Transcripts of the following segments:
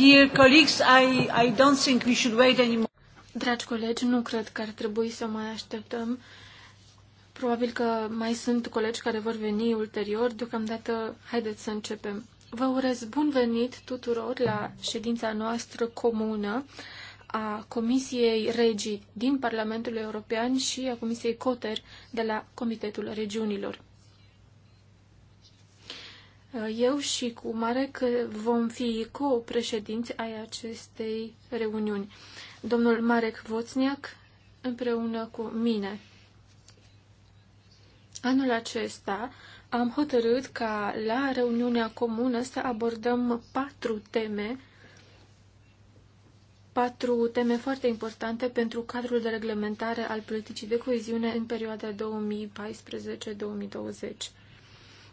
Dear colleagues, I, I don't think we should wait anymore. Dragi colegi, nu cred că ar trebui să mai așteptăm. Probabil că mai sunt colegi care vor veni ulterior. Deocamdată, haideți să începem. Vă urez bun venit tuturor la ședința noastră comună a Comisiei Regii din Parlamentul European și a Comisiei Coter de la Comitetul Regiunilor. Eu și cu Marek vom fi co-președinți ai acestei reuniuni. Domnul Marek Voțniac împreună cu mine. Anul acesta am hotărât ca la reuniunea comună să abordăm patru teme, patru teme foarte importante pentru cadrul de reglementare al politicii de coeziune în perioada 2014-2020.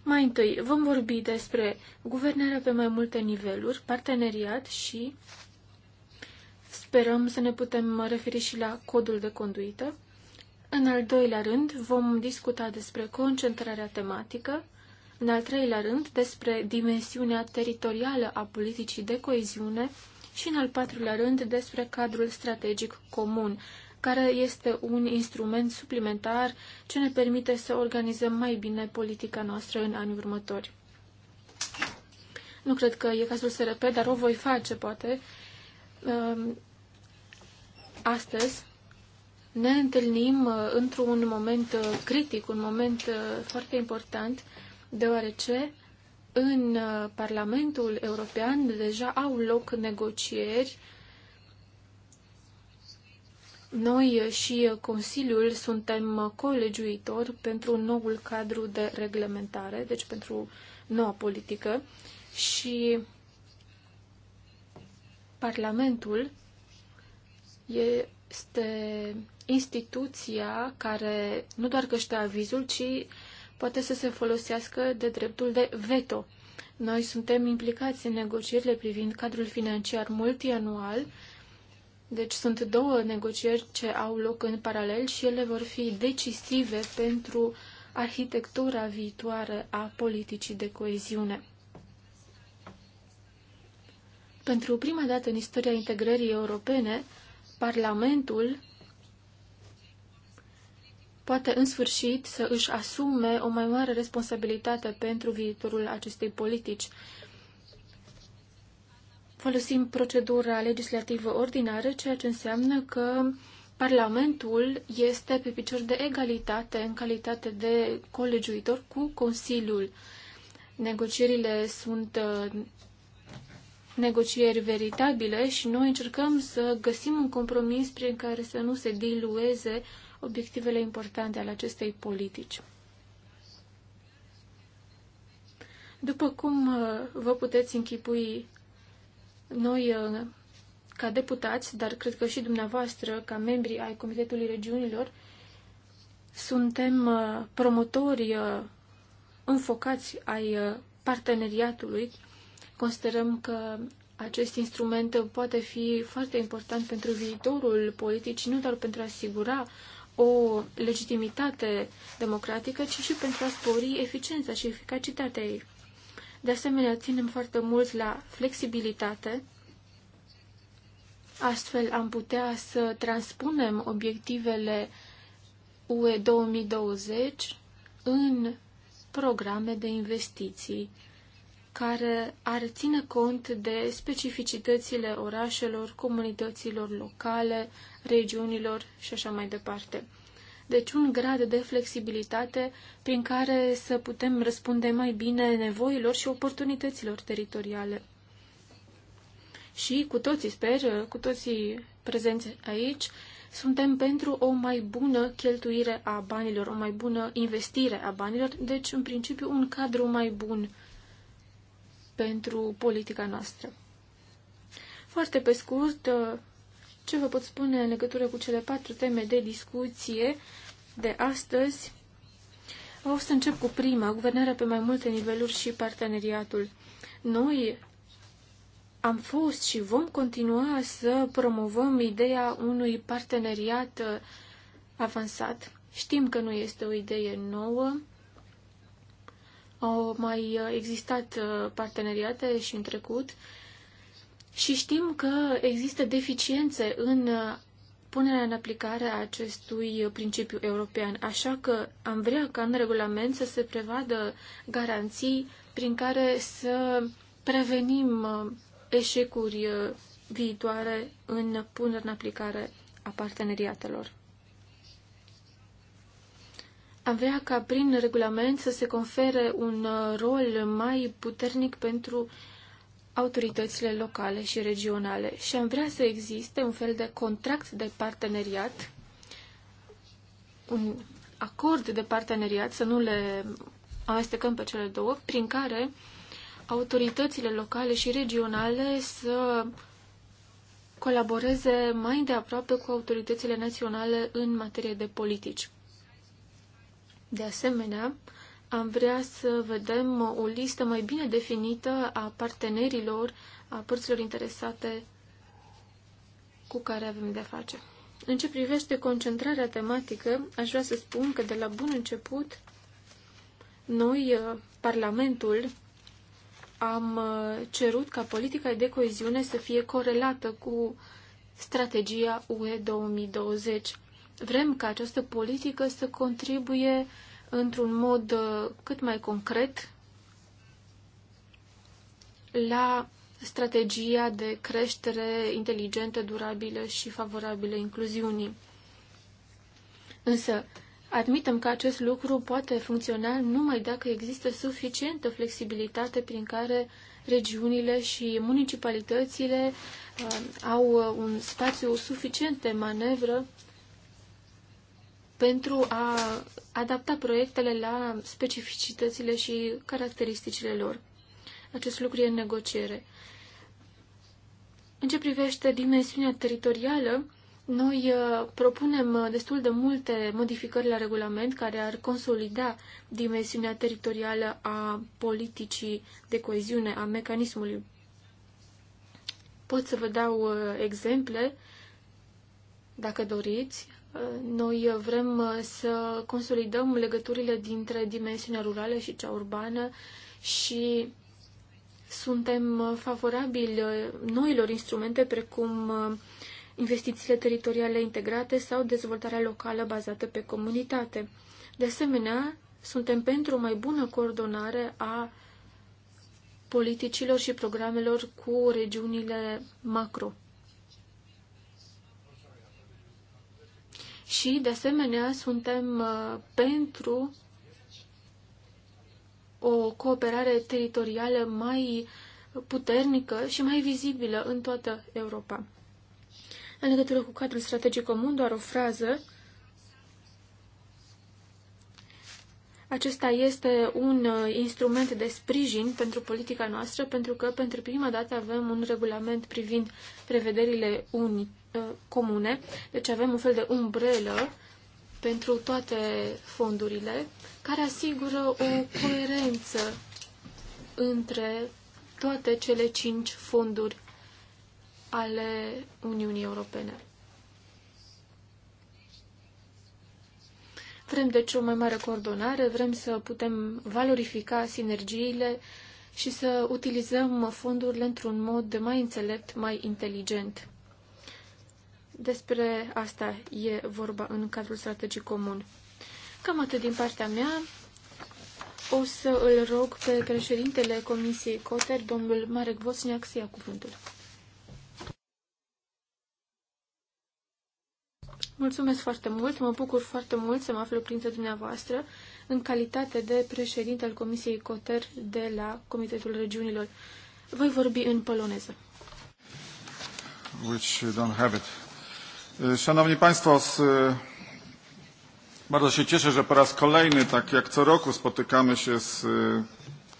Mai întâi, vom vorbi despre guvernarea pe mai multe niveluri, parteneriat și sperăm să ne putem referi și la codul de conduită. În al doilea rând, vom discuta despre concentrarea tematică. În al treilea rând, despre dimensiunea teritorială a politicii de coeziune și, în al patrulea rând, despre cadrul strategic comun, care este un instrument suplimentar ce ne permite să organizăm mai bine politica noastră în anii următori. Nu cred că e cazul să repet, dar o voi face, poate. Um, astăzi ne întâlnim uh, într-un moment uh, critic, un moment uh, foarte important, deoarece în Parlamentul European deja au loc negocieri uh, noi și Consiliul suntem colegiuitori pentru noul cadru de reglementare, deci pentru noua politică și Parlamentul este instituția care nu doar că știe avizul, ci poate să se folosească de dreptul de veto. Noi suntem implicați în negocierile privind cadrul financiar multianual deci sunt două negocieri ce au loc în paralel și ele vor fi decisive pentru arhitectura viitoare a politicii de coeziune. Pentru prima dată în istoria integrării europene, Parlamentul poate în sfârșit să își asume o mai mare responsabilitate pentru viitorul acestei politici folosim procedura legislativă ordinară, ceea ce înseamnă că Parlamentul este pe picior de egalitate în calitate de colegiuitor cu Consiliul. Negocierile sunt uh, negocieri veritabile și noi încercăm să găsim un compromis prin care să nu se dilueze obiectivele importante ale acestei politici. După cum uh, vă puteți închipui, noi, uh, ca deputați, dar cred că și dumneavoastră, ca membri ai Comitetului Regiunilor, suntem uh, promotori uh, înfocați ai parteneriatului. Considerăm că acest instrument poate fi foarte important pentru viitorul politicii, nu doar pentru a asigura o legitimitate democratică, ci și pentru a spori eficiența și eficacitatea ei. De asemenea, ținem foarte mult la flexibilitate. Astfel am putea să transpunem obiectivele UE 2020 în programe de investiții care ar ține cont de specificitățile orașelor, comunităților locale, regiunilor și așa mai departe. Deci un grad de flexibilitate prin care să putem răspunde mai bine nevoilor și oportunităților teritoriale. Și cu toții, sper, cu toții prezenți aici, suntem pentru o mai bună cheltuire a banilor, o mai bună investire a banilor, deci în principiu un cadru mai bun pentru politica noastră. Foarte pe scurt, ce vă pot spune în legătură cu cele patru teme de discuție de astăzi? O să încep cu prima, guvernarea pe mai multe niveluri și parteneriatul. Noi am fost și vom continua să promovăm ideea unui parteneriat uh, avansat. Știm că nu este o idee nouă. Au mai uh, existat uh, parteneriate și în trecut și știm că există deficiențe în uh, punerea în aplicare a acestui uh, principiu european, așa că am vrea ca în regulament să se prevadă garanții prin care să prevenim uh, eșecuri viitoare în punerea în aplicare a parteneriatelor. Am vrea ca prin regulament să se confere un rol mai puternic pentru autoritățile locale și regionale și am vrea să existe un fel de contract de parteneriat, un acord de parteneriat, să nu le amestecăm pe cele două, prin care autoritățile locale și regionale să colaboreze mai de aproape cu autoritățile naționale în materie de politici. De asemenea, am vrea să vedem o listă mai bine definită a partenerilor, a părților interesate cu care avem de face. În ce privește concentrarea tematică, aș vrea să spun că de la bun început, noi, uh, Parlamentul, am uh, cerut ca politica de coeziune să fie corelată cu strategia UE 2020. Vrem ca această politică să contribuie într-un mod uh, cât mai concret la strategia de creștere inteligentă, durabilă și favorabilă incluziunii. Însă, admitem că acest lucru poate funcționa numai dacă există suficientă flexibilitate prin care regiunile și municipalitățile uh, au uh, un spațiu suficient de manevră pentru a adapta proiectele la specificitățile și caracteristicile lor. Acest lucru e în negociere. În ce privește dimensiunea teritorială, noi uh, propunem uh, destul de multe modificări la regulament care ar consolida dimensiunea teritorială a politicii de coeziune, a mecanismului. Pot să vă dau uh, exemple, dacă doriți. Noi vrem uh, să consolidăm legăturile dintre dimensiunea rurală și cea urbană și suntem uh, favorabili uh, noilor instrumente precum investițiile teritoriale integrate sau dezvoltarea locală bazată pe comunitate. De asemenea, suntem pentru o mai bună coordonare a politicilor și programelor cu regiunile macro. și, de asemenea, suntem uh, pentru o cooperare teritorială mai puternică și mai vizibilă în toată Europa. În legătură cu cadrul strategic comun, doar o frază. Acesta este un uh, instrument de sprijin pentru politica noastră, pentru că pentru prima dată avem un regulament privind prevederile unice Uh, comune. Deci avem un fel de umbrelă pentru toate fondurile care asigură o coerență între toate cele cinci fonduri ale Uniunii Europene. Vrem deci o mai mare coordonare, vrem să putem valorifica sinergiile și să utilizăm fondurile într-un mod mai înțelept, mai inteligent. Despre asta e vorba în cadrul strategic comun. Cam atât din partea mea. O să îl rog pe președintele Comisiei Coter, domnul Marek Vosniak, să ia cuvântul. Mulțumesc foarte mult, mă bucur foarte mult să mă aflu printre dumneavoastră în calitate de președinte al Comisiei Coter de la Comitetul Regiunilor. Voi vorbi în poloneză. Which don't have it. Szanowni Państwo, z, bardzo się cieszę, że po raz kolejny, tak jak co roku, spotykamy się z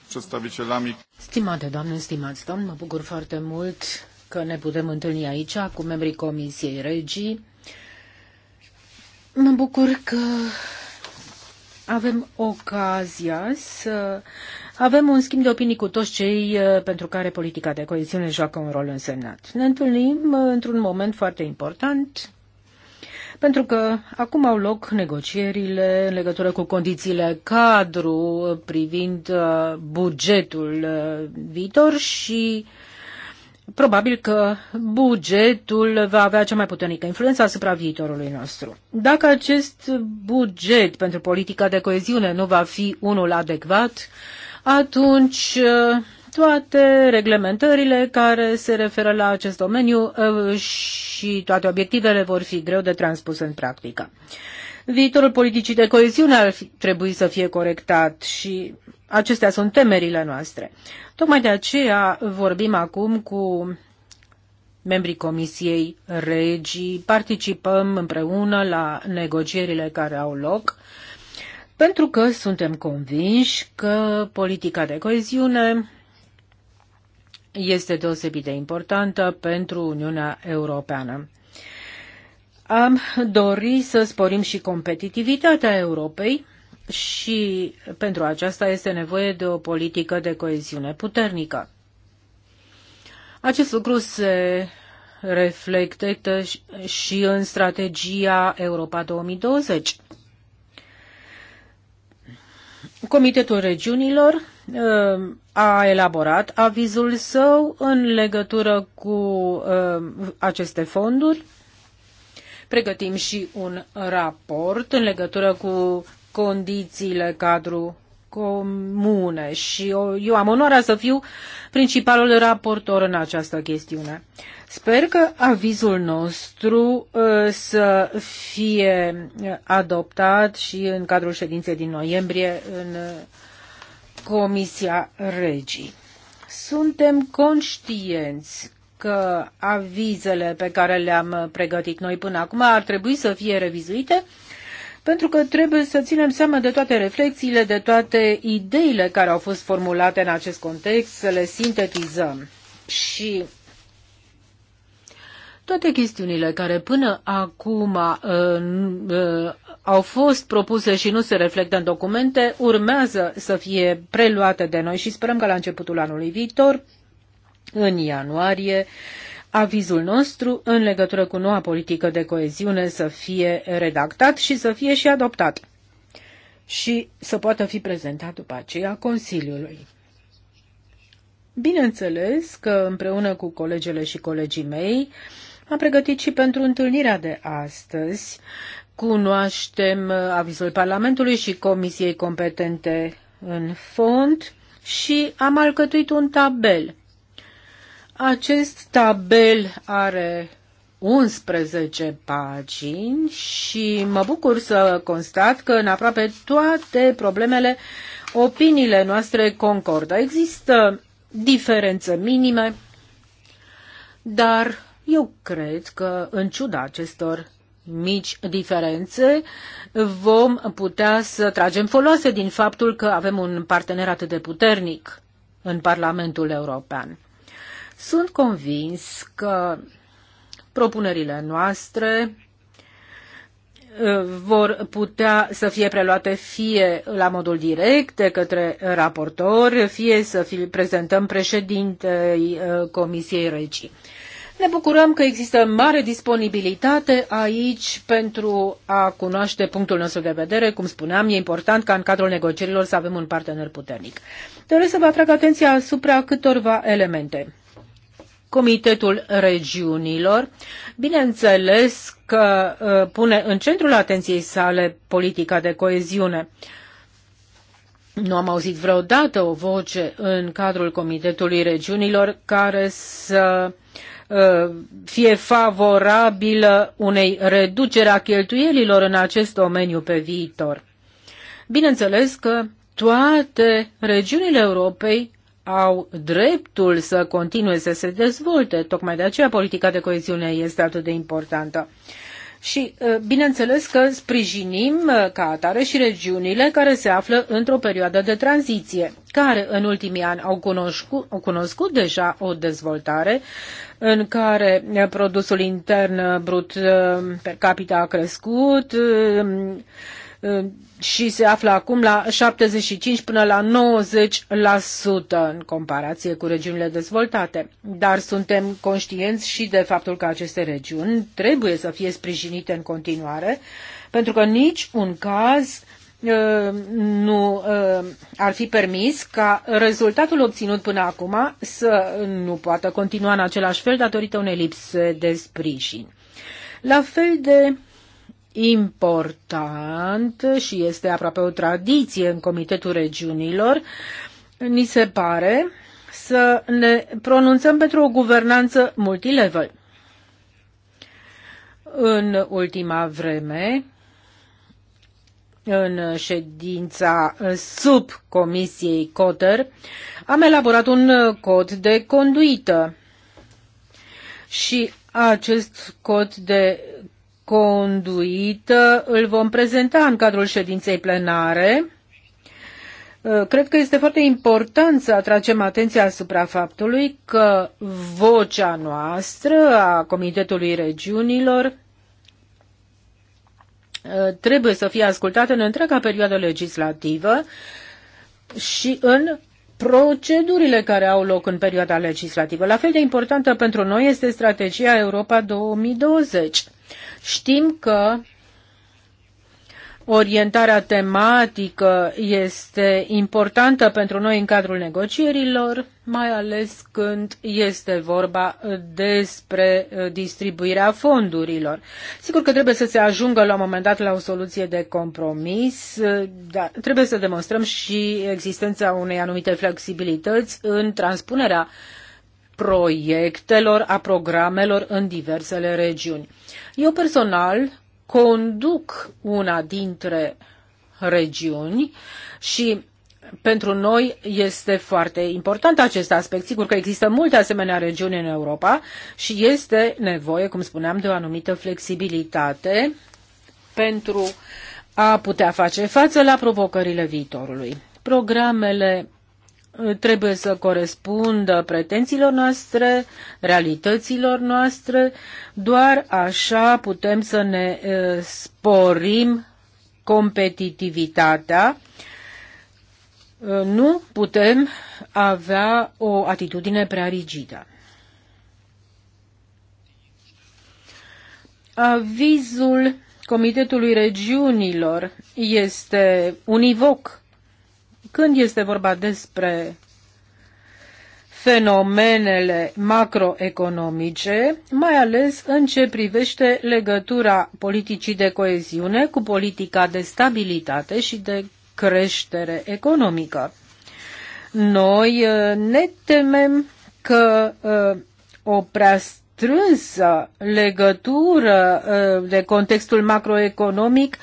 przedstawicielami. Stimate doamne, stimați domn, mă bucur foarte mult că ne putem întâlni aici cu membrii Comisiei Regii. Mă bucur că avem ocazia să avem un schimb de opinii cu toți cei uh, pentru care politica de coeziune joacă un rol însemnat. Ne întâlnim uh, într-un moment foarte important, pentru că acum au loc negocierile în legătură cu condițiile cadru privind uh, bugetul viitor și uh, probabil că bugetul va avea cea mai puternică influență asupra viitorului nostru. Dacă acest buget pentru politica de coeziune nu va fi unul adecvat, atunci uh, toate reglementările care se referă la acest domeniu uh, și toate obiectivele vor fi greu de transpus în practică. Viitorul politicii de coeziune ar trebui să fie corectat și acestea sunt temerile noastre. Tocmai de aceea vorbim acum cu membrii Comisiei Regii, participăm împreună la negocierile care au loc, pentru că suntem convinși că politica de coeziune este deosebit de importantă pentru Uniunea Europeană. Am dorit să sporim și competitivitatea Europei, și pentru aceasta este nevoie de o politică de coeziune puternică. Acest lucru se reflectă și în strategia Europa 2020. Comitetul Regiunilor uh, a elaborat avizul său în legătură cu uh, aceste fonduri. Pregătim și un raport în legătură cu condițiile cadru comune și eu am onoarea să fiu principalul raportor în această chestiune. Sper că avizul nostru uh, să fie uh, adoptat și în cadrul ședinței din noiembrie în uh, Comisia Regii. Suntem conștienți că avizele pe care le-am pregătit noi până acum ar trebui să fie revizuite pentru că trebuie să ținem seama de toate reflexiile, de toate ideile care au fost formulate în acest context, să le sintetizăm. Și toate chestiunile care până acum uh, uh, au fost propuse și nu se reflectă în documente, urmează să fie preluate de noi și sperăm că la începutul anului viitor, în ianuarie, uh, avizul nostru în legătură cu noua politică de coeziune să fie redactat și să fie și adoptat și să poată fi prezentat după aceea Consiliului. Bineînțeles că împreună cu colegele și colegii mei am pregătit și pentru întâlnirea de astăzi. Cunoaștem avizul Parlamentului și Comisiei competente în fond și am alcătuit un tabel acest tabel are 11 pagini și mă bucur să constat că în aproape toate problemele opiniile noastre concordă. Există diferențe minime, dar eu cred că în ciuda acestor mici diferențe, vom putea să tragem foloase din faptul că avem un partener atât de puternic în Parlamentul European. Sunt convins că propunerile noastre uh, vor putea să fie preluate fie la modul direct de către raportor, fie să fi prezentăm președintei uh, Comisiei Regii. Ne bucurăm că există mare disponibilitate aici pentru a cunoaște punctul nostru de vedere. Cum spuneam, e important ca în cadrul negocierilor să avem un partener puternic. Doresc să vă atrag atenția asupra câtorva elemente. Comitetul Regiunilor. Bineînțeles că uh, pune în centrul atenției sale politica de coeziune. Nu am auzit vreodată o voce în cadrul Comitetului Regiunilor care să uh, fie favorabilă unei reduceri a cheltuielilor în acest domeniu pe viitor. Bineînțeles că toate regiunile Europei au dreptul să continue să se dezvolte. Tocmai de aceea politica de coeziune este atât de importantă. Și uh, bineînțeles că sprijinim uh, ca atare și regiunile care se află într-o perioadă de tranziție, care în ultimii ani au cunoscut, au cunoscut deja o dezvoltare în care uh, produsul intern brut per capita a crescut, Uh, și se află acum la 75 până la 90% în comparație cu regiunile dezvoltate. Dar suntem conștienți și de faptul că aceste regiuni trebuie să fie sprijinite în continuare, pentru că nici un caz uh, nu uh, ar fi permis ca rezultatul obținut până acum să nu poată continua în același fel datorită unei lipse de sprijin. La fel de important și este aproape o tradiție în Comitetul Regiunilor, ni se pare să ne pronunțăm pentru o guvernanță multilevel. În ultima vreme, în ședința comisiei COTER, am elaborat un cod de conduită și acest cod de conduită îl vom prezenta în cadrul ședinței plenare. Uh, cred că este foarte important să atragem atenția asupra faptului că vocea noastră a Comitetului Regiunilor uh, trebuie să fie ascultată în întreaga perioadă legislativă și în procedurile care au loc în perioada legislativă. La fel de importantă pentru noi este strategia Europa 2020 Știm că orientarea tematică este importantă pentru noi în cadrul negocierilor, mai ales când este vorba despre uh, distribuirea fondurilor. Sigur că trebuie să se ajungă la un moment dat la o soluție de compromis, uh, dar trebuie să demonstrăm și existența unei anumite flexibilități în transpunerea uh, proiectelor, a programelor în diversele regiuni. Eu personal conduc una dintre regiuni și pentru noi este foarte important acest aspect. Sigur că există multe asemenea regiuni în Europa și este nevoie, cum spuneam, de o anumită flexibilitate pentru a putea face față la provocările viitorului. Programele trebuie să corespundă pretențiilor noastre, realităților noastre, doar așa putem să ne sporim competitivitatea. Nu putem avea o atitudine prea rigidă. Avizul Comitetului Regiunilor este univoc când este vorba despre fenomenele macroeconomice, mai ales în ce privește legătura politicii de coeziune cu politica de stabilitate și de creștere economică. Noi uh, ne temem că uh, o prea strânsă legătură uh, de contextul macroeconomic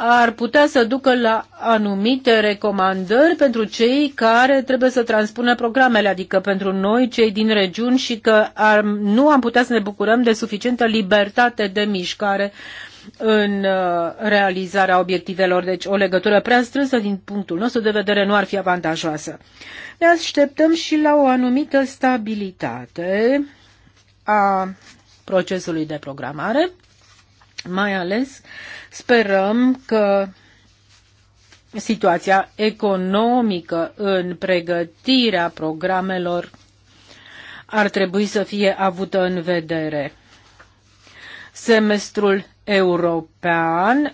ar putea să ducă la anumite recomandări pentru cei care trebuie să transpună programele, adică pentru noi, cei din regiuni, și că ar, nu am putea să ne bucurăm de suficientă libertate de mișcare în uh, realizarea obiectivelor. Deci o legătură prea strânsă din punctul nostru de vedere nu ar fi avantajoasă. Ne așteptăm și la o anumită stabilitate a procesului de programare mai ales sperăm că situația economică în pregătirea programelor ar trebui să fie avută în vedere semestrul european,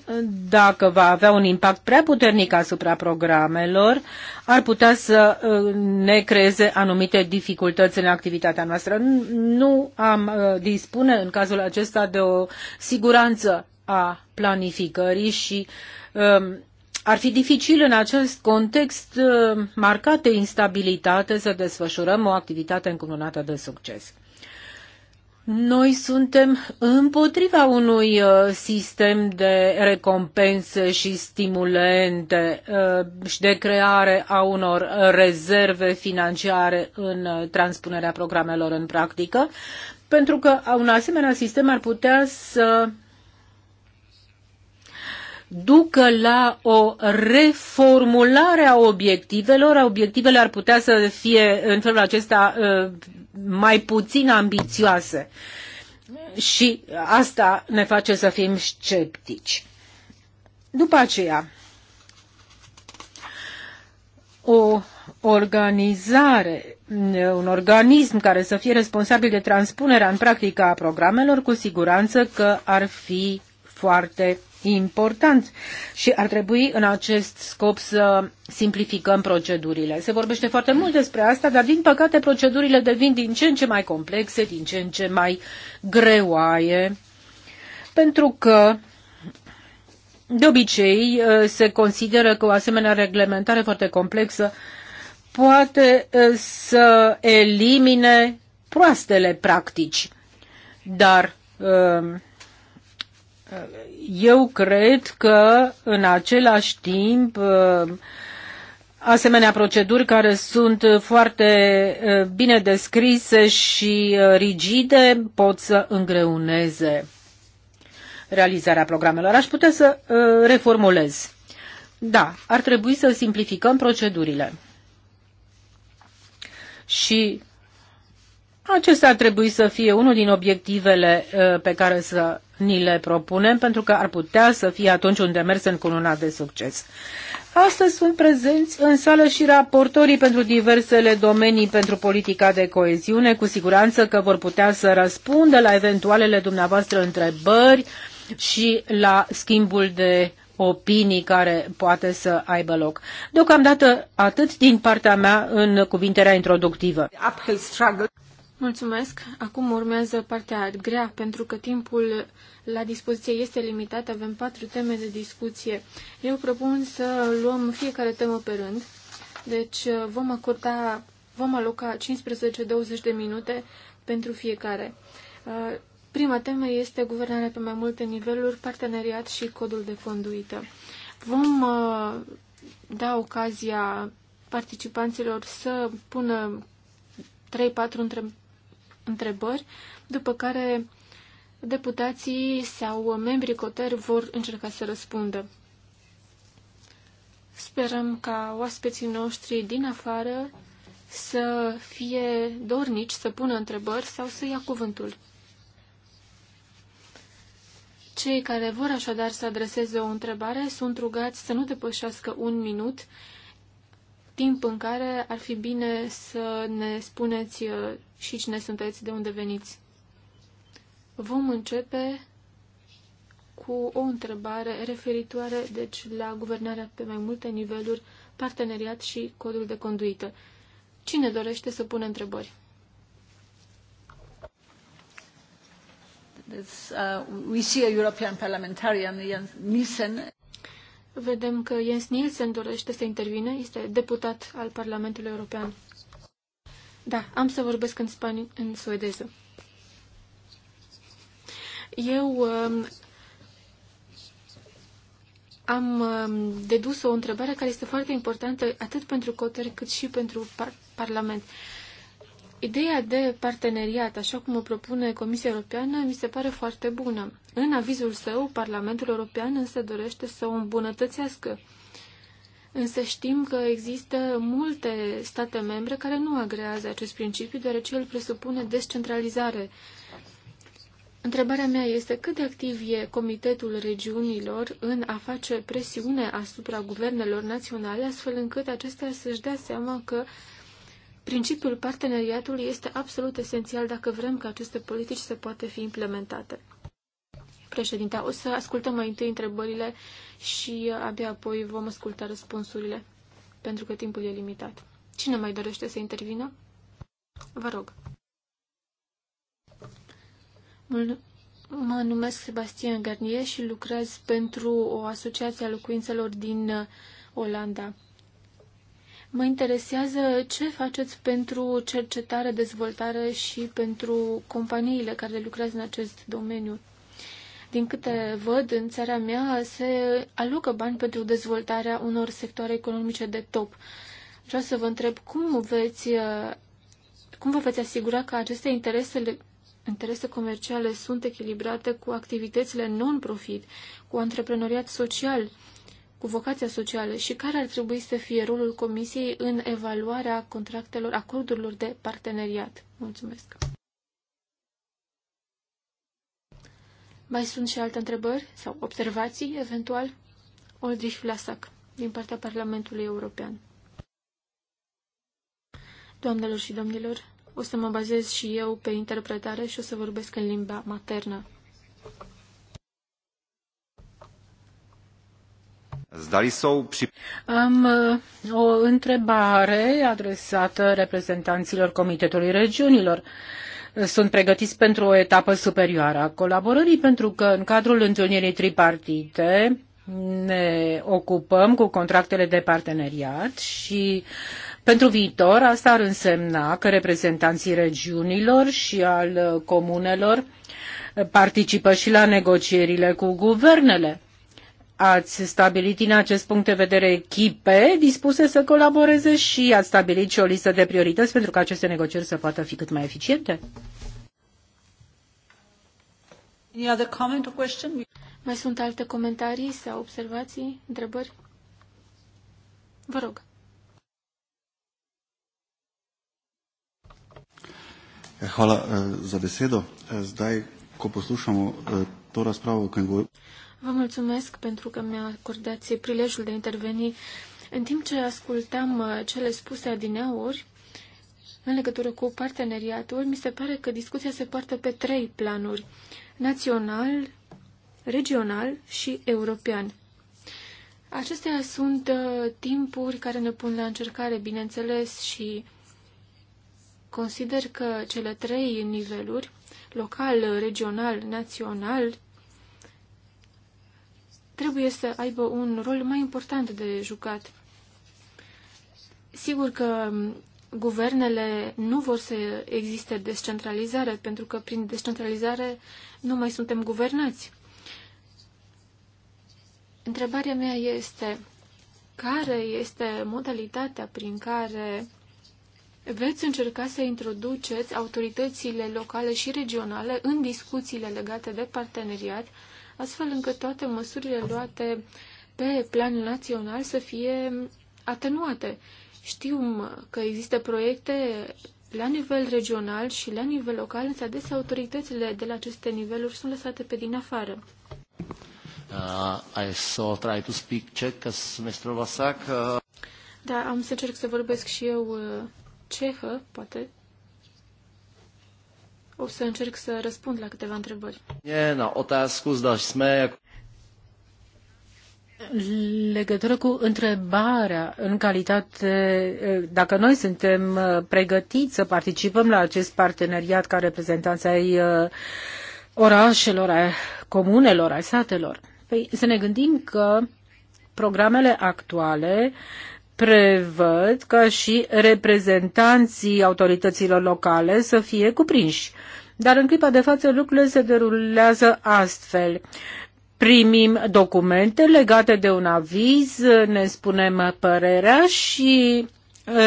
dacă va avea un impact prea puternic asupra programelor, ar putea să uh, ne creeze anumite dificultăți în activitatea noastră. Nu am uh, dispune în cazul acesta de o siguranță a planificării și um, ar fi dificil în acest context uh, marcat de instabilitate să desfășurăm o activitate încununată de succes. Noi suntem împotriva unui uh, sistem de recompense și stimulente uh, și de creare a unor rezerve financiare în uh, transpunerea programelor în practică, pentru că un asemenea sistem ar putea să ducă la o reformulare a obiectivelor. Obiectivele ar putea să fie în felul acesta uh, mai puțin ambițioase. Și asta ne face să fim sceptici. După aceea, o organizare, un organism care să fie responsabil de transpunerea în practică a programelor, cu siguranță că ar fi foarte important și ar trebui în acest scop să simplificăm procedurile. Se vorbește foarte mult despre asta, dar din păcate procedurile devin din ce în ce mai complexe, din ce în ce mai greoaie, pentru că de obicei uh, se consideră că o asemenea reglementare foarte complexă poate uh, să elimine proastele practici. Dar uh, eu cred că în același timp uh, asemenea proceduri care sunt foarte uh, bine descrise și uh, rigide pot să îngreuneze realizarea programelor. Aș putea să reformulez. Da, ar trebui să simplificăm procedurile. Și acesta ar trebui să fie unul din obiectivele pe care să ni le propunem pentru că ar putea să fie atunci un demers încununat de succes. Astăzi sunt prezenți în sală și raportorii pentru diversele domenii pentru politica de coeziune. Cu siguranță că vor putea să răspundă la eventualele dumneavoastră întrebări și la schimbul de opinii care poate să aibă loc. Deocamdată atât din partea mea în cuvintea introductivă. Mulțumesc. Acum urmează partea grea, pentru că timpul la dispoziție este limitat. Avem patru teme de discuție. Eu propun să luăm fiecare temă pe rând. Deci uh, vom acorda, vom aloca 15-20 de minute pentru fiecare. Uh, prima temă este guvernarea pe mai multe niveluri, parteneriat și codul de conduită. Vom uh, da ocazia participanților să pună 3-4 între, întrebări, după care deputații sau membrii COTER vor încerca să răspundă. Sperăm ca oaspeții noștri din afară să fie dornici să pună întrebări sau să ia cuvântul. Cei care vor așadar să adreseze o întrebare sunt rugați să nu depășească un minut timp în care ar fi bine să ne spuneți uh, și cine sunteți, de unde veniți. Vom începe cu o întrebare referitoare deci, la guvernarea pe mai multe niveluri, parteneriat și codul de conduită. Cine dorește să pună întrebări? This, uh, we see a European parliamentarian, Jens Nielsen. Vedem că Jens Nielsen dorește să intervine, este deputat al Parlamentului European. Da, am să vorbesc în, spani în suedeză. Eu um, am um, dedus o întrebare care este foarte importantă atât pentru Coter cât și pentru par Parlament. Uh, Ideea de parteneriat, așa cum o propune Comisia Europeană, mi se pare foarte bună. În avizul său, Parlamentul European însă dorește să o îmbunătățească. Însă știm că există multe state membre care nu agrează acest principiu, deoarece el presupune descentralizare. Întrebarea mea este cât de activ e Comitetul Regiunilor în a face presiune asupra guvernelor naționale, astfel încât acestea să-și dea seama că uh, Principiul parteneriatului este absolut esențial dacă vrem ca aceste politici să poată fi implementate. Președinte, o să ascultăm mai întâi întrebările și abia apoi vom asculta răspunsurile, pentru că timpul e limitat. Cine mai dorește să intervină? Vă rog. mă numesc Sebastian Garnier și lucrez pentru o asociație a locuințelor din uh, Olanda. Mă interesează ce faceți pentru cercetare, dezvoltare și pentru companiile care lucrează în acest domeniu. Din câte văd, în țara mea se alocă bani pentru dezvoltarea unor sectoare economice de top. Vreau să vă întreb cum veți, cum vă veți asigura că aceste interesele, interese comerciale sunt echilibrate cu activitățile non-profit, cu antreprenoriat social, cu vocația socială și care ar trebui să fie rolul Comisiei în evaluarea contractelor, acordurilor de parteneriat. Mulțumesc! Mai sunt și alte întrebări sau observații, eventual? Oldrich Vlasac, din partea Parlamentului European. Doamnelor și domnilor, o să mă bazez și eu pe interpretare și o să vorbesc în limba maternă. Am uh, o întrebare adresată reprezentanților Comitetului Regiunilor. Sunt pregătiți pentru o etapă superioară a colaborării pentru că în cadrul întâlnirii tripartite ne ocupăm cu contractele de parteneriat și pentru viitor asta ar însemna că reprezentanții regiunilor și al comunelor participă și la negocierile cu guvernele ați stabilit din acest punct de vedere echipe dispuse să colaboreze și ați stabilit și o listă de priorități pentru ca aceste negocieri să poată fi cât mai eficiente? Any other comment or question? Mai sunt alte comentarii sau observații, întrebări? Vă rog. Hvala eh, za besedo. Eh, zdaj, ko poslušamo eh, to razpravo, ko Vă mulțumesc pentru că mi-a acordat prilejul de a interveni. În timp ce ascultam uh, cele spuse adineauri, în legătură cu parteneriatul, mi se pare că discuția se poartă pe trei planuri. Național, regional și european. Acestea sunt uh, timpuri care ne pun la încercare, bineînțeles, și consider că cele trei niveluri, local, regional, național, trebuie să aibă un rol mai important de jucat. Sigur că guvernele nu vor să existe descentralizare, pentru că prin descentralizare nu mai suntem guvernați. Întrebarea mea este care este modalitatea prin care veți încerca să introduceți autoritățile locale și regionale în discuțiile legate de parteneriat astfel încât toate măsurile luate pe plan național să fie atenuate. Știu că există proiecte la nivel regional și la nivel local, însă adesea autoritățile de la aceste niveluri sunt lăsate pe din afară. Uh, I saw try to speak Czech Mr. Vasak. Uh... Da, am să încerc să vorbesc și eu uh, cehă, poate o să încerc să răspund la câteva întrebări. E, na, otázku, zda jsme... Legătură cu întrebarea în calitate, dacă noi suntem uh, pregătiți să participăm la acest parteneriat ca reprezentanți ai uh, orașelor, ai comunelor, ai satelor. Păi să ne gândim că programele actuale uh, prevăd ca și reprezentanții autorităților locale să fie cuprinși. Dar în clipa de față lucrurile se derulează astfel. Primim documente legate de un aviz, ne spunem părerea și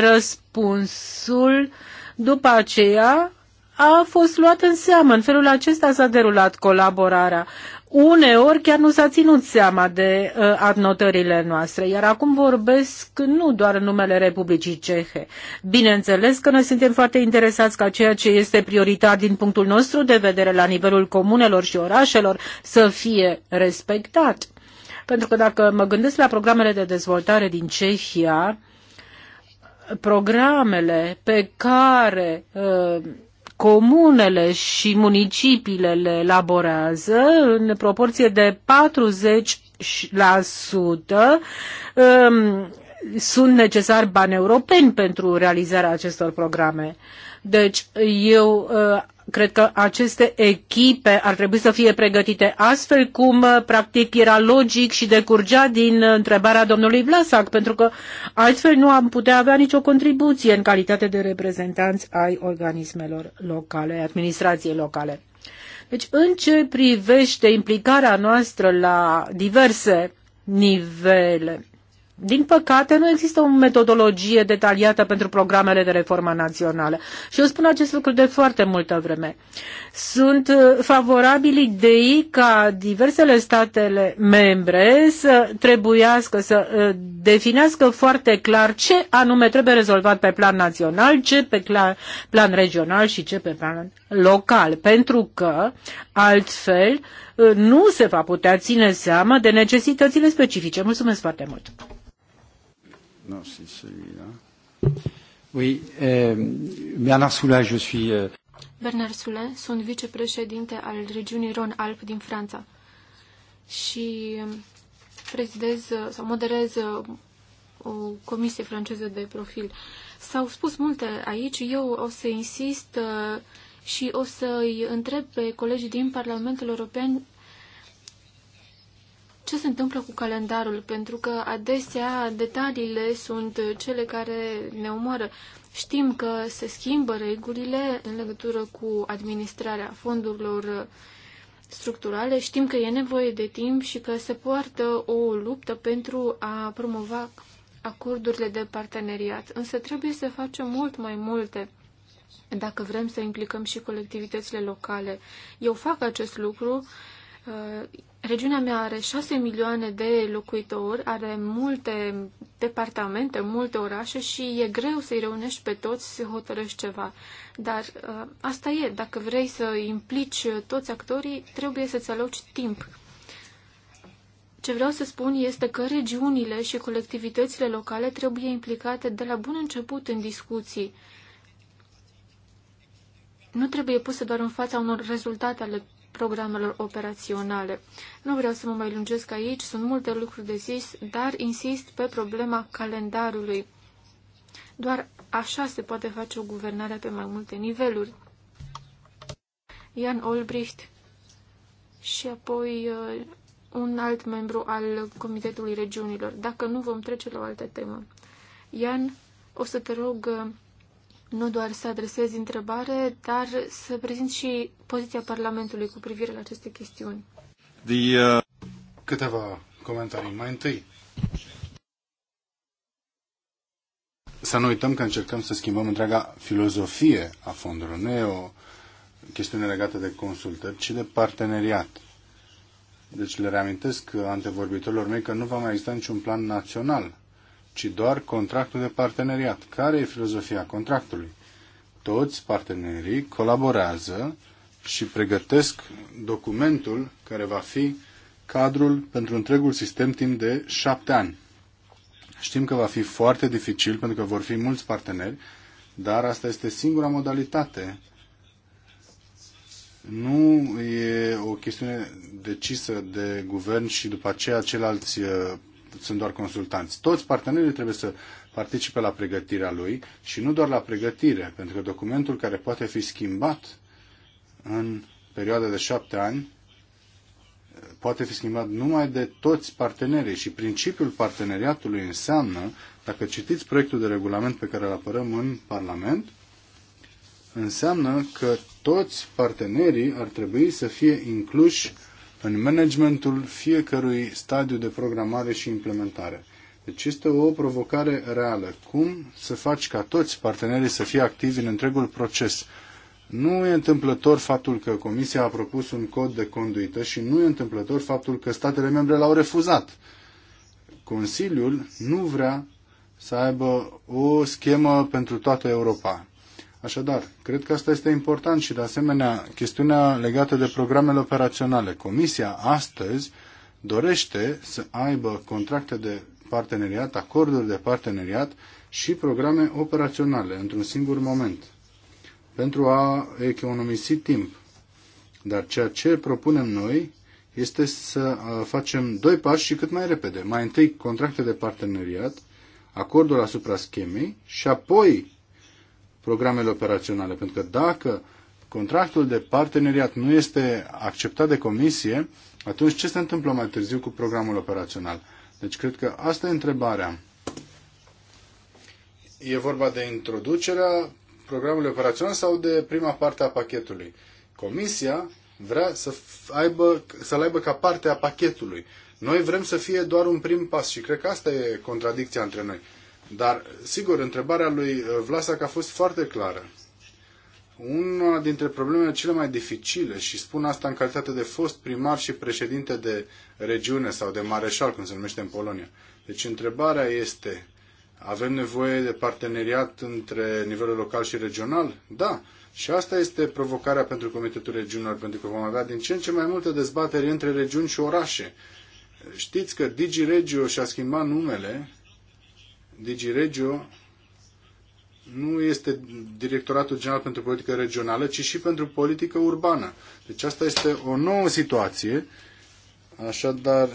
răspunsul după aceea a fost luat în seamă. În felul acesta s-a derulat colaborarea. Uneori chiar nu s-a ținut seama de uh, adnotările noastre, iar acum vorbesc nu doar în numele Republicii Cehe. Bineînțeles că noi suntem foarte interesați ca ceea ce este prioritar din punctul nostru de vedere la nivelul comunelor și orașelor să fie respectat. Pentru că dacă mă gândesc la programele de dezvoltare din Cehia, programele pe care uh, comunele și municipiile le elaborează în proporție de 40% ehm, sunt necesari bani europeni pentru realizarea acestor programe. Deci eu eh, cred că aceste echipe ar trebui să fie pregătite astfel cum uh, practic era logic și decurgea din uh, întrebarea domnului Vlasac, pentru că altfel nu am putea avea nicio contribuție în calitate de reprezentanți ai organismelor locale, administrației locale. Deci, în ce privește implicarea noastră la diverse nivele, din păcate, nu există o metodologie detaliată pentru programele de reformă națională. Și eu spun acest lucru de foarte multă vreme. Sunt uh, favorabili idei ca diversele statele membre să trebuiască să uh, definească foarte clar ce anume trebuie rezolvat pe plan național, ce pe plan, plan regional și ce pe plan local. Pentru că, altfel, uh, nu se va putea ține seama de necesitățile specifice. Mulțumesc foarte mult! Non, c'est celui-là. Oui, euh, Bernard Soula, je suis... Euh... Bernard sunt vicepreședinte al regiunii Rhône-Alpes din Franța și um, prezidez uh, sau moderez uh, o comisie franceză de profil. S-au spus multe aici, eu o să insist uh, și o să-i întreb pe colegii din Parlamentul European ce se întâmplă cu calendarul, pentru că adesea detaliile sunt cele care ne omoară. Știm că se schimbă regulile în legătură cu administrarea fondurilor structurale, știm că e nevoie de timp și că se poartă o luptă pentru a promova acordurile de parteneriat. Însă trebuie să facem mult mai multe dacă vrem să implicăm și colectivitățile locale. Eu fac acest lucru Uh, regiunea mea are 6 milioane de locuitori, are multe departamente, multe orașe și e greu să-i reunești pe toți să hotărăști ceva. Dar uh, asta e, dacă vrei să implici toți actorii, trebuie să-ți aloci timp. Ce vreau să spun este că regiunile și colectivitățile locale trebuie implicate de la bun început în discuții. Nu trebuie puse doar în fața unor rezultate ale programelor operaționale. Nu vreau să mă mai lungesc aici, sunt multe lucruri de zis, dar insist pe problema calendarului. Doar așa se poate face o guvernare pe mai multe niveluri. Jan Olbricht și apoi uh, un alt membru al Comitetului Regiunilor, dacă nu vom trece la o altă temă. Ian, o să te rog uh, nu doar să adresez întrebare, dar să prezint și poziția Parlamentului cu privire la aceste chestiuni. The, uh... Câteva comentarii. Mai întâi, să nu uităm că încercăm să schimbăm întreaga filozofie a fondurilor. Nu e o chestiune legată de consultări, ci de parteneriat. Deci le reamintesc antevorbitorilor mei că nu va mai exista niciun plan național ci doar contractul de parteneriat. Care e filozofia contractului? Toți partenerii colaborează și pregătesc documentul care va fi cadrul pentru întregul sistem timp de șapte ani. Știm că va fi foarte dificil pentru că vor fi mulți parteneri, dar asta este singura modalitate. Nu e o chestiune decisă de guvern și după aceea ceilalți uh, sunt doar consultanți. Toți partenerii trebuie să participe la pregătirea lui și nu doar la pregătire, pentru că documentul care poate fi schimbat în perioada de șapte ani poate fi schimbat numai de toți partenerii și principiul parteneriatului înseamnă, dacă citiți proiectul de regulament pe care îl apărăm în Parlament, înseamnă că toți partenerii ar trebui să fie incluși în managementul fiecărui stadiu de programare și implementare. Deci este o provocare reală. Cum să faci ca toți partenerii să fie activi în întregul proces? Nu e întâmplător faptul că Comisia a propus un cod de conduită și nu e întâmplător faptul că statele membre l-au refuzat. Consiliul nu vrea să aibă o schemă pentru toată Europa. Așadar, cred că asta este important și, de asemenea, chestiunea legată de programele operaționale. Comisia astăzi dorește să aibă contracte de parteneriat, acorduri de parteneriat și programe operaționale într-un singur moment pentru a economisi timp. Dar ceea ce propunem noi este să uh, facem doi pași și cât mai repede. Mai întâi contracte de parteneriat, acordul asupra schemei și apoi programele operaționale. Pentru că dacă contractul de parteneriat nu este acceptat de comisie, atunci ce se întâmplă mai târziu cu programul operațional? Deci cred că asta e întrebarea. E vorba de introducerea programului operațional sau de prima parte a pachetului? Comisia vrea să aibă, să-l aibă ca parte a pachetului. Noi vrem să fie doar un prim pas și cred că asta e contradicția între noi. Dar, sigur, întrebarea lui uh, Vlasac a fost foarte clară. Una dintre problemele cele mai dificile, și spun asta în calitate de fost primar și președinte de regiune sau de mareșal, cum se numește în Polonia. Deci întrebarea este, avem nevoie de parteneriat între nivelul local și regional? Da. Și asta este provocarea pentru Comitetul Regiunilor, pentru că vom avea din ce în ce mai multe dezbateri între regiuni și orașe. Știți că DigiRegio și-a schimbat numele DigiRegio nu este Directoratul General pentru Politică Regională, ci și pentru Politică Urbană. Deci asta este o nouă situație, așadar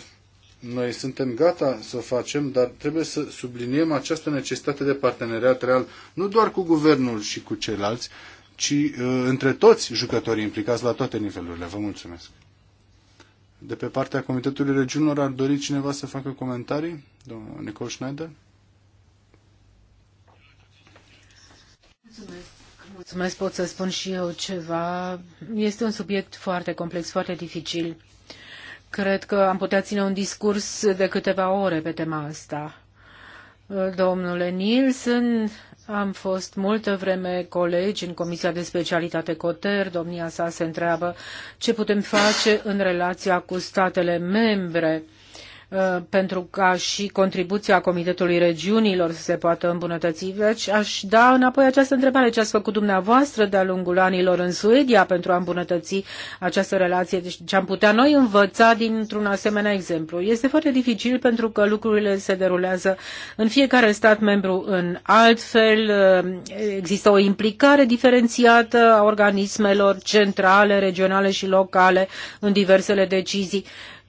noi suntem gata să o facem, dar trebuie să subliniem această necesitate de parteneriat real, nu doar cu guvernul și cu ceilalți, ci uh, între toți jucătorii implicați la toate nivelurile. Vă mulțumesc. De pe partea Comitetului Regiunilor ar dori cineva să facă comentarii? Domnul Nicol Schneider? Mulțumesc. pot să spun și eu ceva. Este un subiect foarte complex, foarte dificil. Cred că am putea ține un discurs de câteva ore pe tema asta. Domnule Nielsen, am fost multă vreme colegi în Comisia de Specialitate Coter. Domnia sa se întreabă ce putem face în relația cu statele membre Uh, pentru ca și contribuția Comitetului Regiunilor să se poată îmbunătăți. Deci aș da înapoi această întrebare. Ce ați făcut dumneavoastră de-a lungul anilor în Suedia pentru a îmbunătăți această relație? Deci ce am putea noi învăța dintr-un asemenea exemplu? Este foarte dificil pentru că lucrurile se derulează în fiecare stat membru în alt fel, uh, Există o implicare diferențiată a organismelor centrale, regionale și locale în diversele decizii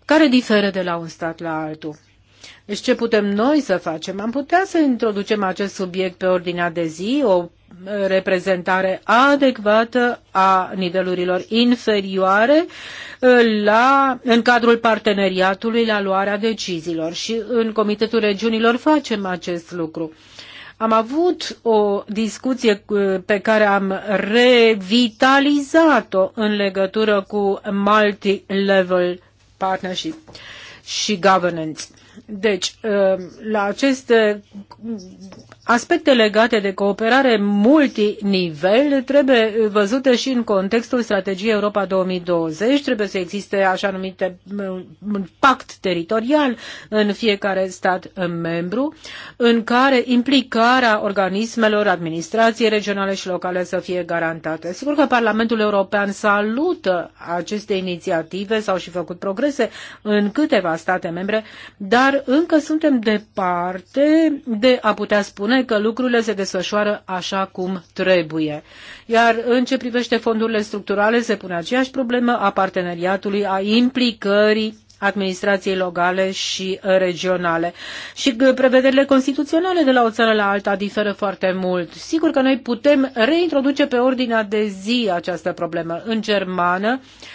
care diferă de la un stat la altul. Deci ce putem noi să facem? Am putea să introducem acest subiect pe ordinea de zi, o reprezentare adecvată a nivelurilor inferioare uh, la, în cadrul parteneriatului la luarea deciziilor și în Comitetul Regiunilor facem acest lucru. Am avut o discuție uh, pe care am revitalizat-o în legătură cu multi-level Partnership și Governance. Deci, ă, la aceste Aspecte legate de cooperare multinivel trebuie văzute și în contextul strategiei Europa 2020. Trebuie să existe așa numite un pact teritorial în fiecare stat membru, în care implicarea organismelor administrației regionale și locale să fie garantate. Sigur că Parlamentul European salută aceste inițiative, s-au și făcut progrese în câteva state membre, dar încă suntem departe de a putea spune spune că lucrurile se desfășoară așa cum trebuie. Iar în ce privește fondurile structurale se pune aceeași problemă a parteneriatului, a implicării administrației locale și regionale. Și prevederile constituționale de la o țară la alta diferă foarte mult. Sigur că noi putem reintroduce pe ordinea de zi această problemă. În germană, uh,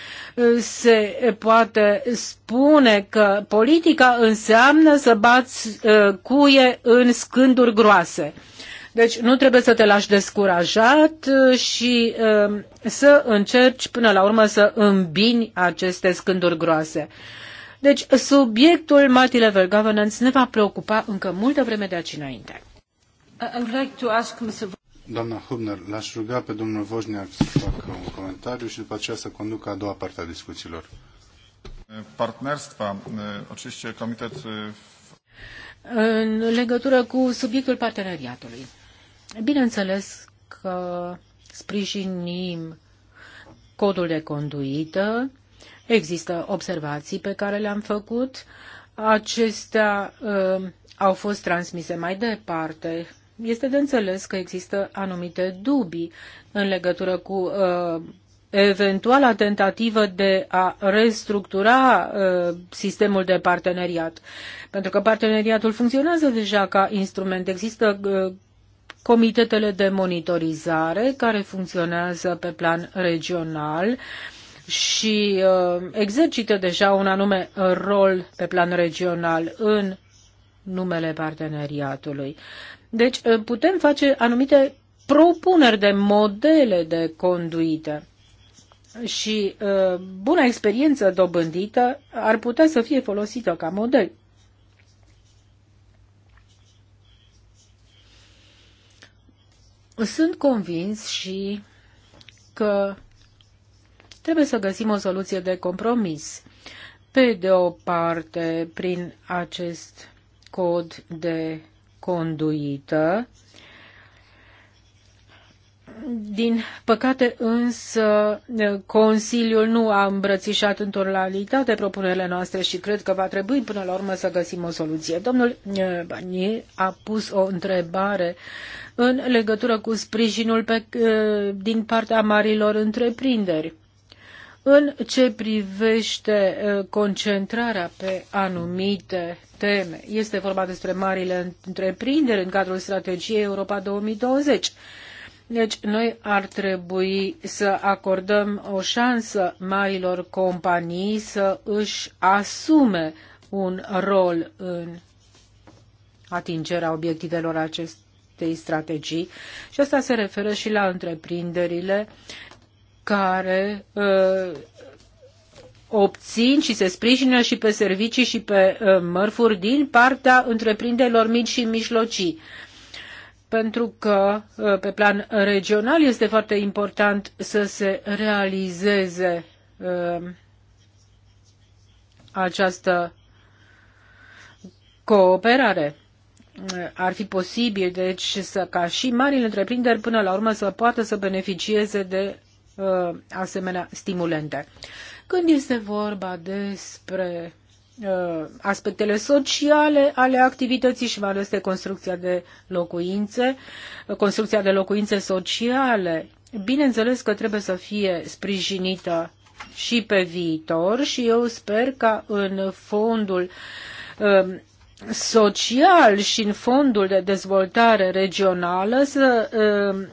se poate spune că politica înseamnă să bați uh, cuie în scânduri groase. Deci nu trebuie să te lași descurajat uh, și uh, să încerci până la urmă să îmbini aceste scânduri groase. Deci subiectul multilevel governance ne va preocupa încă multă vreme de aici înainte. Doamna Hubner, l-aș ruga pe domnul Vojniak să facă un comentariu și după aceea să conducă a doua parte a discuțiilor. Partnerstva, oczywiście comitet... În legătură cu subiectul parteneriatului. Bineînțeles că sprijinim codul de conduită, există observații pe care le-am făcut, acestea uh, au fost transmise mai departe este de înțeles că există anumite dubii în legătură cu uh, eventuala tentativă de a restructura uh, sistemul de parteneriat. Pentru că parteneriatul funcționează deja ca instrument. Există uh, comitetele de monitorizare care funcționează pe plan regional și uh, exercită deja un anume rol pe plan regional în numele parteneriatului. Deci uh, putem face anumite propuneri de modele de conduită și uh, buna experiență dobândită ar putea să fie folosită ca model. Sunt convins și că trebuie să găsim o soluție de compromis. Pe de o parte, prin acest cod de conduită. Din păcate însă Consiliul nu a îmbrățișat în totalitate propunerile noastre și cred că va trebui până la urmă să găsim o soluție. Domnul eh, Barnier a pus o întrebare în legătură cu sprijinul pe, eh, din partea marilor întreprinderi. În ce privește uh, concentrarea pe anumite teme, este vorba despre marile întreprinderi în cadrul strategiei Europa 2020. Deci noi ar trebui să acordăm o șansă marilor companii să își asume un rol în atingerea obiectivelor acestei strategii și asta se referă și la întreprinderile uh, care uh, obțin și se sprijină și pe servicii și pe uh, mărfuri din partea întreprinderilor mici și mijlocii. Pentru că uh, pe plan regional este foarte important să se realizeze uh, această cooperare. Uh, ar fi posibil, deci, să, ca și marile întreprinderi până la urmă să poată să beneficieze de Uh, asemenea stimulente. Când este vorba despre uh, aspectele sociale ale activității și mai ales de construcția de locuințe, construcția de locuințe sociale. Bineînțeles că trebuie să fie sprijinită și pe viitor și eu sper ca în fondul uh, social și în fondul de dezvoltare regională să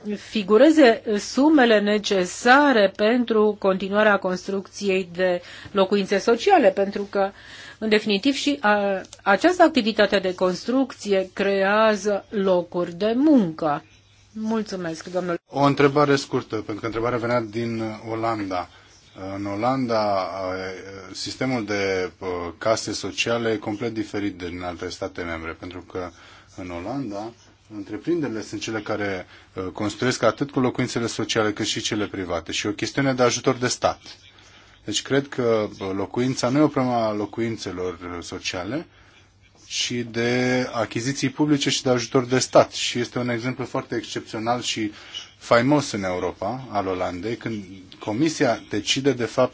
uh, figureze sumele necesare pentru continuarea construcției de locuințe sociale, pentru că în definitiv și uh, această activitate de construcție creează locuri de muncă. Mulțumesc, domnule. O întrebare scurtă, pentru că întrebarea venea din Olanda. În Olanda, sistemul de case sociale e complet diferit de din alte state membre, pentru că în Olanda, întreprinderile sunt cele care construiesc atât cu locuințele sociale cât și cele private și e o chestiune de ajutor de stat. Deci cred că locuința nu e o problemă a locuințelor sociale, ci de achiziții publice și de ajutor de stat. Și este un exemplu foarte excepțional și faimos în Europa al Olandei, când Comisia decide, de fapt,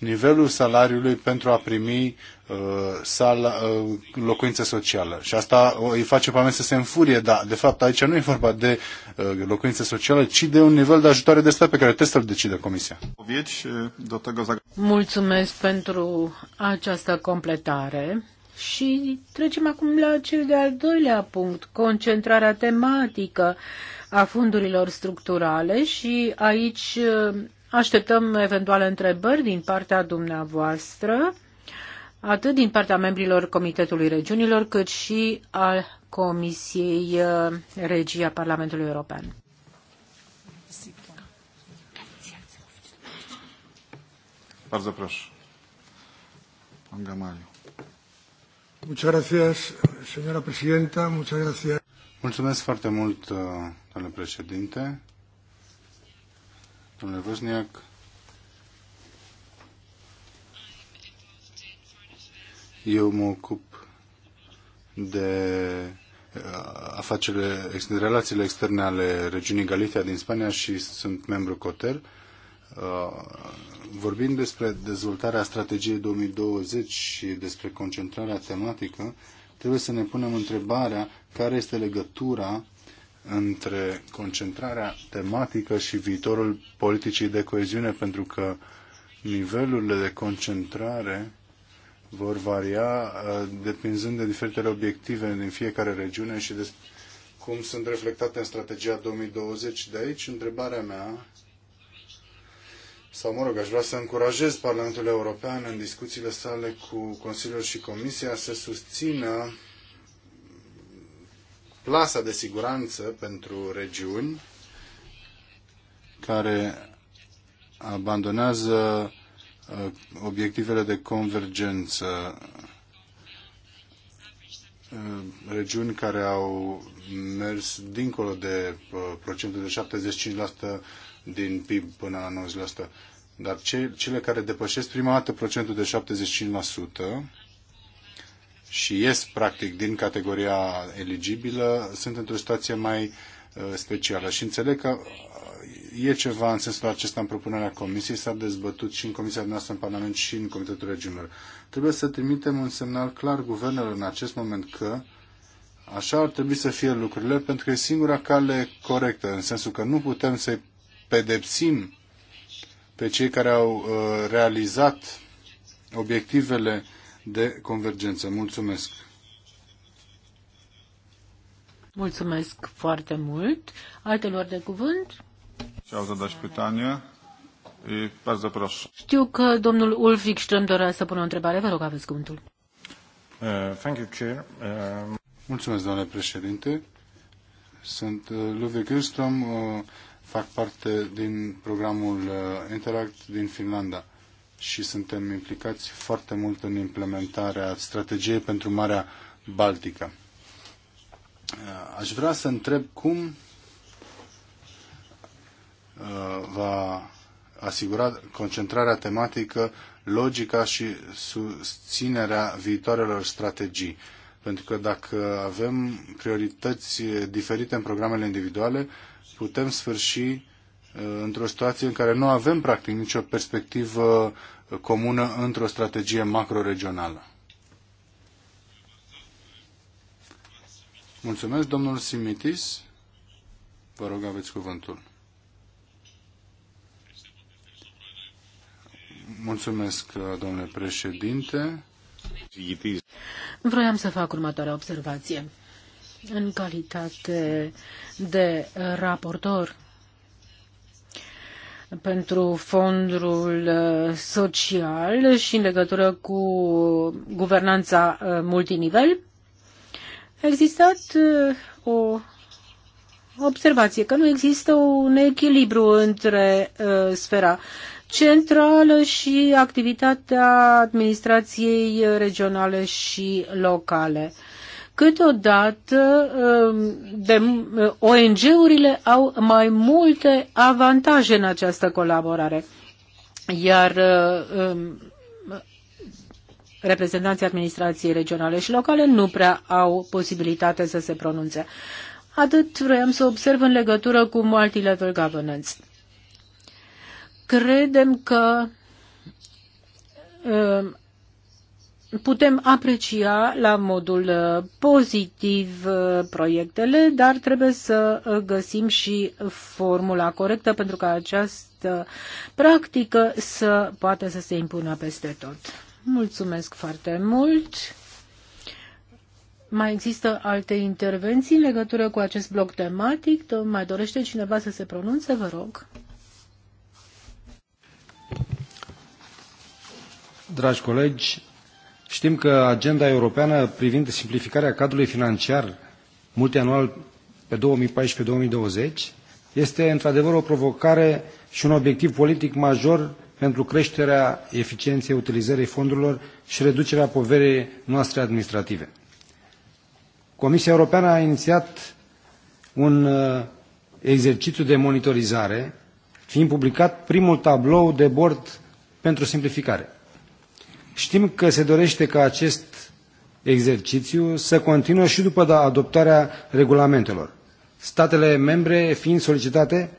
nivelul salariului pentru a primi uh, sala, uh, locuință socială. Și asta îi face pe oameni să se înfurie, dar de fapt aici nu e vorba de uh, locuință socială, ci de un nivel de ajutoare de stat pe care trebuie să-l decide Comisia. Uh, Mulțumesc pentru această completare. Și trecem acum la cel de-al doilea punct, concentrarea tematică a fundurilor structurale și aici uh, așteptăm eventuale întrebări din partea dumneavoastră, atât din partea membrilor Comitetului Regiunilor, cât și al Comisiei uh, Regia Parlamentului European. Bardzo proszę. Pan Gamaliu. Muchas gracias, señora presidenta. Muchas gracias. Mulțumesc foarte mult, uh, domnule președinte. Domnule Vâzniac, eu mă ocup de uh, afacerile, de relațiile externe ale regiunii Galicia din Spania și sunt membru COTEL. Uh, vorbind despre dezvoltarea strategiei 2020 și despre concentrarea tematică, trebuie să ne punem întrebarea care este legătura între concentrarea tematică și viitorul politicii de coeziune, pentru că nivelurile de concentrare vor varia uh, depinzând de diferitele obiective din fiecare regiune și de cum sunt reflectate în strategia 2020. De aici, întrebarea mea sau mă rog, aș vrea să încurajez Parlamentul European în discuțiile sale cu Consiliul și Comisia să susțină plasa de siguranță pentru regiuni care abandonează uh, obiectivele de convergență uh, regiuni care au mers dincolo de uh, procentul de 75% din PIB până la 90%. Dar ce, cele care depășesc prima dată procentul de 75% și ies practic din categoria eligibilă, sunt într-o situație mai uh, specială. Și înțeleg că uh, e ceva în sensul acesta în propunerea comisiei, s-a dezbătut și în comisia noastră în Parlament și în Comitetul Regiunilor. Trebuie să trimitem un semnal clar guvernelor în acest moment că așa ar trebui să fie lucrurile, pentru că e singura cale corectă, în sensul că nu putem să-i pedepsim pe cei care au uh, realizat obiectivele de convergență. Mulțumesc! Mulțumesc foarte mult. Altelor de cuvânt? Chciał zadać pytanie. I bardzo proszę. Știu că domnul Ulfric Ström dorea să pună o întrebare. Vă rog, aveți cuvântul. Uh, thank you, Chair. Uh... Mulțumesc, domnule președinte. Sunt uh, Ludwig Ulström, uh, fac parte din programul uh, Interact din Finlanda și suntem implicați foarte mult în implementarea strategiei pentru Marea Baltică. Uh, aș vrea să întreb cum uh, va asigura concentrarea tematică, logica și susținerea viitoarelor strategii. Pentru că dacă avem priorități diferite în programele individuale, putem sfârși uh, într-o situație în care nu avem practic nicio perspectivă comună într-o strategie macroregională. Mulțumesc, domnul Simitis. Vă rog, aveți cuvântul. Mulțumesc, domnule președinte. Vroiam să fac următoarea observație în calitate de raportor pentru fondul uh, social și în legătură cu guvernanța uh, multinivel, a existat uh, o observație că nu există un echilibru între sfera centrală și activitatea administrației regionale și locale. Câteodată um, uh, ONG-urile au mai multe avantaje în această colaborare, iar uh, um, reprezentanții administrației regionale și locale nu prea au posibilitate să se pronunțe. Atât vrem să observ în legătură cu multilevel governance. Credem că um, putem aprecia la modul uh, pozitiv uh, proiectele, dar trebuie să uh, găsim și formula corectă pentru ca această practică să poată să se impună peste tot. Mulțumesc foarte mult! Mai există alte intervenții în legătură cu acest bloc tematic? Mai dorește cineva să se pronunțe? Vă rog. Dragi colegi, Știm că agenda europeană privind simplificarea cadrului financiar multianual pe 2014-2020 este într-adevăr o provocare și un obiectiv politic major pentru creșterea eficienței utilizării fondurilor și reducerea poverii noastre administrative. Comisia Europeană a inițiat un uh, exercițiu de monitorizare, fiind publicat primul tablou de bord pentru simplificare. Știm că se dorește ca acest exercițiu să continue și după da, adoptarea regulamentelor, statele membre fiind solicitate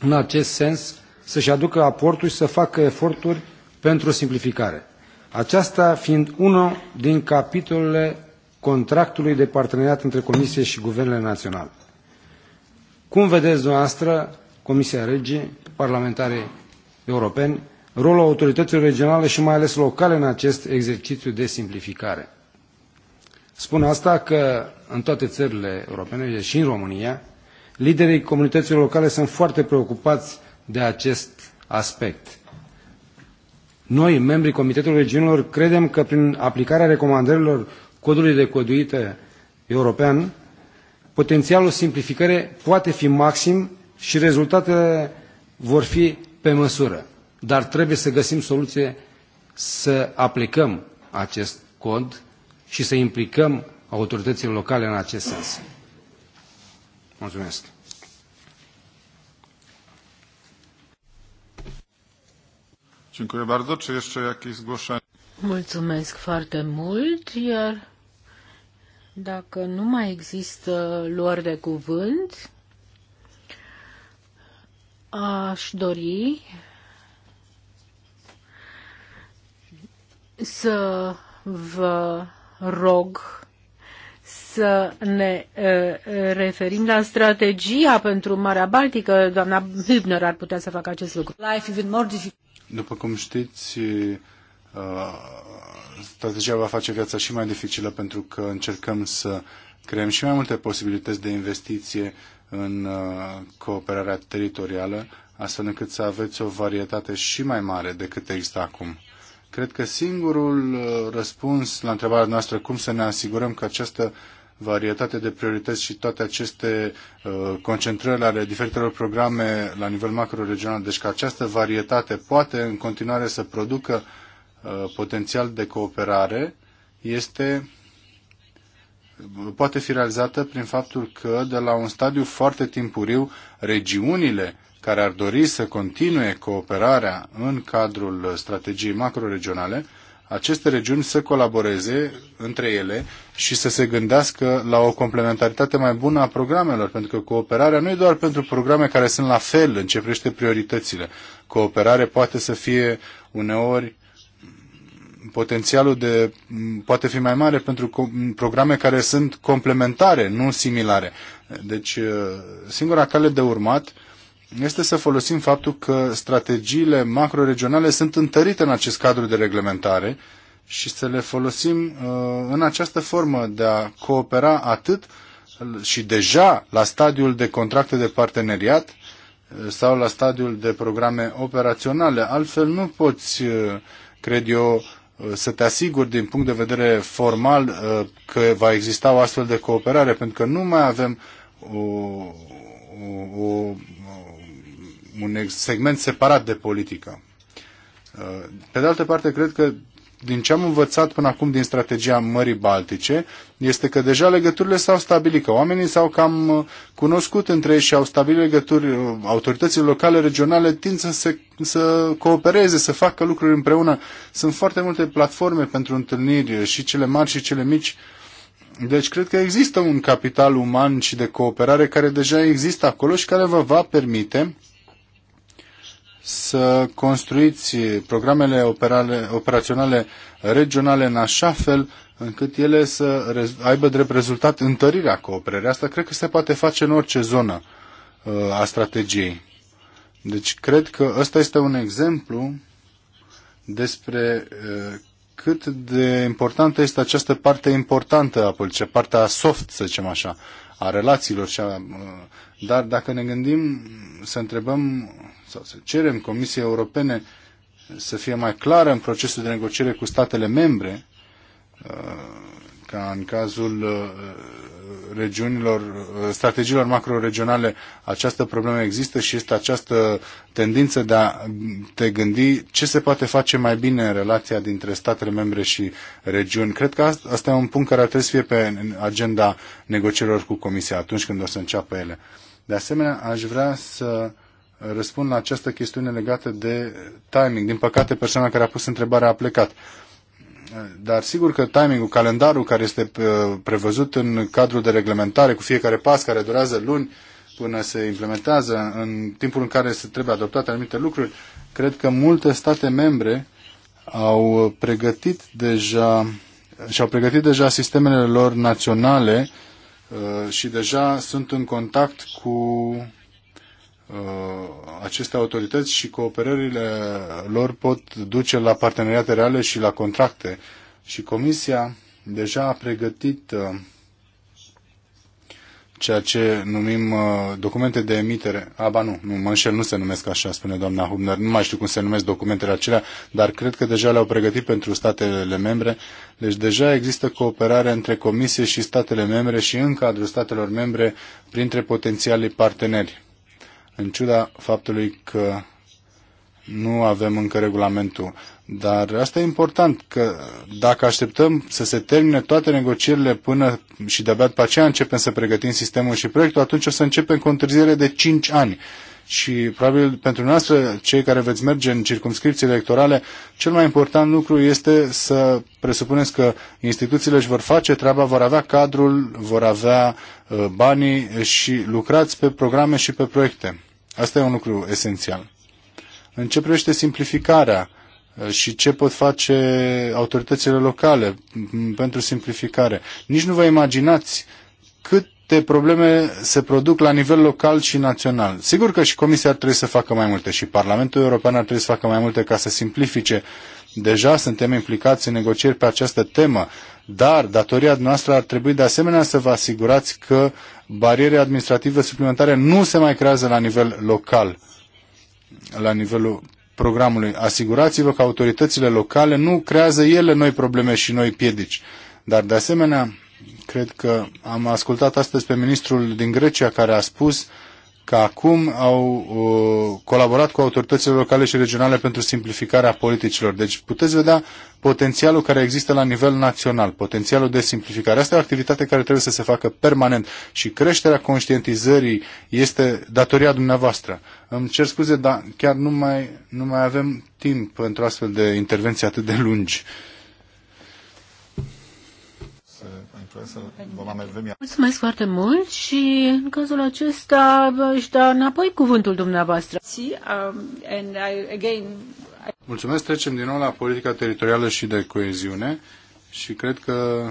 în acest sens să-și aducă aportul și să facă eforturi pentru simplificare. Aceasta fiind unul din capitolele contractului de parteneriat între Comisie și Guvernele Naționale. Cum vedeți dumneavoastră, Comisia Regii, parlamentarii europeni, rolul autorităților regionale și mai ales locale în acest exercițiu de simplificare. Spun asta că în toate țările europene și în România, liderii comunităților locale sunt foarte preocupați de acest aspect. Noi, membrii Comitetului Regiunilor, credem că prin aplicarea recomandărilor codului de coduită european, potențialul simplificării poate fi maxim și rezultatele vor fi pe măsură dar trebuie să găsim soluție să aplicăm acest cod și să implicăm autoritățile locale în acest sens. Mulțumesc! Dziękuję bardzo. Czy jeszcze jakieś Mulțumesc foarte mult, iar dacă nu mai există luări de cuvânt, aș dori să vă rog să ne referim la strategia pentru Marea Baltică. Doamna Hübner ar putea să facă acest lucru. După cum știți, strategia va face viața și mai dificilă pentru că încercăm să creăm și mai multe posibilități de investiție în cooperarea teritorială, astfel încât să aveți o varietate și mai mare decât există acum. Cred că singurul uh, răspuns la întrebarea noastră cum să ne asigurăm că această varietate de priorități și toate aceste uh, concentrări ale diferitelor programe la nivel macro-regional, deci că această varietate poate în continuare să producă uh, potențial de cooperare, este poate fi realizată prin faptul că de la un stadiu foarte timpuriu regiunile care ar dori să continue cooperarea în cadrul strategiei macroregionale, aceste regiuni să colaboreze între ele și să se gândească la o complementaritate mai bună a programelor, pentru că cooperarea nu e doar pentru programe care sunt la fel, începește prioritățile. Cooperare poate să fie uneori potențialul de, poate fi mai mare pentru programe care sunt complementare, nu similare. Deci, singura cale de urmat este să folosim faptul că strategiile macroregionale sunt întărite în acest cadru de reglementare și să le folosim uh, în această formă de a coopera atât și deja la stadiul de contracte de parteneriat uh, sau la stadiul de programe operaționale. Altfel nu poți, uh, cred eu, să te asiguri din punct de vedere formal că va exista o astfel de cooperare, pentru că nu mai avem o, o, o un segment separat de politică. Uh, pe de altă parte, cred că din ce am învățat până acum din strategia Mării Baltice, este că deja legăturile s-au stabilit, că oamenii s-au cam uh, cunoscut între ei și au stabilit legături, uh, autoritățile locale, regionale tind să, se, să coopereze, să facă lucruri împreună. Sunt foarte multe platforme pentru întâlniri, și cele mari și cele mici. Deci cred că există un capital uman și de cooperare care deja există acolo și care vă va permite să construiți programele operale, operaționale regionale în așa fel încât ele să aibă drept rezultat întărirea cooperării. Asta cred că se poate face în orice zonă uh, a strategiei. Deci cred că ăsta este un exemplu despre uh, cât de importantă este această parte importantă a politicii, partea soft, să zicem așa, a relațiilor. Și a, uh, dar dacă ne gândim, să întrebăm sau să cerem Comisiei Europene să fie mai clară în procesul de negociere cu statele membre, uh, ca în cazul uh, regiunilor, uh, strategiilor macroregionale această problemă există și este această tendință de a te gândi ce se poate face mai bine în relația dintre statele membre și regiuni. Cred că asta e un punct care ar trebui să fie pe agenda negocierilor cu Comisia atunci când o să înceapă ele. De asemenea, aș vrea să răspund la această chestiune legată de timing. Din păcate, persoana care a pus întrebarea a plecat. Dar sigur că timingul, calendarul care este uh, prevăzut în cadrul de reglementare cu fiecare pas care durează luni până se implementează, în timpul în care se trebuie adoptate anumite lucruri, cred că multe state membre au pregătit deja și-au pregătit deja sistemele lor naționale uh, și deja sunt în contact cu Uh, aceste autorități și cooperările lor pot duce la parteneriate reale și la contracte. Și Comisia deja a pregătit uh, ceea ce numim uh, documente de emitere. A, ba nu, nu, mă înșel, nu se numesc așa, spune doamna Hubner. Nu mai știu cum se numesc documentele acelea, dar cred că deja le-au pregătit pentru statele membre. Deci deja există cooperare între Comisie și statele membre și în cadrul statelor membre printre potențialii parteneri în ciuda faptului că nu avem încă regulamentul. Dar asta e important, că dacă așteptăm să se termine toate negocierile până și de-abia după aceea începem să pregătim sistemul și proiectul, atunci o să începem cu o întârziere de 5 ani. Și probabil pentru noastră, cei care veți merge în circumscripții electorale, cel mai important lucru este să presupuneți că instituțiile își vor face treaba, vor avea cadrul, vor avea uh, banii și lucrați pe programe și pe proiecte. Asta e un lucru esențial. În ce privește simplificarea uh, și ce pot face autoritățile locale pentru simplificare, nici nu vă imaginați cât câte probleme se produc la nivel local și național. Sigur că și Comisia ar trebui să facă mai multe și Parlamentul European ar trebui să facă mai multe ca să simplifice. Deja suntem implicați în negocieri pe această temă. Dar datoria noastră ar trebui de asemenea să vă asigurați că bariere administrative suplimentare nu se mai creează la nivel local, la nivelul programului. Asigurați-vă că autoritățile locale nu creează ele noi probleme și noi piedici. Dar de asemenea, cred că am ascultat astăzi pe ministrul din Grecia care a spus uh, că acum au uh, colaborat cu autoritățile locale și regionale pentru simplificarea politicilor. Deci puteți vedea potențialul care există la nivel național, potențialul de simplificare. Asta e o activitate care trebuie să se facă permanent și creșterea conștientizării este datoria dumneavoastră. Îmi cer scuze, dar chiar nu mai, nu mai avem timp pentru astfel de intervenții atât de lungi. Uh, vom avea Mulțumesc foarte mult și în cazul acesta își da înapoi cuvântul dumneavoastră. Um, Mulțumesc, trecem din nou la politica teritorială și de coeziune și cred că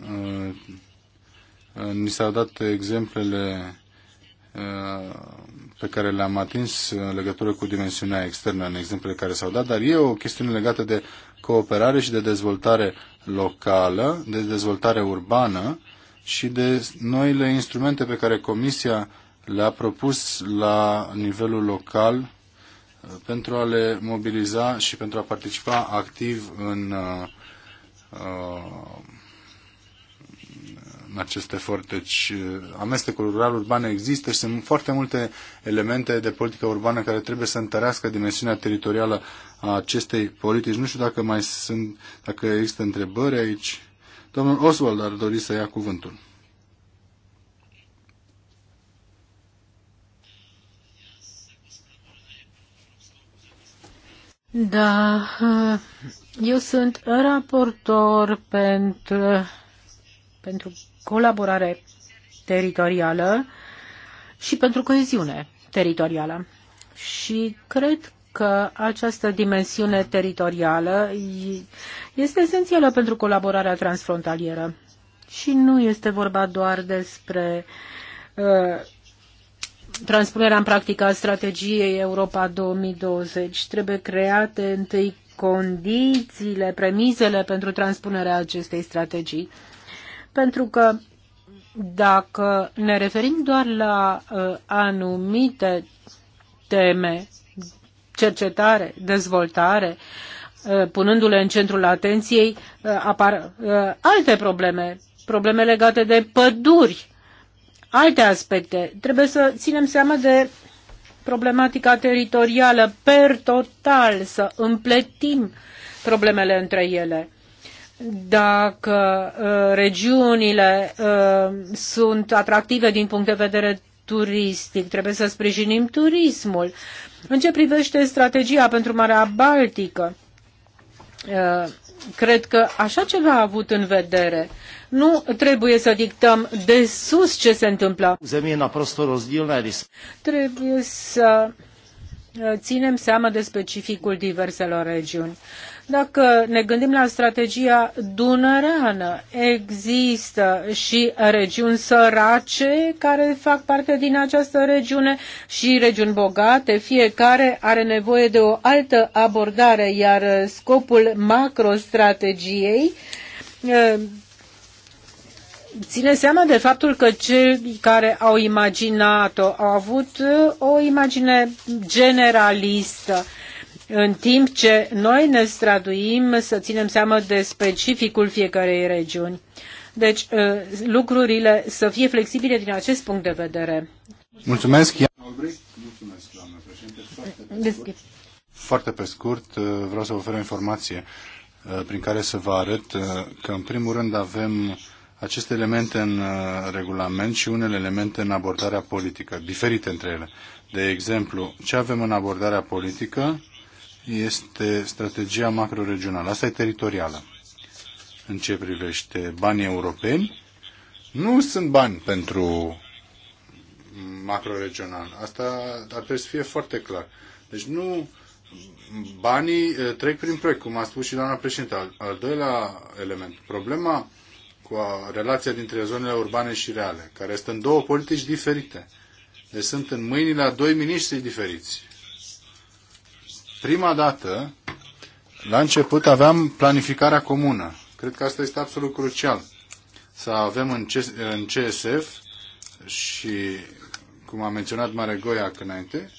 uh, uh, ni s-au dat exemplele uh, pe care le-am atins în legătură cu dimensiunea externă în exemplele care s-au dat, dar e o chestiune legată de cooperare și de dezvoltare locală, de dezvoltare urbană și de noile instrumente pe care Comisia le-a propus la nivelul local uh, pentru a le mobiliza și pentru a participa activ în, uh, uh, în acest efort. Deci, amestecul rural-urban există și sunt foarte multe elemente de politică urbană care trebuie să întărească dimensiunea teritorială a acestei politici. Nu știu dacă mai sunt, dacă există întrebări aici. Domnul Oswald ar dori să ia cuvântul. Da, eu sunt raportor pentru, pentru colaborare teritorială și pentru coeziune teritorială. Și cred că această dimensiune teritorială este esențială pentru colaborarea transfrontalieră. Și nu este vorba doar despre uh, transpunerea în practică a strategiei Europa 2020. Trebuie create întâi condițiile, premizele pentru transpunerea acestei strategii. Pentru că dacă ne referim doar la uh, anumite teme cercetare, dezvoltare, uh, punându-le în centrul atenției, uh, apar uh, alte probleme, probleme legate de păduri, alte aspecte. Trebuie să ținem seama de problematica teritorială per total, să împletim problemele între ele. Dacă regiunile sunt atractive din punct de vedere turistic, trebuie să sprijinim turismul. În ce privește strategia pentru Marea Baltică, uh, cred că așa ceva a avut în vedere. Nu trebuie să dictăm de sus ce se întâmplă. Trebuie să uh, ținem seama de specificul diverselor regiuni. Dacă ne gândim la strategia dunăreană, există și regiuni sărace care fac parte din această regiune și regiuni bogate. Fiecare are nevoie de o altă abordare, iar scopul macrostrategiei ține seama de faptul că cei care au imaginat-o au avut o imagine generalistă în timp ce noi ne străduim să ținem seama de specificul fiecarei regiuni. Deci uh, lucrurile să fie flexibile din acest punct de vedere. Mulțumesc. Mulțumesc, doamnă președinte. Foarte pe, scurt. Foarte pe scurt, uh, vreau să vă ofer o informație uh, prin care să vă arăt că, în primul rând, avem aceste elemente în regulament și unele elemente în abordarea politică, diferite între ele. De exemplu, ce avem în abordarea politică este strategia macroregională. Asta e teritorială. În ce privește banii europeni, nu sunt bani pentru macroregional. Asta ar trebui să fie foarte clar. Deci nu banii eh, trec prin proiect, cum a spus și doamna președinte. Al, al doilea element, problema cu a, relația dintre zonele urbane și reale, care sunt în două politici diferite. Deci sunt în mâinile a doi miniștri diferiți prima dată, la început, aveam planificarea comună. Cred că asta este absolut crucial. Să avem în, CS, în CSF și, cum a menționat Mare Goia înainte,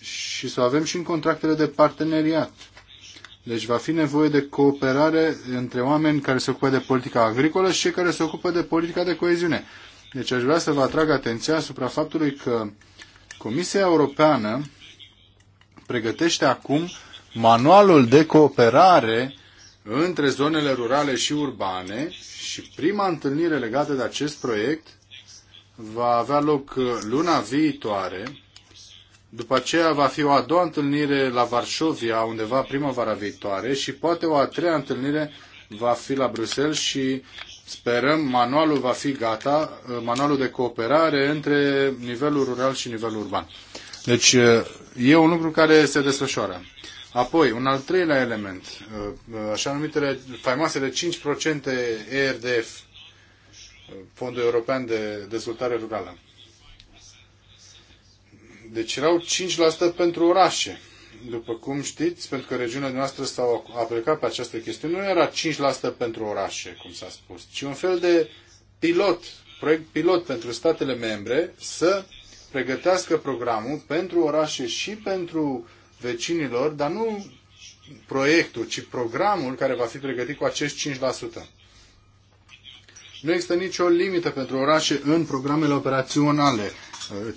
și să avem și în contractele de parteneriat. Deci va fi nevoie de cooperare între oameni care se ocupă de politica agricolă și cei care se ocupă de politica de coeziune. Deci aș vrea să vă atrag atenția asupra faptului că Comisia Europeană pregătește acum manualul de cooperare între zonele rurale și urbane și prima întâlnire legată de acest proiect va avea loc uh, luna viitoare. După aceea va fi o a doua întâlnire la Varșovia, undeva primăvara viitoare și poate o a treia întâlnire va fi la Bruxelles și sperăm manualul va fi gata, uh, manualul de cooperare între nivelul rural și nivelul urban. Deci e un lucru care se desfășoară. Apoi, un al treilea element, așa numitele faimoasele 5% ERDF, Fondul European de Dezvoltare Rurală. Deci erau 5% pentru orașe. După cum știți, pentru că regiunea noastră s-au aplicat pe această chestiune, nu era 5% pentru orașe, cum s-a spus, ci un fel de pilot, proiect pilot pentru statele membre să pregătească programul pentru orașe și pentru vecinilor, dar nu proiectul, ci programul care va fi pregătit cu acești 5%. Nu există nicio limită pentru orașe în programele operaționale.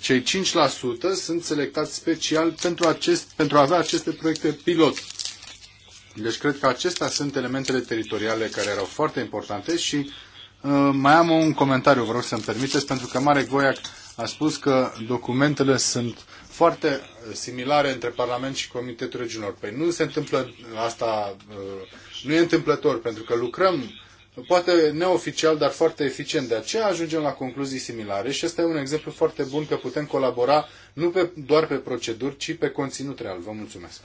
Cei 5% sunt selectați special pentru, acest, pentru a avea aceste proiecte pilot. Deci cred că acestea sunt elementele teritoriale care erau foarte importante și uh, mai am un comentariu, vă rog să-mi permiteți, pentru că Marek Voiac a spus că documentele sunt foarte similare între Parlament și Comitetul Regiunilor. Păi nu se întâmplă asta, uh, nu e întâmplător, pentru că lucrăm poate neoficial, dar foarte eficient. De aceea ajungem la concluzii similare și ăsta e un exemplu foarte bun că putem colabora nu pe, doar pe proceduri, ci pe conținut real. Vă mulțumesc.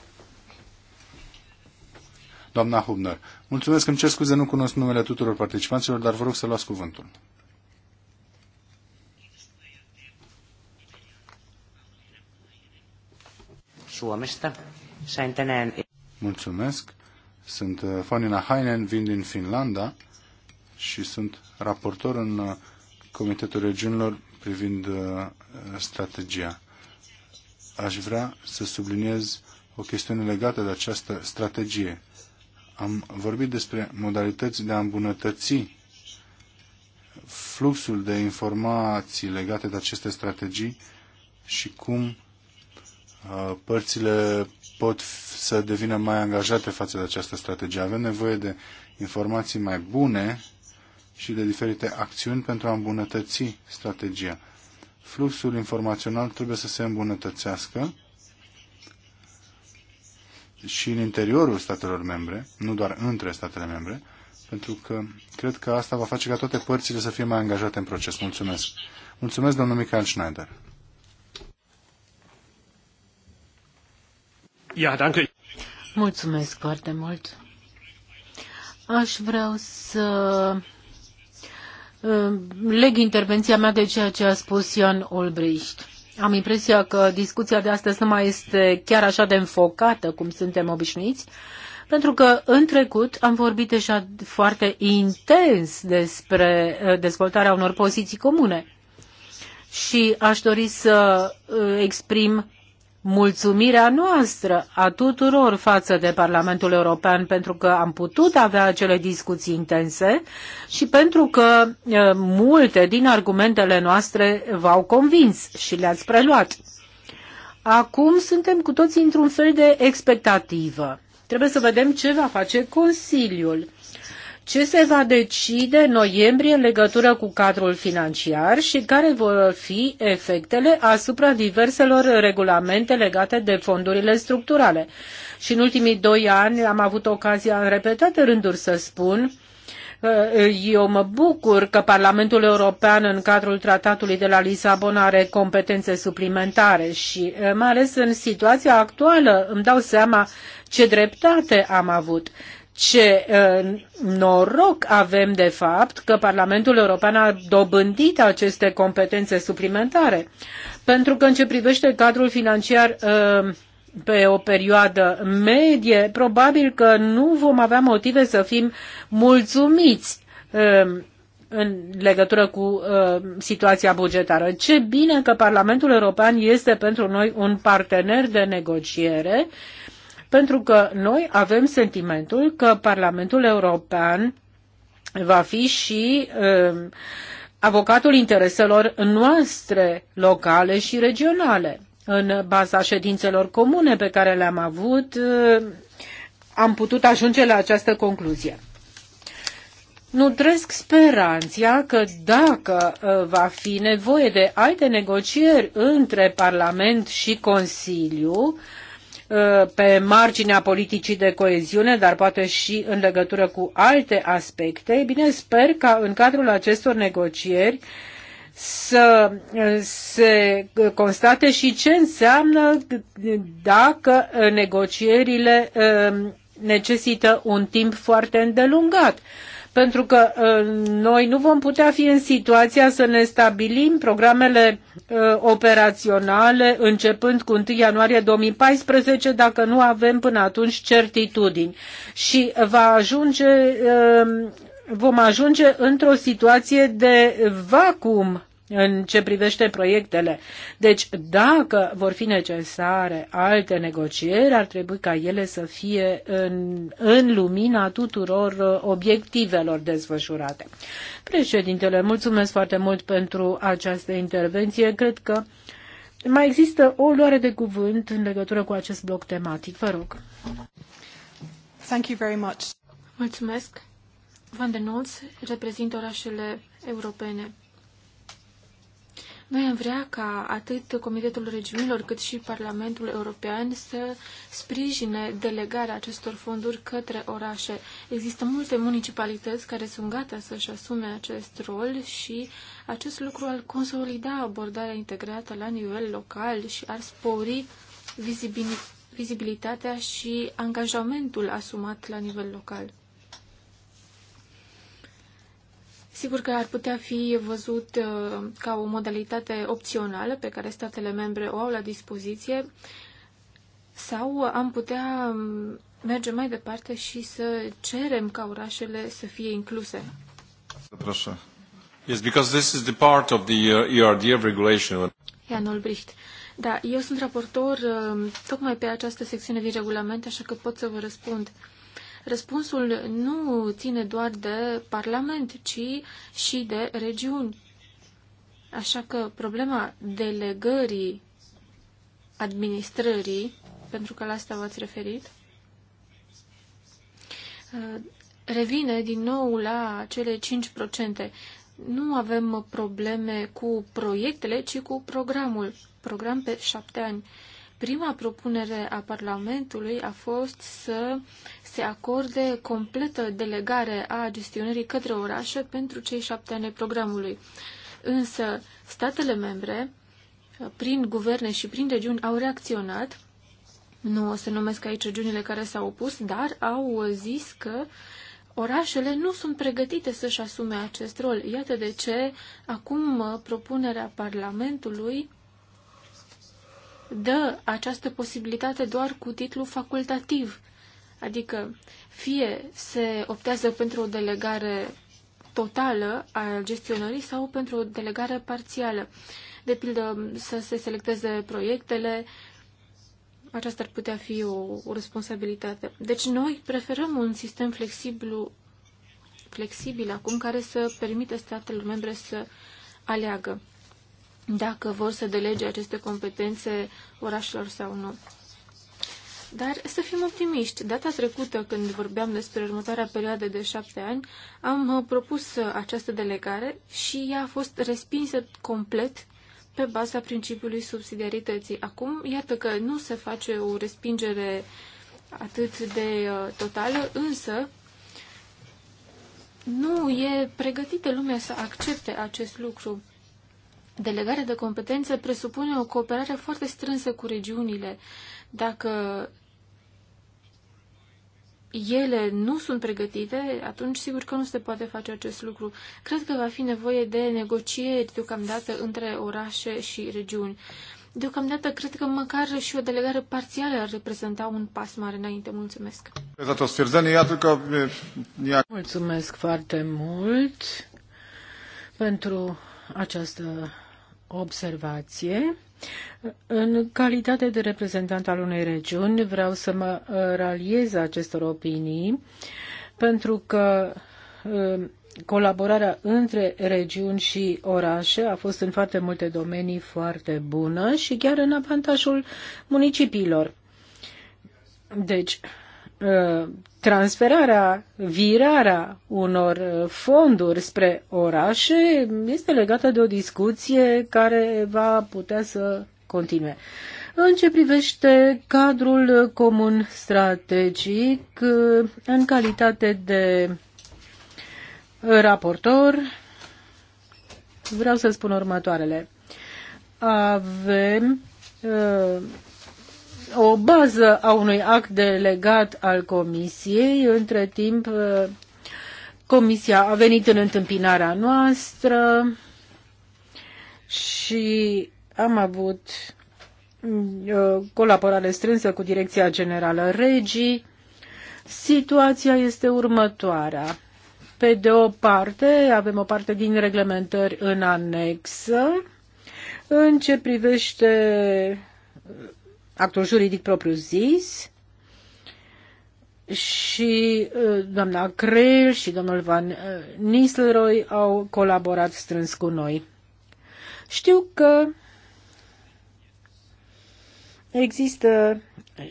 Doamna Hubner, mulțumesc, îmi cer scuze, nu cunosc numele tuturor participanților, dar vă rog să luați cuvântul. Suomesta. Sain tänään... Mulțumesc. Sunt uh, Fanina Hainen, vin din Finlanda și sunt raportor în uh, Comitetul Regiunilor privind uh, strategia. Aș vrea să subliniez o chestiune legată de această strategie. Am vorbit despre modalități de a îmbunătăți fluxul de informații legate de aceste strategii și cum părțile pot să devină mai angajate față de această strategie. Avem nevoie de informații mai bune și de diferite acțiuni pentru a îmbunătăți strategia. Fluxul informațional trebuie să se îmbunătățească și în interiorul statelor membre, nu doar între statele membre, pentru că cred că asta va face ca toate părțile să fie mai angajate în proces. Mulțumesc. Mulțumesc, domnul Michael Schneider. Mulțumesc foarte mult. Aș vrea să uh, leg intervenția mea de ceea ce a spus Ian Olbricht. Am impresia că discuția de astăzi nu mai este chiar așa de înfocată cum suntem obișnuiți, pentru că în trecut am vorbit deja foarte intens despre uh, dezvoltarea unor poziții comune. Și aș dori să uh, exprim mulțumirea noastră a tuturor față de Parlamentul European pentru că am putut avea acele discuții intense și pentru că multe din argumentele noastre v-au convins și le-ați preluat. Acum suntem cu toții într-un fel de expectativă. Trebuie să vedem ce va face Consiliul ce se va decide în noiembrie în legătură cu cadrul financiar și care vor fi efectele asupra diverselor regulamente legate de fondurile structurale. Și în ultimii doi ani am avut ocazia în repetate rânduri să spun uh, eu mă bucur că Parlamentul European, în cadrul Tratatului de la Lisabona, are competențe suplimentare și, uh, mai ales în situația actuală, îmi dau seama ce dreptate am avut ce ă, noroc avem de fapt că Parlamentul European a dobândit aceste competențe suplimentare. Pentru că în ce privește cadrul financiar ă, pe o perioadă medie, probabil că nu vom avea motive să fim mulțumiți ă, în legătură cu uh, situația bugetară. Ce bine că Parlamentul European este pentru noi un partener de negociere uh, pentru că noi avem sentimentul că Parlamentul European va fi și uh, avocatul intereselor noastre locale și regionale. În baza ședințelor comune pe care le-am avut, uh, am putut ajunge la această concluzie. Nutresc speranția că dacă uh, va fi nevoie de alte negocieri între Parlament și Consiliu, Uh, pe marginea politicii de coeziune, dar poate și în legătură cu alte aspecte, bine, sper ca în cadrul acestor negocieri să uh, se uh, constate și ce înseamnă dacă negocierile necesită un timp foarte îndelungat pentru că ă, noi nu vom putea fi în situația să ne stabilim programele ă, operaționale începând cu 1 ianuarie 2014 dacă nu avem până atunci certitudini. Și va ajunge, ă, vom ajunge într-o situație de vacuum în ce privește proiectele. Deci, dacă vor fi necesare alte negocieri, ar trebui ca ele să fie în, în lumina tuturor uh, obiectivelor dezfășurate. Președintele, mulțumesc foarte mult pentru această intervenție. Cred că mai există o luare de cuvânt în legătură cu acest bloc tematic. Vă rog. Thank you very much. Mulțumesc. Van den Nolz reprezintă orașele europene noi am vrea ca atât Comitetul Regiunilor cât și Parlamentul European să sprijine delegarea acestor fonduri către orașe. Există multe municipalități care sunt gata să-și asume acest rol și acest lucru ar consolida abordarea integrată la nivel local și ar spori vizibilitatea și angajamentul asumat la nivel local. Sigur că ar putea fi văzut uh, ca o modalitate opțională pe care statele membre o au la dispoziție sau am putea um, merge mai departe și să cerem ca orașele să fie incluse. Proszę. Yes, because this is the part of the uh, ERDF regulation. Jan Olbricht. Da, eu sunt raportor um, tocmai pe această secțiune din regulament, așa că pot să vă răspund răspunsul nu ține doar de Parlament, ci și de regiuni. Așa că problema delegării administrării, pentru că la asta v-ați referit, revine din nou la cele 5%. Nu avem probleme cu proiectele, ci cu programul. Program pe șapte ani. Prima propunere a Parlamentului a fost să se acorde completă delegare a gestionării către orașe pentru cei șapte ani programului. Însă statele membre, prin guverne și prin regiuni, au reacționat. Nu o să numesc aici regiunile care s-au opus, dar au zis că orașele nu sunt pregătite să-și asume acest rol. Iată de ce acum uh, propunerea Parlamentului dă această posibilitate doar cu titlu facultativ. Adică fie se optează pentru o delegare totală a gestionării sau pentru o delegare parțială. De pildă, să se selecteze proiectele, aceasta ar putea fi o, o responsabilitate. Deci noi preferăm un sistem flexibil, flexibil acum care să permită statelor membre să aleagă dacă vor să delege aceste competențe orașelor sau nu. Dar să fim optimiști. Data trecută, când vorbeam despre următoarea perioadă de șapte ani, am uh, propus uh, această delegare și ea a fost respinsă complet pe baza principiului subsidiarității. Acum, iată că nu se face o respingere atât de uh, totală, însă nu e pregătită lumea să accepte acest lucru. Delegarea de competențe presupune o cooperare foarte strânsă cu regiunile. Dacă ele nu sunt pregătite, atunci sigur că nu se poate face acest lucru. Cred că va fi nevoie de negocieri deocamdată între orașe și regiuni. Deocamdată cred că măcar și o delegare parțială ar reprezenta un pas mare înainte. Mulțumesc! Mulțumesc foarte mult pentru această observație. În calitate de reprezentant al unei regiuni, vreau să mă uh, raliez acestor opinii, pentru că uh, colaborarea între regiuni și orașe a fost în foarte multe domenii foarte bună și chiar în avantajul municipiilor. Deci, Uh, transferarea, virarea unor uh, fonduri spre orașe este legată de o discuție care va putea să continue. În ce privește cadrul comun strategic, uh, în calitate de raportor, vreau să spun următoarele. Avem o bază a unui act delegat al Comisiei. Între timp, uh, Comisia a venit în întâmpinarea noastră și am avut uh, colaborare strânsă cu Direcția Generală Regii. Situația este următoarea. Pe de o parte, avem o parte din reglementări în anexă, în ce privește actul juridic propriu-zis și uh, doamna Creel și domnul Van uh, Nistelrooy au colaborat strâns cu noi. Știu că există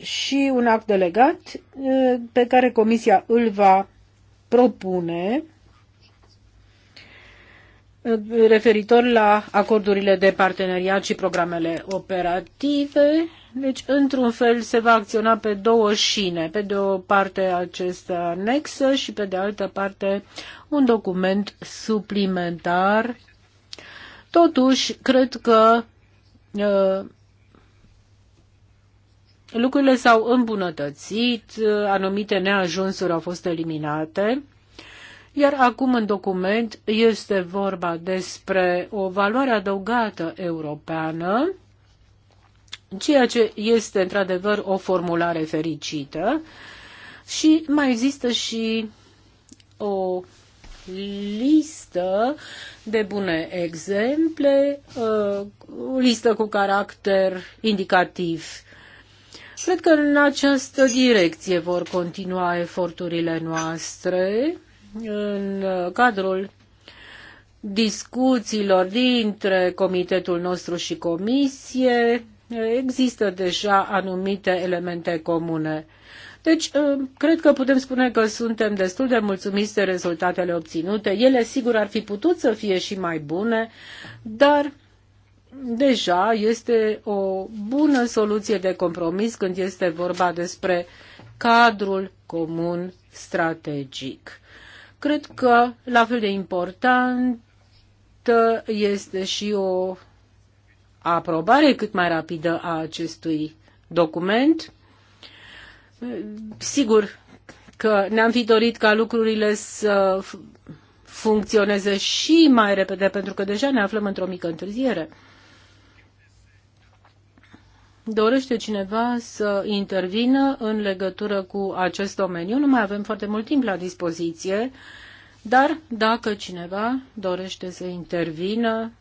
și un act delegat uh, pe care Comisia îl va propune referitor la acordurile de parteneriat și programele operative deci, într-un fel, se va acționa pe două șine. Pe de o parte acest anex și pe de altă parte un document suplimentar. Totuși, cred că ă, lucrurile s-au îmbunătățit, anumite neajunsuri au fost eliminate. Iar acum în document este vorba despre o valoare adăugată europeană ceea ce este într-adevăr o formulare fericită. Și mai există și o listă de bune exemple, uh, o listă cu caracter indicativ. Cred că în această direcție vor continua eforturile noastre în cadrul discuțiilor dintre comitetul nostru și comisie, Există deja anumite elemente comune. Deci, uh, cred că putem spune că suntem destul de mulțumiți de rezultatele obținute. Ele, sigur, ar fi putut să fie și mai bune, dar deja este o bună soluție de compromis când este vorba despre cadrul comun strategic. Cred că la fel de important este și o aprobare cât mai rapidă a acestui document. Sigur că ne-am fi dorit ca lucrurile să funcționeze și mai repede, pentru că deja ne aflăm într-o mică întârziere. Dorește cineva să intervină în legătură cu acest domeniu? Nu mai avem foarte mult timp la dispoziție, dar dacă cineva dorește să intervină,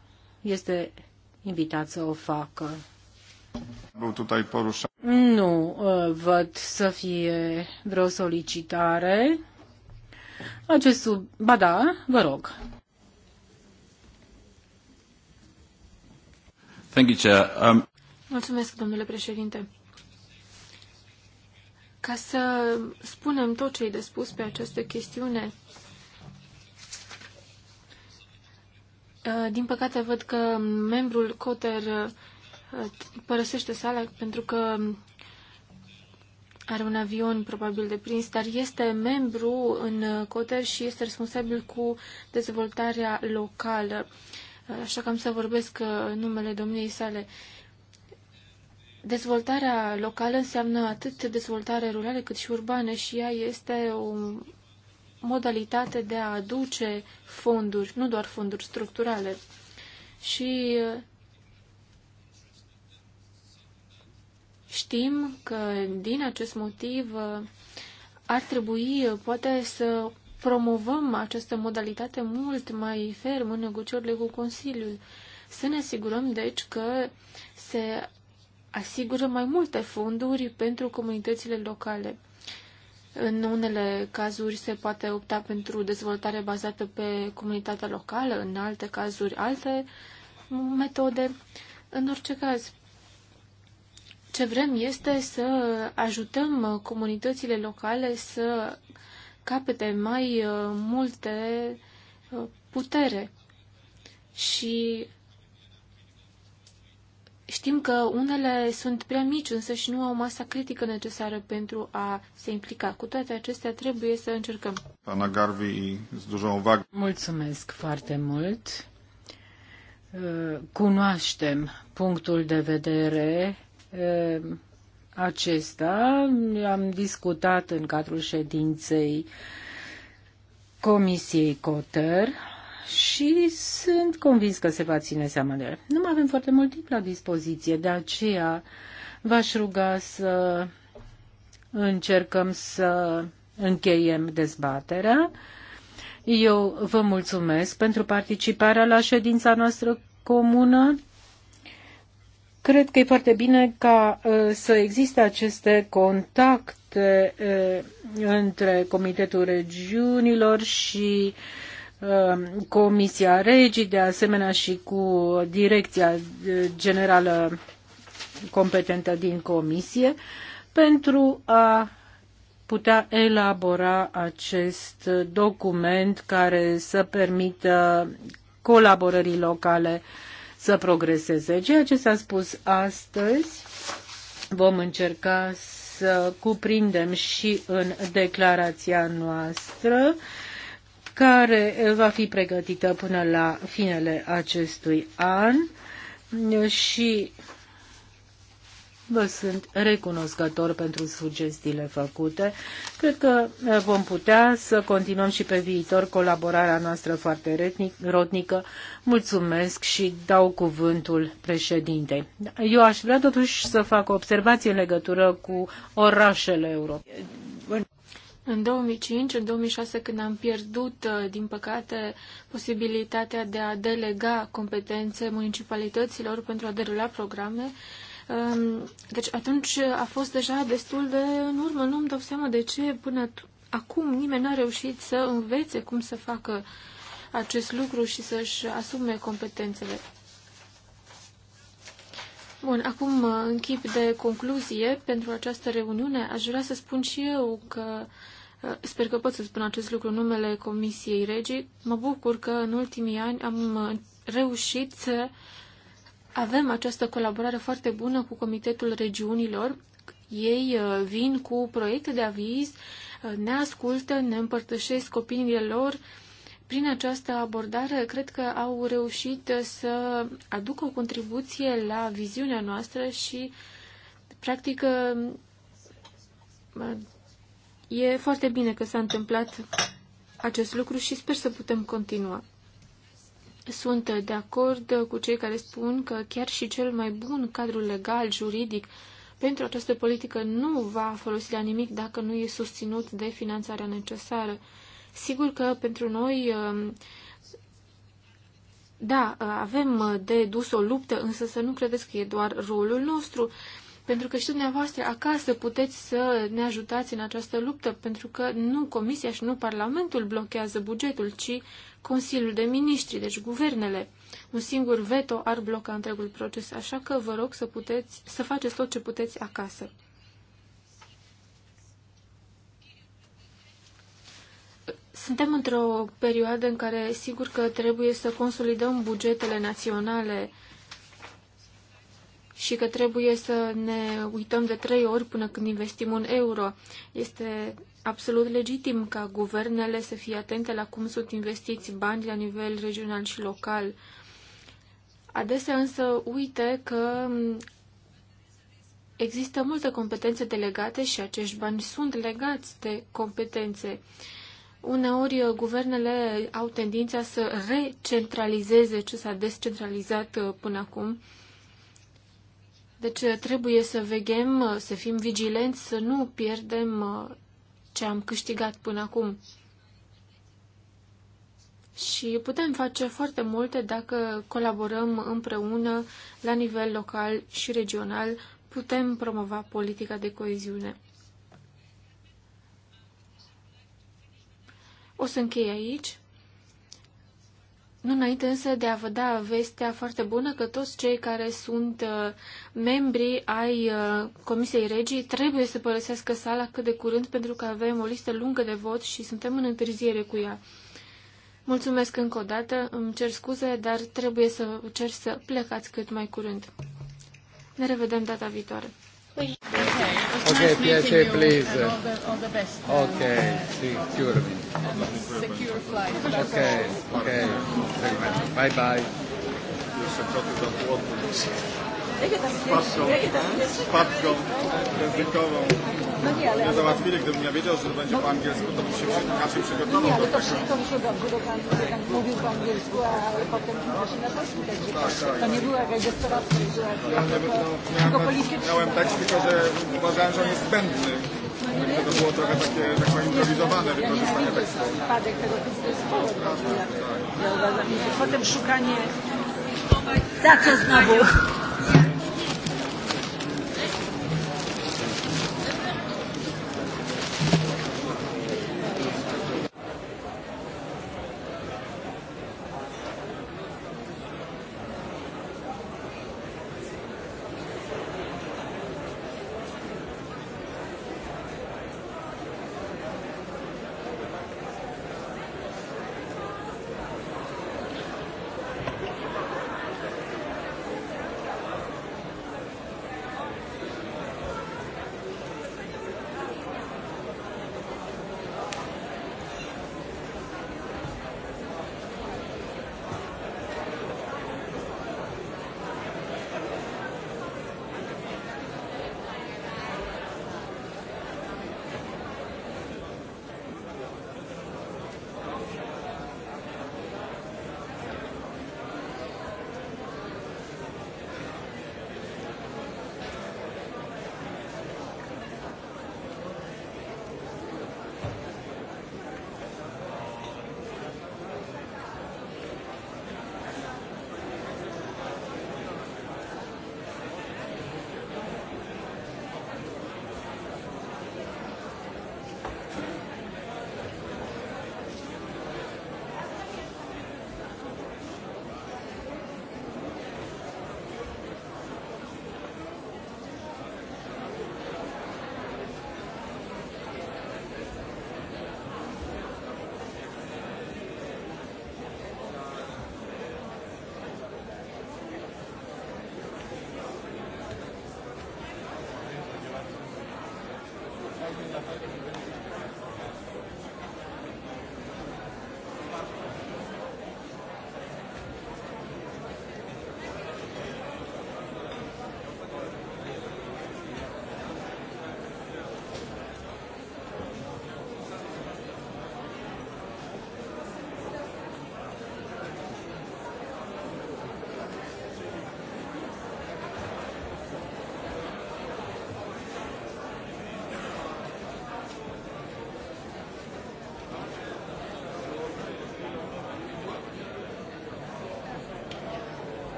este invitat să o facă. Nu uh, văd să fie vreo solicitare. Acest sub... Ba da, vă rog. Thank you, Chair. Um... Mulțumesc, domnule președinte. Ca să spunem tot ce e de spus pe această chestiune, Uh, din păcate văd că membrul Coter uh, părăsește sala pentru că are un avion probabil de prins, dar este membru în uh, Coter și este responsabil cu dezvoltarea locală. Așa că am să vorbesc numele domniei sale. Dezvoltarea locală înseamnă atât dezvoltare rurală cât și urbană și ea este o modalitate de a aduce fonduri, nu doar fonduri structurale. Și uh, știm că din acest motiv uh, ar trebui uh, poate să promovăm această modalitate mult mai ferm în negocierile cu Consiliul. Să ne asigurăm, deci, că se asigură mai multe fonduri pentru comunitățile locale. În unele cazuri se poate opta pentru dezvoltare bazată pe comunitatea locală, în alte cazuri alte metode. În orice caz, ce vrem este să ajutăm comunitățile locale să capete mai uh, multe uh, putere și Știm că unele sunt prea mici, însă și nu au masa critică necesară pentru a se implica. Cu toate acestea, trebuie să încercăm. Ana Garvi, Mulțumesc foarte mult. Uh, cunoaștem punctul de vedere uh, acesta. Am discutat în cadrul ședinței Comisiei Cotăr și sunt convins că se va ține seama de ele. Nu mai avem foarte mult timp la dispoziție, de aceea v-aș ruga să încercăm să încheiem dezbaterea. Eu vă mulțumesc pentru participarea la ședința noastră comună. Cred că e foarte bine ca uh, să existe aceste contacte uh, între Comitetul Regiunilor și uh, Ehm, Comisia Regii, de asemenea și cu Direcția Generală competentă din Comisie, pentru a putea elabora acest document care să permită colaborării locale să progreseze. Ceea ce s-a spus astăzi vom încerca să cuprindem și în declarația noastră care va fi pregătită până la finele acestui an și vă sunt recunoscător pentru sugestiile făcute. Cred că eh, vom putea să continuăm și pe viitor colaborarea noastră foarte rotnică. Mulțumesc și dau cuvântul președintei. Eu aș vrea totuși să fac o observație în legătură cu orașele Europei. În 2005, în 2006, când am pierdut, uh, din păcate, posibilitatea de a delega competențe municipalităților pentru a derula programe, um, deci atunci a fost deja destul de în urmă. Nu-mi dau seama de ce până acum nimeni n-a reușit să învețe cum să facă acest lucru și să-și asume competențele. Bun, acum, în chip de concluzie pentru această reuniune, aș vrea să spun și eu că uh, Sper că pot să spun acest lucru în numele Comisiei Regii. Mă bucur că în ultimii ani am uh, reușit să avem această colaborare foarte bună cu Comitetul Regiunilor. Ei uh, vin cu proiecte de aviz, ne ascultă, ne împărtășesc opiniile lor, prin această abordare, cred că au reușit să aducă o contribuție la viziunea noastră și, practic, e foarte bine că s-a întâmplat acest lucru și sper să putem continua. Sunt de acord cu cei care spun că chiar și cel mai bun cadru legal, juridic, pentru această politică nu va folosi la nimic dacă nu e susținut de finanțarea necesară. Sigur că pentru noi, um, da, avem de dus o luptă, însă să nu credeți că e doar rolul nostru, pentru că și dumneavoastră acasă puteți să ne ajutați în această luptă, pentru că nu Comisia și nu Parlamentul blochează bugetul, ci Consiliul de Ministri, deci guvernele. Un singur veto ar bloca întregul proces, așa că vă rog să, puteți, să faceți tot ce puteți acasă. Suntem într-o perioadă în care sigur că trebuie să consolidăm bugetele naționale și că trebuie să ne uităm de trei ori până când investim un euro. Este absolut legitim ca guvernele să fie atente la cum sunt investiți bani la nivel regional și local. Adesea însă uite că există multe competențe delegate și acești bani sunt legați de competențe. Uneori, uh, guvernele au tendința să recentralizeze ce s-a descentralizat uh, până acum. Deci uh, trebuie să veghem, să fim vigilenți, să nu pierdem ce am câștigat până acum. Și putem face foarte multe dacă colaborăm împreună la nivel local și regional, putem promova politica de coeziune. O să închei aici. Nu înainte însă de a vă da vestea foarte bună că toți cei care sunt uh, membri ai uh, Comisiei Regii trebuie să părăsească sala cât de curând pentru că avem o listă lungă de vot și suntem în întârziere cu ea. Mulțumesc încă o dată, îmi cer scuze, dar trebuie să cer să plecați cât mai curând. Ne revedem data viitoare. Okay, okay nice Piace, please. All the, all the best. Okay, sì, sicuramente. Secure flight. Okay, okay. Bye bye pasą, spadką językową. Nie załatwili, gdybym ja wiedział, że będzie po angielsku, to bym się inaczej przygotował. Nie, ale to wszystko mi się dobrze, bo pan, pan mówił po angielsku, a potem się na polsku, także tak, tak. to nie była jakaś desperacka sytuacja. Ja nawet, no, miałem, miałem tekst, tylko że uważałem, że on jest zbędny. Także to było trochę takie, tak powiem, improwizowane wykorzystanie tekstu. Spadek tego zespołu. Ja uważam, potem szukanie... Za co znowu?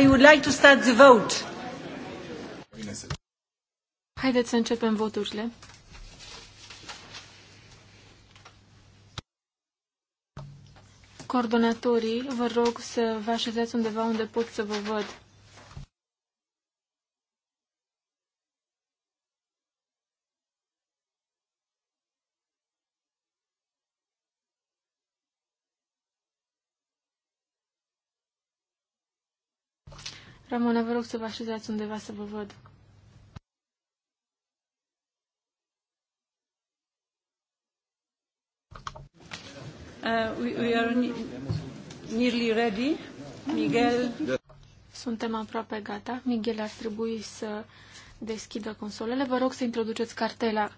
I would like to start the vote. Haideți să începem voturile. Coordonatorii, vă rog să vă așezați undeva unde pot să vă văd. să vă așezați undeva să vă văd. Uh, we, we are nearly ready. Miguel. Suntem aproape gata. Miguel ar trebui să deschidă consolele. Vă rog să introduceți cartela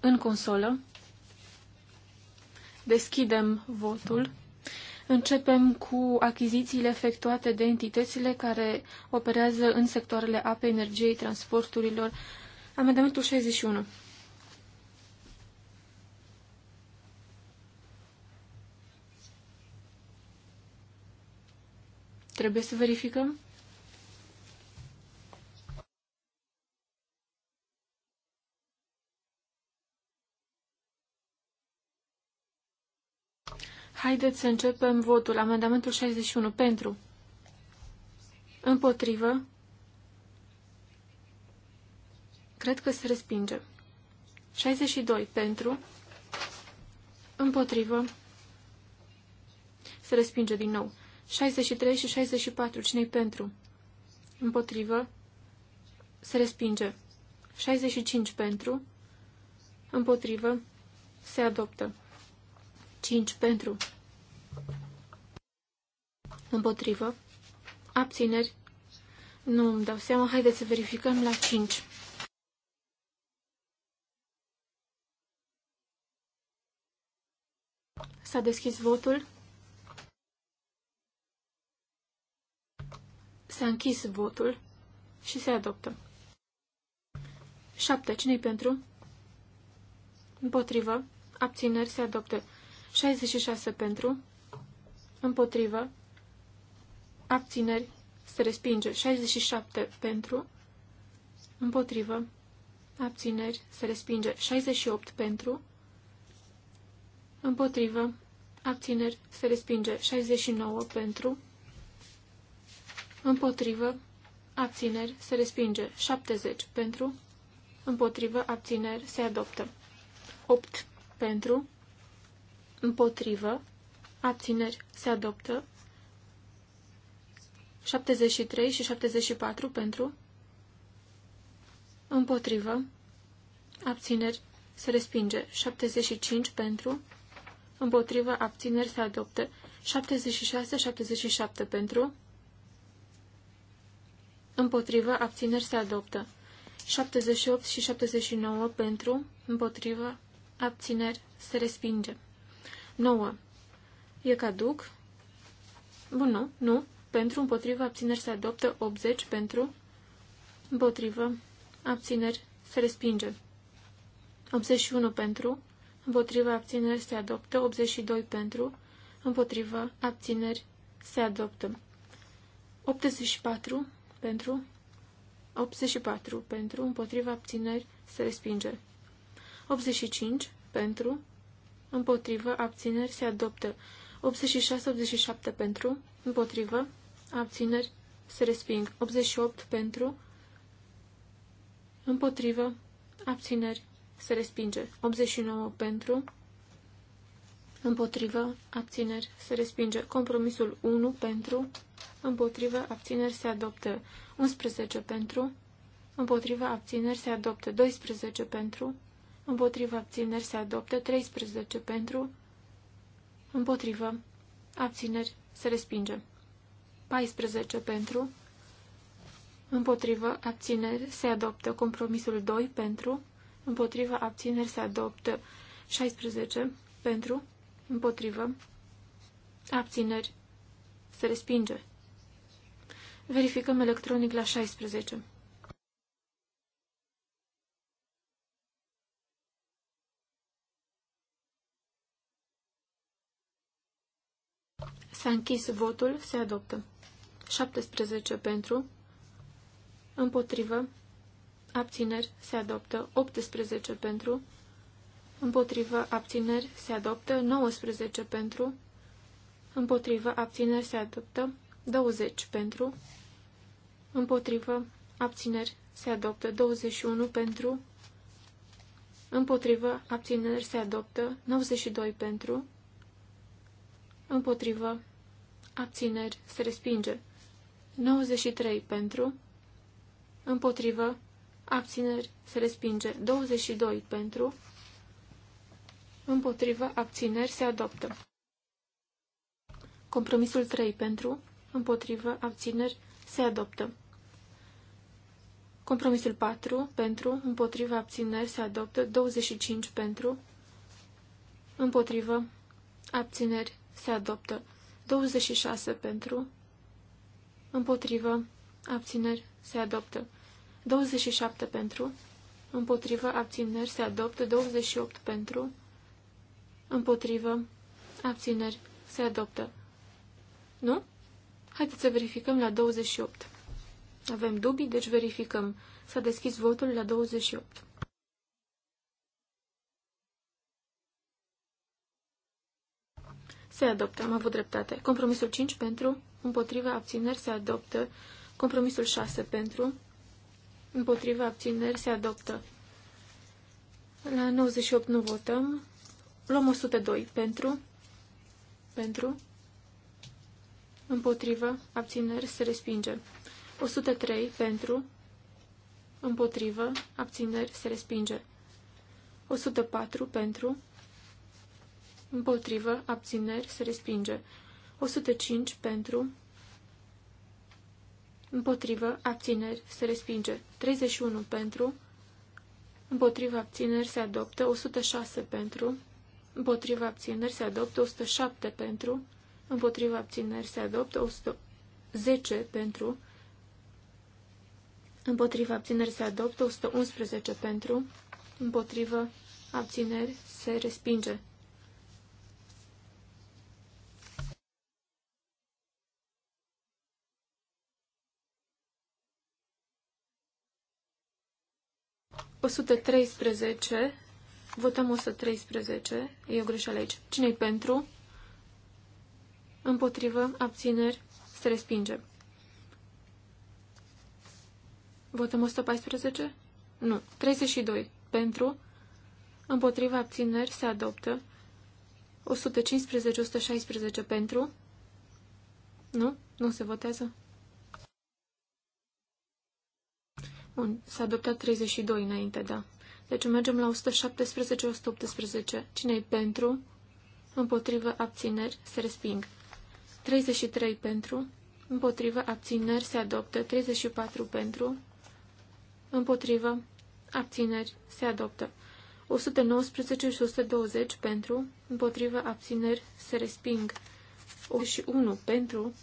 în consolă. Deschidem votul. Începem cu achizițiile efectuate de entitățile care operează în sectoarele apei, energiei, transporturilor. Amendamentul 61. Trebuie să verificăm? Haideți să începem votul. Amendamentul 61. Pentru. Împotrivă. Cred că se respinge. 62. Pentru. Împotrivă. Se respinge din nou. 63 și 64. Cine-i pentru? Împotrivă. Se respinge. 65 pentru. Împotrivă. Se adoptă. 5 pentru. Împotrivă. Abțineri. Nu îmi dau seama. Haideți să verificăm la 5. S-a deschis votul. S-a închis votul și se adoptă. 7. Cine-i pentru? Împotrivă. Abțineri se adoptă. 66 pentru, împotrivă, abțineri, se respinge. 67 pentru, împotrivă, abțineri, se respinge. 68 pentru, împotrivă, abțineri, se respinge. 69 pentru, împotrivă, abțineri, se respinge. 70 pentru, împotrivă, abțineri, se adoptă. 8 pentru, împotrivă, abțineri, se adoptă. 73 și 74 pentru, împotrivă, abțineri, se respinge. 75 pentru, împotrivă, abțineri, se adoptă. 76-77 pentru, împotrivă, abțineri, se adoptă. 78 și 79 pentru, împotrivă, abțineri, se respinge. 9. E caduc. Bun, nu, nu. Pentru, împotrivă, abțineri se adoptă 80 pentru, împotrivă, abțineri se respinge. 81 pentru, împotrivă, abțineri se adoptă 82 pentru, împotrivă, abțineri se adoptă. 84 pentru, 84 pentru, împotriva abțineri se respinge. 85 pentru, împotrivă, abțineri, se adoptă. 86-87 pentru, împotrivă, abțineri, se resping. 88 pentru, împotrivă, abțineri, se respinge. 89 pentru, împotrivă, abțineri, se respinge. Compromisul 1 pentru, împotrivă, abțineri, se adoptă. 11 pentru, împotrivă, abțineri, se adoptă. 12 pentru, Împotrivă abțineri se adoptă 13 pentru. Împotrivă abțineri se respinge. 14 pentru. Împotrivă abțineri se adoptă compromisul 2 pentru. Împotrivă abțineri se adoptă 16 pentru. Împotrivă abțineri se respinge. Verificăm electronic la 16. S-a închis votul, se adoptă. 17 pentru, împotrivă, abțineri, se adoptă. 18 pentru, împotrivă, abțineri, se adoptă. 19 pentru, împotrivă, abțineri, se adoptă. 20 pentru, împotrivă, abțineri, se adoptă. 21 pentru, împotrivă, abțineri, se adoptă. 92 pentru, împotrivă, abțineri, se respinge. 93 pentru, împotrivă, abțineri, se respinge. 22 pentru, împotrivă, abțineri, se adoptă. Compromisul 3 pentru, împotrivă, abțineri, se adoptă. Compromisul 4 pentru, împotrivă, abțineri, se adoptă. 25 pentru, împotrivă, abțineri, se adoptă. 26 pentru, împotrivă, abțineri, se adoptă. 27 pentru, împotrivă, abțineri, se adoptă. 28 pentru, împotrivă, abțineri, se adoptă. Nu? Haideți să verificăm la 28. Avem dubii, deci verificăm. S-a deschis votul la 28. Se adoptă. Am avut dreptate. Compromisul 5 pentru. Împotriva abțineri se adoptă. Compromisul 6 pentru. Împotriva abțineri se adoptă. La 98 nu votăm. Luăm 102 pentru. Pentru. împotriva Abțineri se respinge. 103 pentru. Împotrivă. Abțineri se respinge. 104 pentru împotrivă, abțineri, se respinge. 105 pentru, împotrivă, abțineri, se respinge. 31 pentru, împotrivă, abțineri, se adoptă. 106 pentru, împotrivă, abțineri, se adoptă. 107 pentru, împotrivă, abțineri, se adoptă. 110 pentru, împotrivă, abțineri, se adoptă. 111 pentru, împotrivă, abțineri, se respinge. 113. Votăm 113. E o greșeală aici. cine pentru? Împotrivă. Abțineri. Se respinge. Votăm 114? Nu. 32. Pentru. Împotrivă? abțineri se adoptă. 115-116 pentru. Nu? Nu se votează? Bun, s-a adoptat 32 înainte, da. Deci mergem la 117-118. Cine-i pentru? Împotrivă abțineri se resping. 33 pentru. Împotrivă abțineri se adoptă. 34 pentru. Împotrivă abțineri se adoptă. 119 și 120 pentru. Împotrivă abțineri se resping. 81 pentru.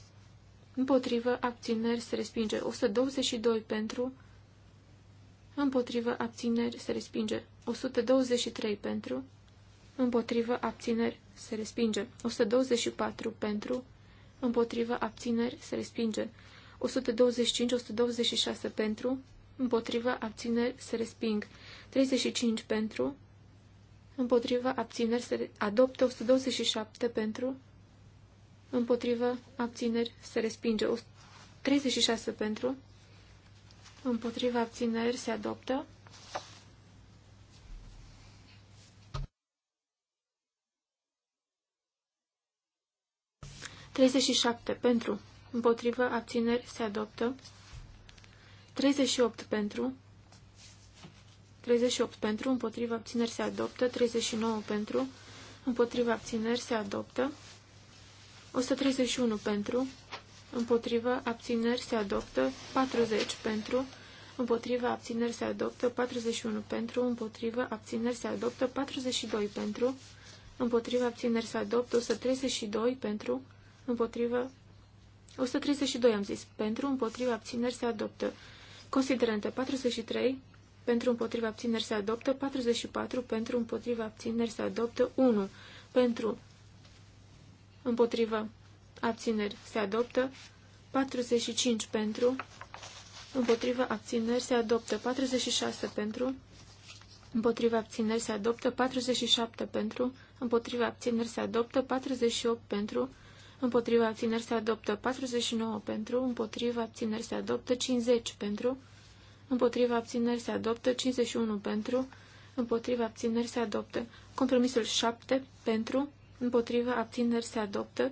Împotrivă abțineri se respinge. 122 pentru împotrivă abțineri se respinge. 123 pentru, împotrivă abțineri se respinge. 124 pentru, împotrivă abțineri se respinge. 125-126 pentru, împotrivă abțineri se resping. 35 pentru, împotrivă abțineri se adoptă. 127 pentru, împotrivă abțineri se respinge. 36 pentru, Împotriva abțineri se adoptă. Treizeci și șapte pentru. Împotriva abțineri se adoptă. 38 pentru. 38 pentru. Împotriva abțineri se adoptă. 39 pentru. Împotriva abțineri se adoptă. 131 pentru împotrivă, abțineri se adoptă, 40 pentru, împotrivă, abțineri se adoptă, 41 pentru, împotrivă, abțineri se adoptă, 42 pentru, împotrivă, abțineri se adoptă, 132 pentru, împotrivă, 132 am zis, pentru, împotrivă, abțineri se adoptă, considerente 43 pentru, împotrivă, abțineri se adoptă, 44 pentru, împotrivă, abțineri se adoptă, 1 pentru, împotrivă, abțineri se adoptă, 45 pentru, împotriva abțineri se adoptă, 46 pentru, împotriva abțineri se adoptă, 47 pentru, împotriva abțineri se adoptă, 48 pentru, împotriva abțineri se adoptă, 49 pentru, împotriva abțineri se adoptă, 50 pentru, împotriva abțineri se adoptă, 51 pentru, împotriva abțineri se adoptă, compromisul 7 pentru, împotriva abțineri se adoptă,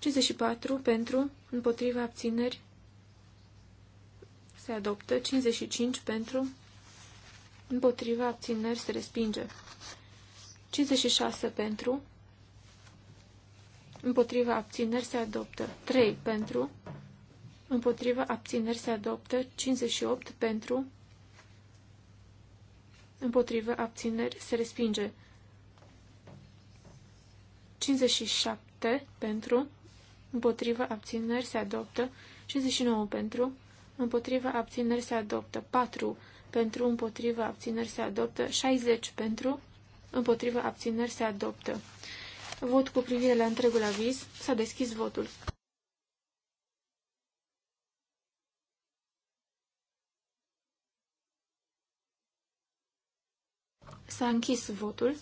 54 pentru, împotriva abțineri, se adoptă. 55 pentru, împotriva abțineri, se respinge. 56 pentru, împotriva abțineri, se adoptă. 3 pentru, împotriva abțineri, se adoptă. 58 pentru, împotriva abțineri, se respinge. 57 pentru, Împotrivă abțineri se adoptă, 59 pentru, Împotrivă abțineri se adoptă, 4 pentru, Împotrivă abțineri se adoptă, 60 pentru, Împotrivă abțineri se adoptă. Vot cu privire la întregul aviz, s-a deschis votul. S-a închis votul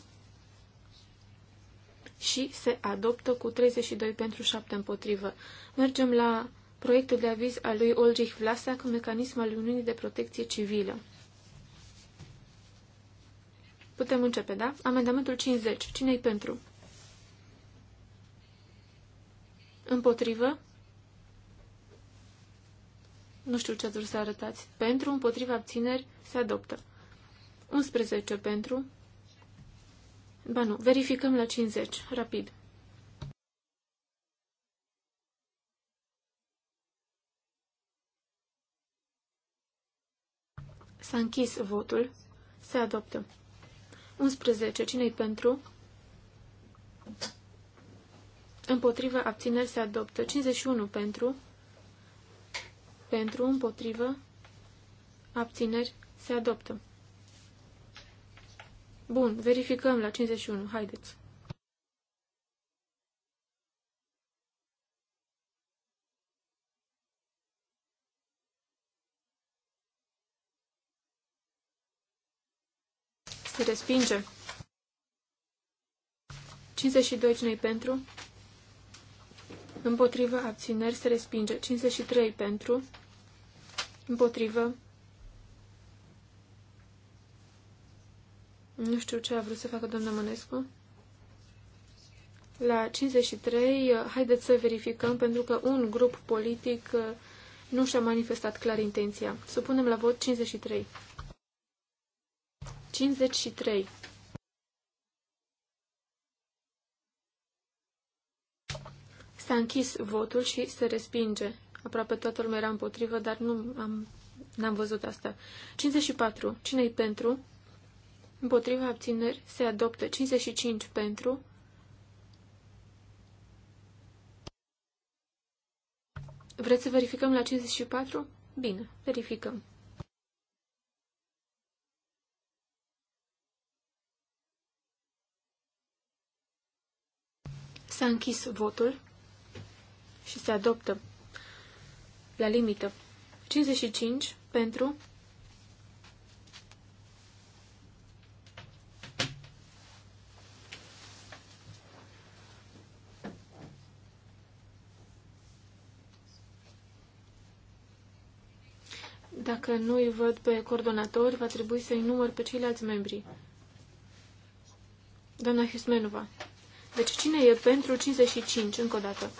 și se adoptă cu 32 pentru 7 împotrivă. Mergem la proiectul de aviz al lui Olgich Vlasac, mecanism al Uniunii de Protecție Civilă. Putem începe, da? Amendamentul 50. Cine-i pentru? Împotrivă? Nu știu ce ați vrut să arătați. Pentru, împotriva abțineri, se adoptă. 11 pentru, Ba nu, verificăm la 50, rapid. S-a închis votul. Se adoptă. 11. Cine-i pentru? Împotrivă, abțineri, se adoptă. 51 pentru. Pentru, împotrivă, abțineri, se adoptă. Bun, verificăm la 51. Haideți. Se respinge. 52 cine pentru? Împotrivă, abțineri, se respinge. 53 pentru. Împotrivă, Nu știu ce a vrut să facă doamna Mănescu. La 53, haideți să verificăm, pentru că un grup politic uh, nu și-a manifestat clar intenția. Să punem la vot 53. 53. S-a închis votul și se respinge. Aproape toată lumea era împotrivă, dar nu am, n-am văzut asta. 54. Cine-i pentru? împotriva abțineri se adoptă 55 pentru, Vreți să verificăm la 54? Bine, verificăm. S-a închis votul și se adoptă la limită 55 pentru Dacă nu îi văd pe coordonatori, va trebui să-i număr pe ceilalți membri. Doamna Hismenova, Deci cine e pentru 55? Încă o dată.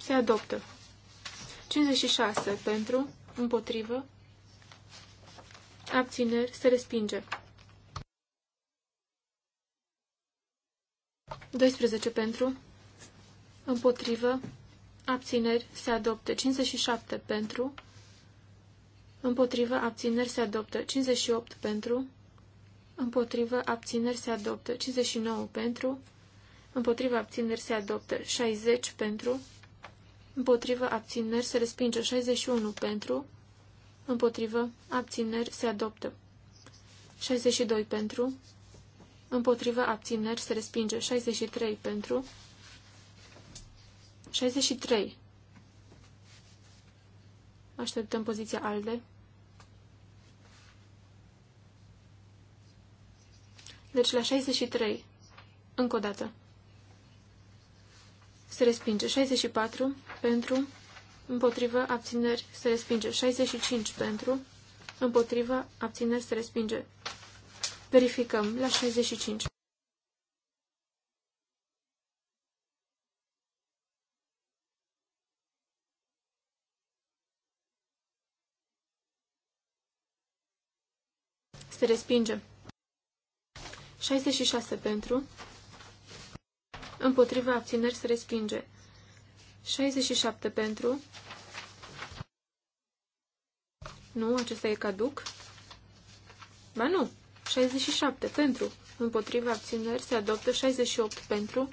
Se adoptă. 56 pentru, împotrivă, abțineri, se respinge. 12 pentru, împotrivă, abțineri, se adoptă. 57 pentru, Împotrivă abțineri se adoptă 58 pentru. Împotrivă abțineri se adoptă 59 pentru. Împotrivă abțineri se adoptă 60 pentru. Împotrivă abțineri se respinge 61 pentru. Împotrivă abțineri se adoptă 62 pentru. Împotrivă abțineri se respinge 63 pentru. 63. Așteptăm poziția ALDE. Deci la 63. Încă o dată. Se respinge. 64 pentru. Împotrivă. Abțineri. Se respinge. 65 pentru. Împotrivă. Abțineri. Se respinge. Verificăm la 65. Se respinge. 66 pentru, împotriva abțineri se respinge. 67 pentru, nu, acesta e caduc. Ba nu, 67 pentru, împotriva abțineri se adoptă 68 pentru,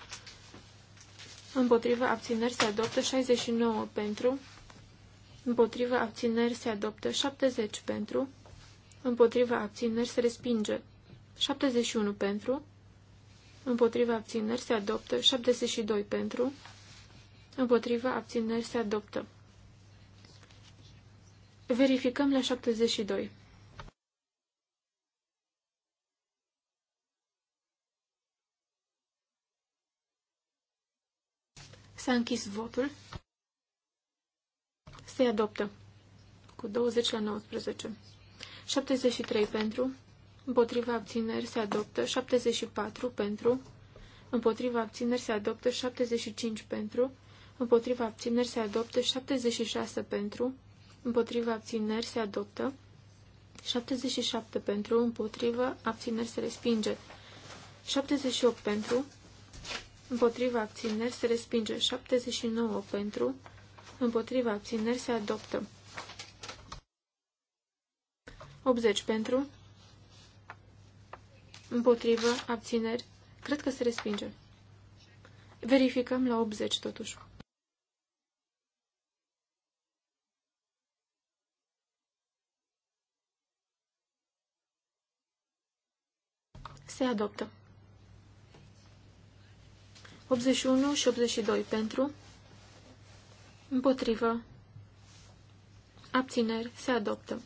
împotriva abțineri se adoptă 69 pentru, împotriva abțineri se adoptă 70 pentru, împotriva abțineri se respinge 71 pentru, împotriva abțineri se adoptă. 72 pentru, împotriva abțineri se adoptă. Verificăm la 72. S-a închis votul. Se adoptă. Cu 20 la 19. 73 pentru, împotriva abțineri se adoptă 74 pentru, împotriva abțineri se adoptă 75 pentru, împotriva abțineri se adoptă 76 pentru, împotriva abțineri se adoptă 77 pentru, împotriva abțineri se respinge 78 pentru, împotriva abțineri se respinge 79 pentru, împotriva abțineri se adoptă 80 pentru, Împotrivă, abțineri. Cred că se respinge. Verificăm la 80, totuși. Se adoptă. 81 și 82 pentru. Împotrivă. Abțineri. Se adoptă.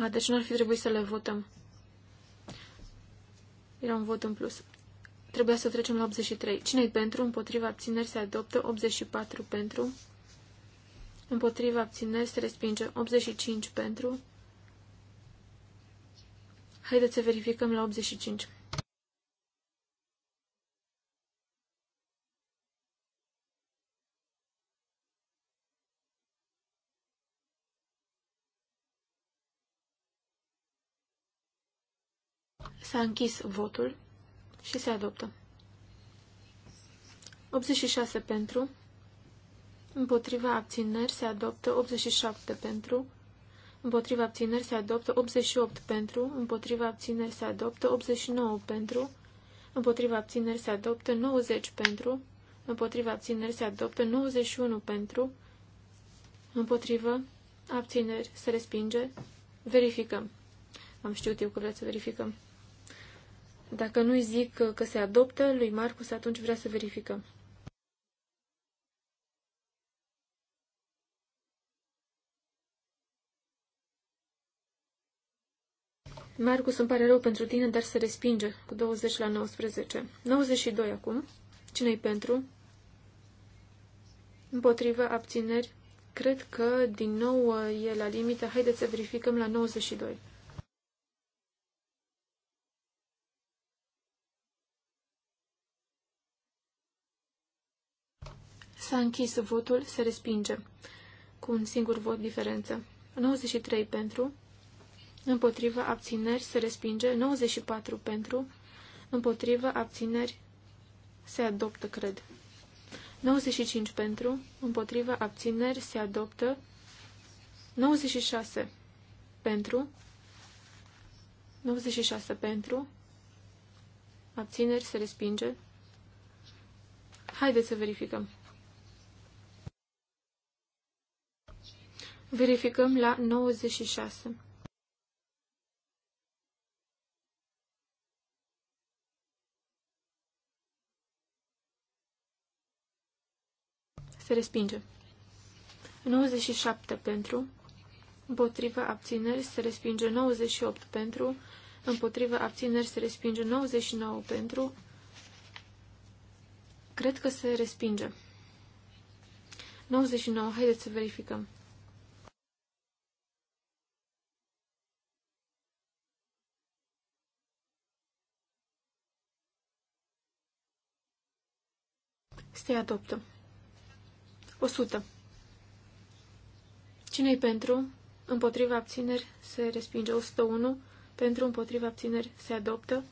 A, deci nu ar fi trebuit să le votăm. Era un vot în plus. Trebuia să trecem la 83. Cine-i pentru? Împotriva abțineri se adoptă. 84 pentru. Împotriva abțineri se respinge. 85 pentru. Haideți să verificăm la 85. S-a închis votul și se adoptă. 86 pentru, împotriva abțineri se adoptă 87 pentru, împotriva abțineri se adoptă 88 pentru, împotriva abțineri se adoptă 89 pentru, împotriva abțineri se adoptă 90 pentru, împotriva abțineri se adoptă 91 pentru, împotriva abțineri se respinge, verificăm. Am știut eu că vreți să verificăm. Dacă nu-i zic că se adoptă lui Marcus, atunci vrea să verificăm. Marcus, îmi pare rău pentru tine, dar se respinge cu 20 la 19. 92 acum. Cine-i pentru? Împotrivă, abțineri. Cred că din nou e la limită. Haideți să verificăm la 92. S-a închis votul, se respinge. Cu un singur vot diferență. 93 pentru, împotrivă, abțineri, se respinge. 94 pentru, împotrivă, abțineri, se adoptă, cred. 95 pentru, împotrivă, abțineri, se adoptă. 96 pentru, 96 pentru, abțineri, se respinge. Haideți să verificăm. Verificăm la 96. Se respinge. 97 pentru, împotrivă abțineri se respinge 98 pentru, împotrivă abțineri se respinge 99 pentru, cred că se respinge. 99, haideți să verificăm. Se adoptă. 100. Cine-i pentru? Împotriva abțineri se respinge. 101. Pentru împotriva abțineri se adoptă.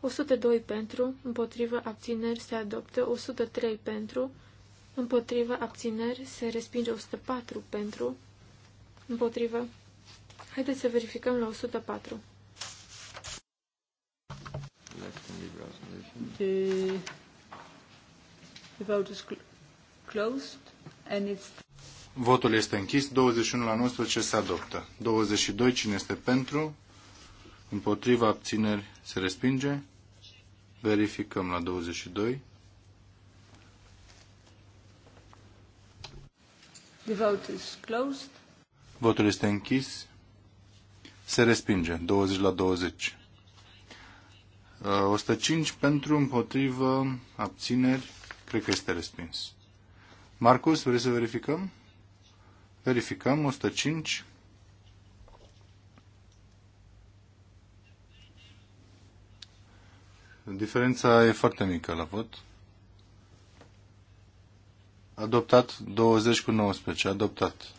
102 pentru, împotriva abțineri se adoptă. 103 pentru, împotriva abțineri se respinge. 104 pentru, împotriva. Haideți să verificăm la 104. Okay. The vote is closed and it's... Votul este închis. 21 la 19 se adoptă. 22. Cine este pentru? Împotriva abțineri se respinge. Verificăm la 22. The vote is closed. Votul este închis. Se respinge. 20 la 20. 105 uh, pentru, împotrivă, abțineri. Cred că este respins. Marcus, vrei să verificăm? Verificăm, 105. Diferența e foarte mică la vot. Adoptat 20 cu 19. Adoptat.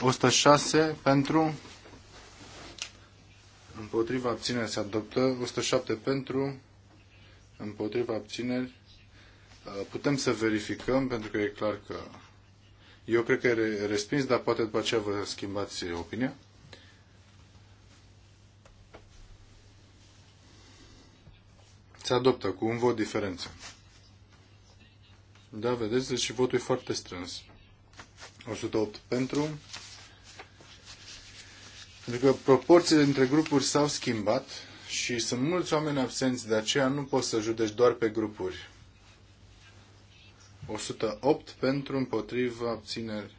106. pentru împotriva abțineri se adoptă, 107 pentru, împotriva abțineri. Uh, putem să verificăm, pentru că e clar că eu cred că e respins, dar poate după aceea vă schimbați opinia. Se adoptă cu un vot diferență. Da, vedeți, deci votul e foarte strâns. 108 pentru, pentru că proporțiile între grupuri s-au schimbat și sunt mulți oameni absenți, de aceea nu poți să judeci doar pe grupuri. 108 pentru, împotriva abțineri,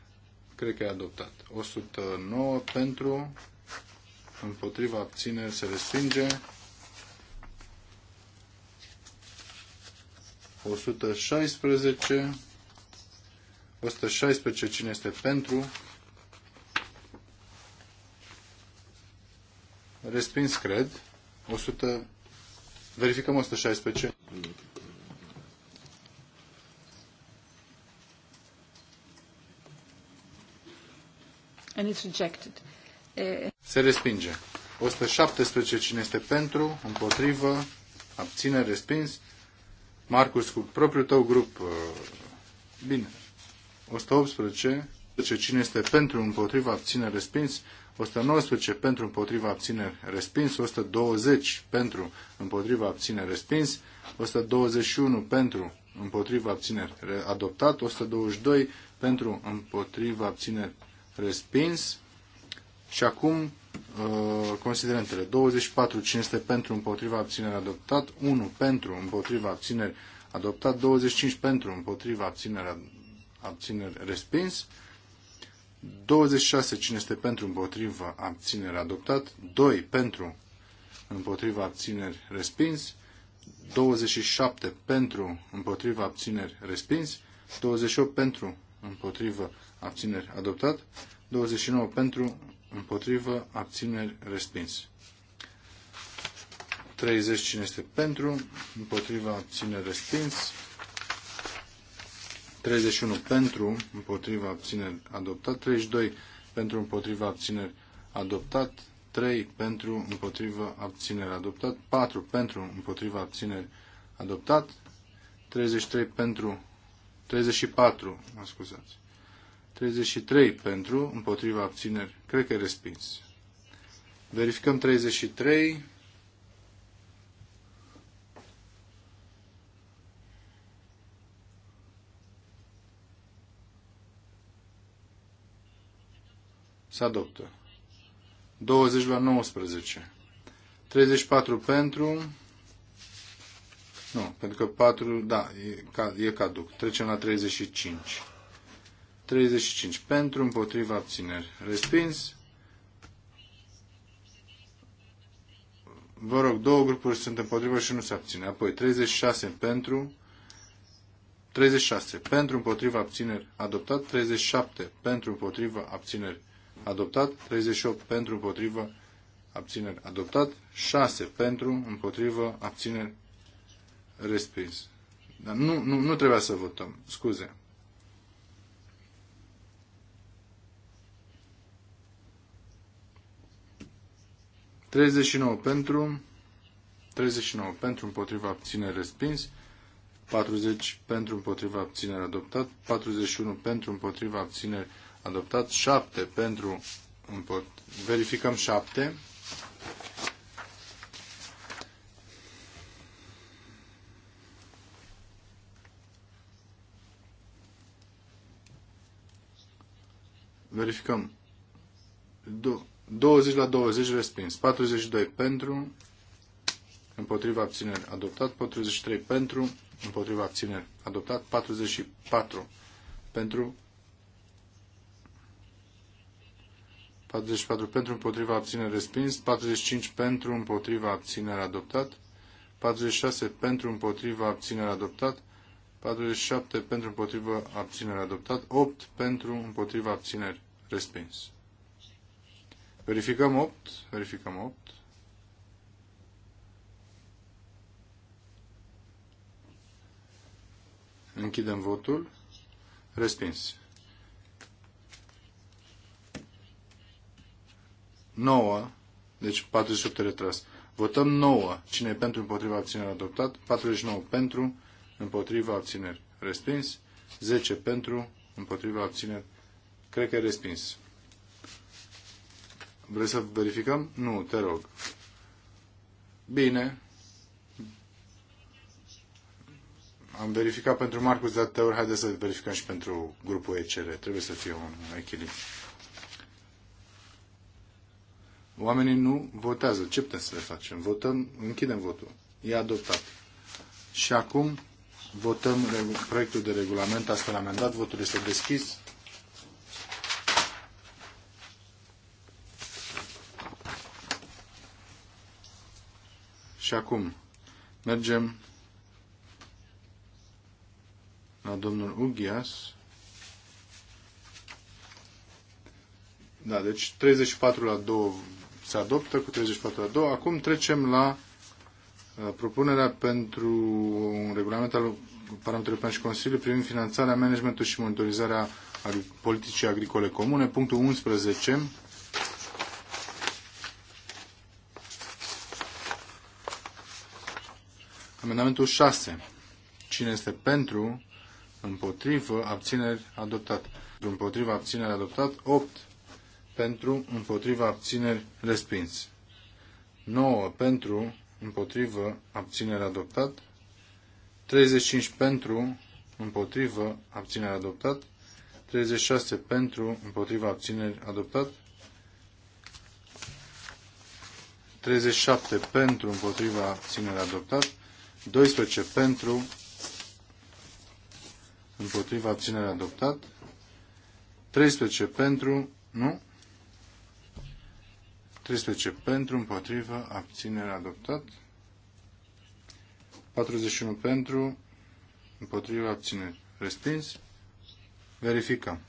cred că e adoptat. 109 pentru, împotriva, abțineri, se respinge. 116, 116 cine este pentru, respins, cred. 100... Verificăm 116. And it's rejected. Eh. Se respinge. 117 cine este pentru, împotrivă, abține, respins. Marcus, cu propriul tău grup, eh, bine. 118 Cine este pentru, împotriva, abține respins. 119 pentru, împotriva, abține respins. 120 pentru, împotriva, abține respins. 121 pentru, împotriva, abțineri, adoptat. 122 pentru, împotriva, abțineri, respins. Și acum uh, considerentele. 24 este pentru împotriva abținere adoptat, 1 pentru împotriva abțineri adoptat, 25 pentru împotriva abținere, abțineri respins, 26. Cine este pentru, împotriva abțineri, adoptat. 2. Pentru, împotriva abțineri, respins. 27. Pentru, împotriva abțineri, respins. 28. Pentru, împotriva abțineri, adoptat. 29. Pentru, împotriva abțineri, respins. 30. Cine este pentru, împotriva abțineri, respins. 31 pentru, împotriva abțineri adoptat, 32 pentru, împotriva abțineri adoptat, 3 pentru, împotriva abțineri adoptat, 4 pentru, împotriva abțineri adoptat, 33 pentru, 34, mă scuzați, 33 pentru, împotriva abțineri, cred că e respins. Verificăm 33, Se adoptă. 20 la 19. 34 pentru... Nu, pentru că 4, da, e, e caduc. Trecem la 35. 35 pentru, împotriva abțineri. Respins. Vă rog, două grupuri sunt împotriva și nu se abține. Apoi 36 pentru, 36 pentru împotriva abțineri adoptat, 37 pentru împotriva abțineri adoptat, 38 pentru, împotrivă, abțineri, adoptat, 6 pentru, împotrivă, abțineri, respins. Dar nu, nu, nu trebuia să votăm, scuze. Treizeci nouă pentru, 39 pentru, împotriva, abținere, respins. 40 pentru, împotriva, abținere, adoptat. 41 pentru, împotriva, abținere, respins adoptat 7 pentru verificăm 7 verificăm 20 la 20 respins 42 pentru împotriva abțineri adoptat 43 pentru împotriva abțineri adoptat 44 pentru 44 pentru, împotriva, abținere, respins. 45 pentru, împotriva, abținere, adoptat. 46 pentru, împotriva, abținere, adoptat. 47 pentru, împotriva, abținere, adoptat. 8 pentru, împotriva, abțineri, respins. Verificăm 8. Verificăm 8. Închidem votul. Respins. 9, deci 48 retras. Votăm 9. Cine e pentru, împotriva, abțineri adoptat. 49 pentru, împotriva, abțineri respins. 10 pentru, împotriva, abțineri. Cred că e respins. Vreți să verificăm? Nu, te rog. Bine. Am verificat pentru Marcus ori, haideți să verificăm și pentru grupul ECR. Trebuie să fie un echilibru. Oamenii nu votează. Ce putem să le facem? Votăm, închidem votul. E adoptat. Și acum votăm proiectul de regulament astfel amendat. Votul este deschis. Și acum mergem la domnul Ughias. Da, deci 34 la 2 se adoptă cu 34 la 2. Acum trecem la uh, propunerea pentru un regulament al parametrului plan și Consiliu privind finanțarea, managementul și monitorizarea politicii agricole comune. Punctul 11. Amendamentul 6. Cine este pentru, împotrivă, abțineri, adoptat. Împotrivă, abțineri, adoptat. 8 pentru, împotriva, abțineri, respins. 9 pentru, împotrivă, abținere adoptat. 35 pentru, împotrivă, abținere adoptat. 36 pentru, împotriva, abțineri adoptat. 37 pentru, împotriva, abținere adoptat. 12 pentru, împotriva, abținere adoptat. 13 pentru, nu, 13 pentru, împotrivă, abținere adoptat. 41 pentru, împotrivă, abținere respins. Verificăm.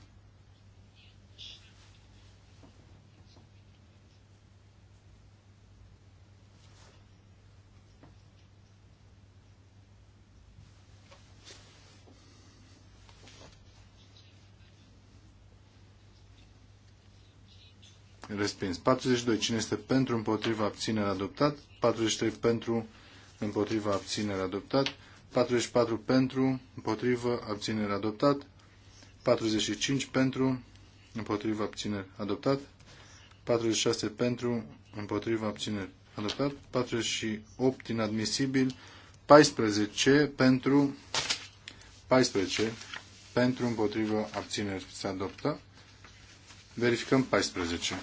respins. 42. Cine este pentru, împotriva, abținere, adoptat. 43. Pentru, împotriva, abținere, adoptat. 44. Pentru, împotriva, abținere, adoptat. 45. Pentru, împotriva, abținere, adoptat. 46. Pentru, împotriva, abținere, adoptat. 48. Inadmisibil. 14. Pentru, 14. Pentru, împotriva, abțineri, se adoptă. Verificăm 14.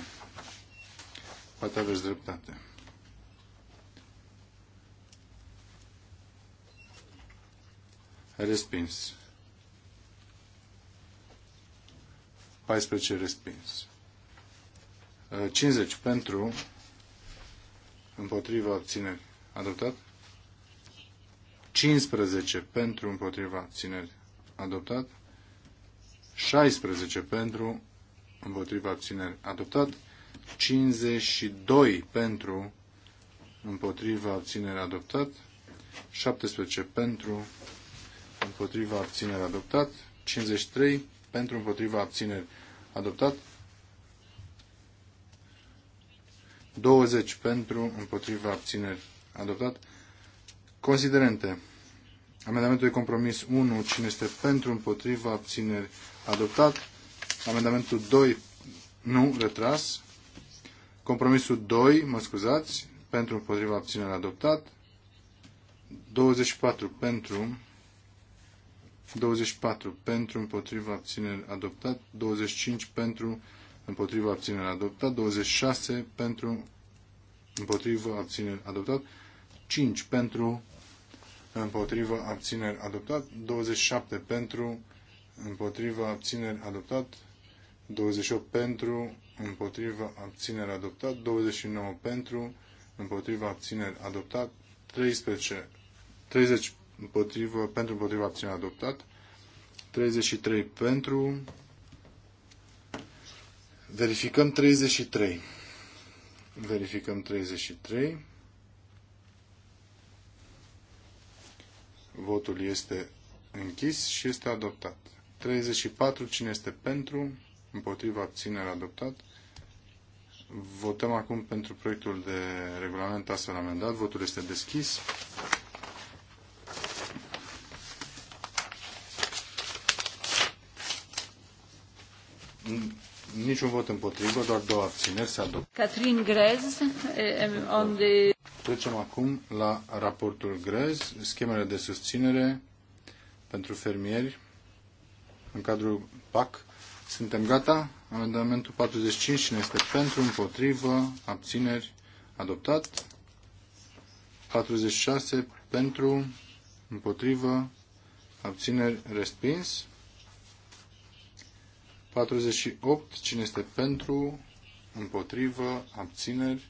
Poate aveți dreptate. Respins. 14 respins. 50 pentru, împotriva abțineri. Adoptat? 15 pentru, împotriva abțineri. Adoptat? 16 pentru, împotriva abțineri. Adoptat? 52 pentru, împotriva abținere adoptat, 17 pentru, împotriva abținere adoptat, 53 pentru, împotriva abțineri adoptat, 20 pentru, împotriva abțineri adoptat. Considerente. Amendamentul de compromis 1, cine este pentru, împotriva, abțineri, adoptat. Amendamentul 2, nu, retras. Compromisul 2, mă scuzați, pentru împotriva abținere adoptat. 24 pentru 24 pentru împotriva abținere adoptat, 25 pentru împotriva abținere adoptat, 26 pentru împotriva abținere adoptat, 5 pentru împotriva abțineri adoptat, 27 pentru împotriva abțineri adoptat, 28 pentru împotriva abțineri adoptat, 29 pentru, împotriva abțineri adoptat, 13, 30 împotriva, pentru împotriva abțineri adoptat, 33 pentru, verificăm 33, verificăm 33, votul este închis și este adoptat. 34, cine este pentru, împotriva abținere adoptat. Votăm acum pentru proiectul de regulament astfel amendat. Votul este deschis. Niciun vot împotrivă, doar două abțineri se adoptă. Catherine Grez, eh, on the... Trecem acum la raportul Grez, schemele de susținere pentru fermieri în cadrul PAC. Suntem gata. Amendamentul 45. Cine este pentru? Împotrivă? Abțineri? Adoptat. 46. Pentru? Împotrivă? Abțineri? Respins. 48. Cine este pentru? Împotrivă? Abțineri?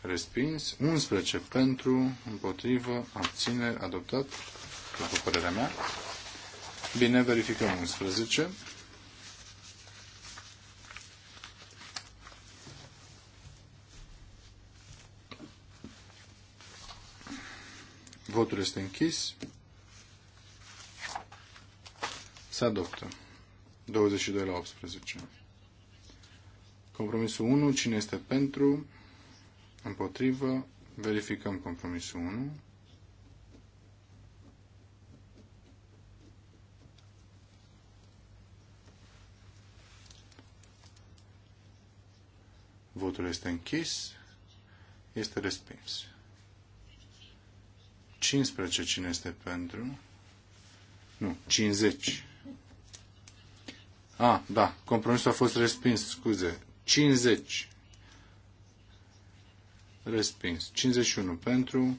Respins. 11. Pentru? Împotrivă? Abțineri? Adoptat. După părerea mea. Bine, verificăm 11. Votul este închis. Se adoptă. 22 la 18. Compromisul 1. Cine este pentru? Împotrivă. Verificăm compromisul 1. Votul este închis. Este respins. 15 cine este pentru? Nu, 50. A, da, compromisul a fost respins, scuze. 50. Respins. 51 pentru,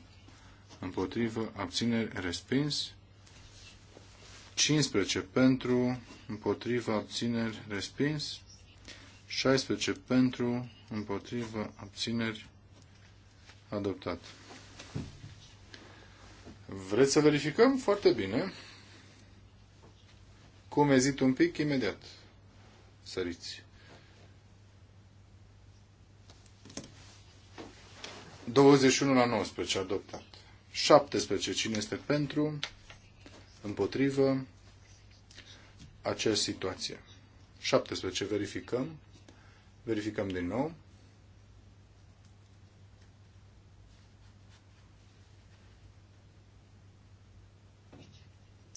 împotrivă, abțineri, respins. 15 pentru, împotrivă, abțineri, respins. 16 pentru, împotrivă, abțineri, adoptat. Vreți să verificăm? Foarte bine. Cum ezit un pic, imediat săriți. unu la 19 adoptat. 17. Cine este pentru, împotrivă, acea situație. 17. Verificăm. Verificăm din nou.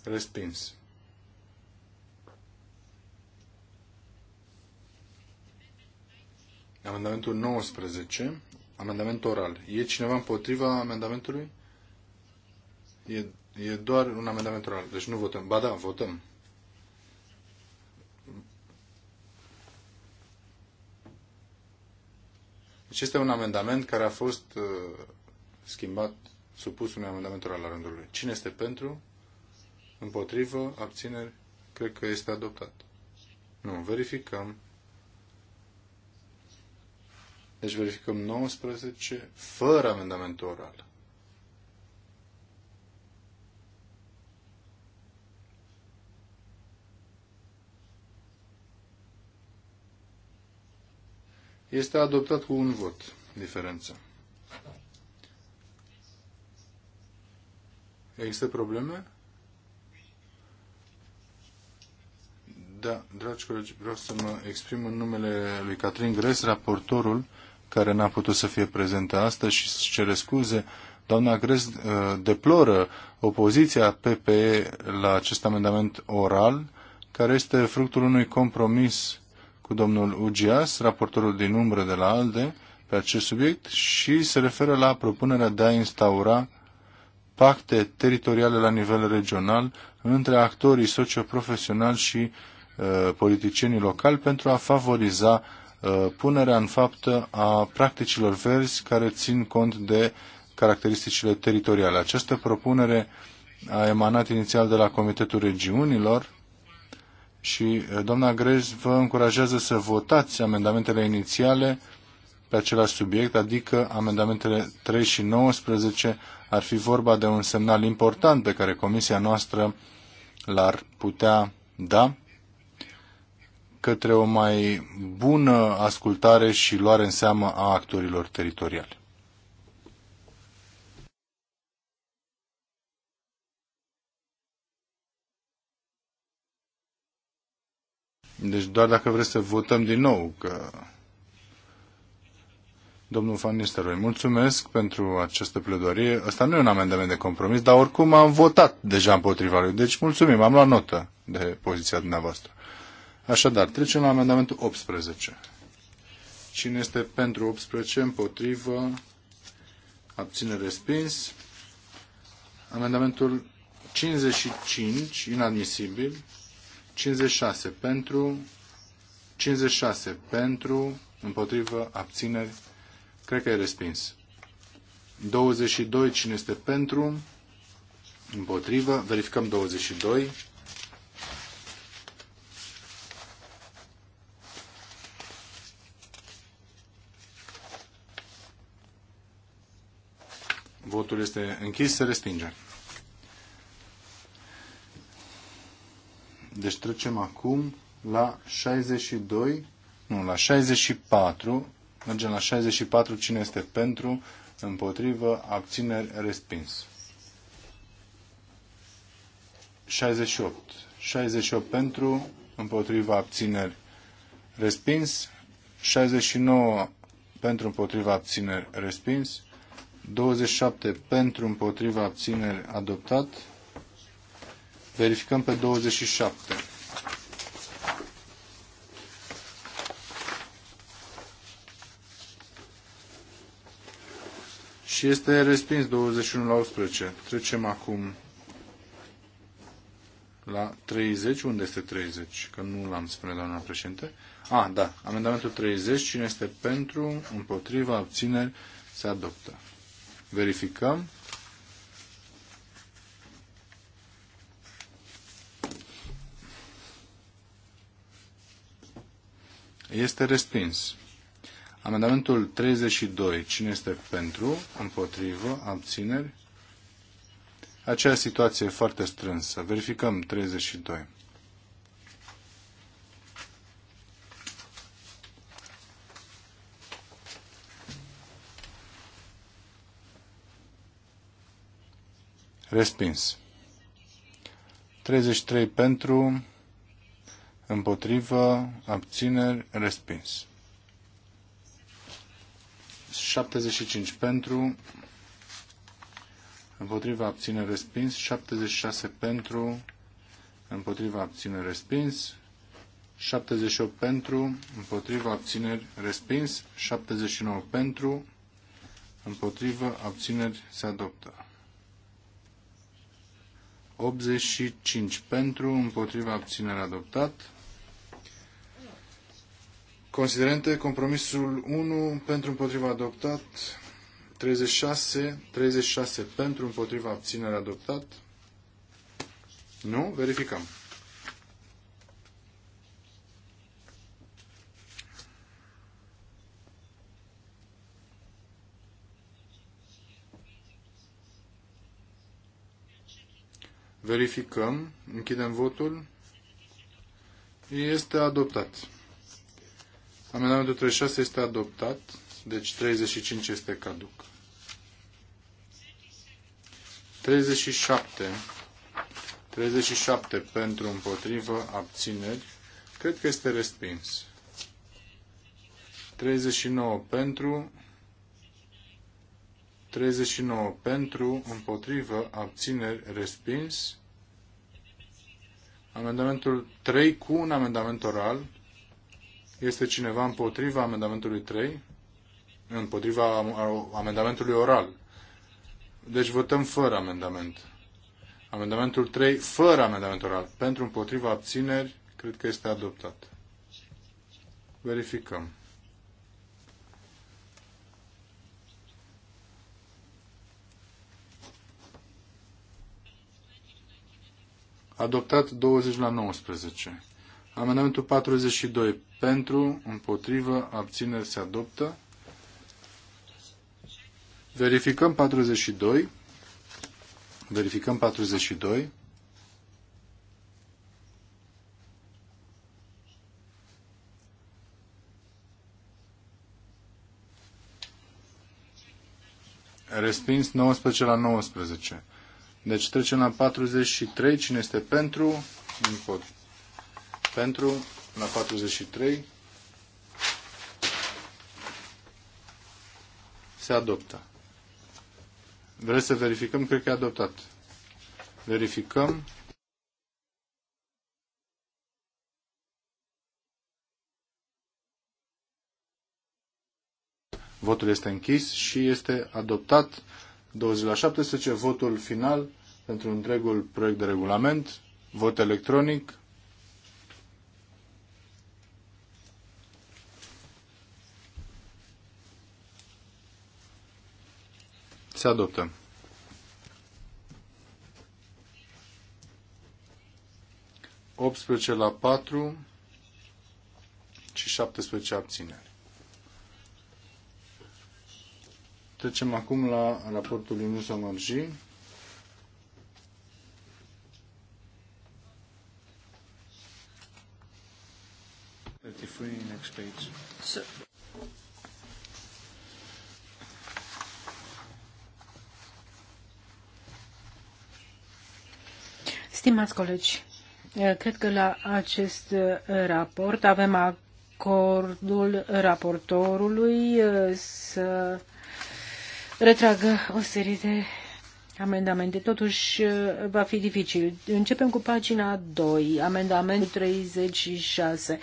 Respins. Amendamentul 19. Amendament oral. E cineva împotriva amendamentului? E, e doar un amendament oral. Deci nu votăm. Ba da, votăm. Deci este un amendament care a fost uh, schimbat, supus unui amendament oral la rândul lui. Cine este pentru? Împotrivă, abțineri, cred că este adoptat. Nu, verificăm. Deci verificăm 19 fără amendament oral. Este adoptat cu un vot diferență. Există probleme? Da, dragi colegi, vreau să mă exprim în numele lui Catrin Gres, raportorul care n-a putut să fie prezentă astăzi și să cere scuze. Doamna Gres uh, deploră opoziția PPE la acest amendament oral, care este fructul unui compromis cu domnul Ugias, raportorul din umbră de la ALDE, pe acest subiect și se referă la propunerea de a instaura pacte teritoriale la nivel regional între actorii socioprofesionali și Uh, politicienii locali pentru a favoriza uh, punerea în faptă a practicilor verzi care țin cont de caracteristicile teritoriale. Această propunere a emanat inițial de la Comitetul Regiunilor și uh, doamna Grez vă încurajează să votați amendamentele inițiale pe același subiect, adică amendamentele 3 și 19 ar fi vorba de un semnal important pe care comisia noastră l-ar putea da către o mai bună ascultare și luare în seamă a actorilor teritoriali. Deci doar dacă vreți să votăm din nou, că... Domnul Van Nistelrooy, mulțumesc pentru această pledoarie. Asta nu e un amendament de compromis, dar oricum am votat deja împotriva lui. Deci mulțumim, am luat notă de poziția dumneavoastră. Așadar, trecem la amendamentul 18. Cine este pentru 18, împotrivă, abține respins. Amendamentul 55, inadmisibil. 56 pentru, 56 pentru, împotrivă, abțineri, cred că e respins. 22, cine este pentru, împotrivă, verificăm 22. Votul este închis, se respinge. Deci trecem acum la 62, nu, la 64. Mergem la 64, cine este pentru, împotrivă, abțineri, respins. 68. 68 pentru, împotriva abțineri, respins. 69 pentru împotriva abțineri, respins. 27 pentru împotriva abțineri adoptat. Verificăm pe 27. Și este respins 21 la 18. Trecem acum la 30. Unde este 30? Că nu l-am spune, doamna președinte. A, ah, da. Amendamentul 30. Cine este pentru, împotriva, abțineri, se adoptă. Verificăm. Este respins. Amendamentul 32. Cine este pentru? Împotrivă? Abțineri? Aceea situație foarte strânsă. Verificăm 32. Respins. 33 pentru, împotrivă, abțineri, respins. 75 pentru, împotriva abțineri, respins. 76 pentru, împotriva abțineri, respins. 78 pentru, împotriva abțineri, respins. 79 pentru, împotriva abțineri, se adoptă. 85 pentru, împotriva abținere adoptat. Considerente, compromisul 1 pentru împotriva adoptat, 36, 36 pentru împotriva abținere adoptat. Nu? Verificăm. Verificăm. Închidem votul. Este adoptat. Amendamentul 36 este adoptat, deci 35 este caduc. 37. 37 pentru împotrivă abțineri. Cred că este respins. 39 pentru 39 pentru, împotrivă, abțineri, respins. Amendamentul 3 cu un amendament oral. Este cineva împotriva amendamentului 3? Împotriva amendamentului oral. Deci votăm fără amendament. Amendamentul 3 fără amendament oral. Pentru împotriva abțineri, cred că este adoptat. Verificăm. Adoptat 20 la 19. Amendamentul 42. Pentru, împotrivă, abțineri se adoptă. Verificăm 42. Verificăm 42. Respins 19 la 19. Deci trecem la 43. Cine este pentru? pot. Pentru la 43. Se adoptă. Vreți să verificăm? Cred că e adoptat. Verificăm. Votul este închis și este adoptat 20 la 17, votul final pentru întregul proiect de regulament, vot electronic. Se adoptă. Optsprezece la patru și spre abțineri. Trecem acum la raportul lui Nusa Marji. Next page. Stimați colegi, cred că la acest uh, raport avem acordul raportorului uh, să Retrag o serie de amendamente. Totuși eh, va fi dificil. Începem cu pagina 2, amendamentul 36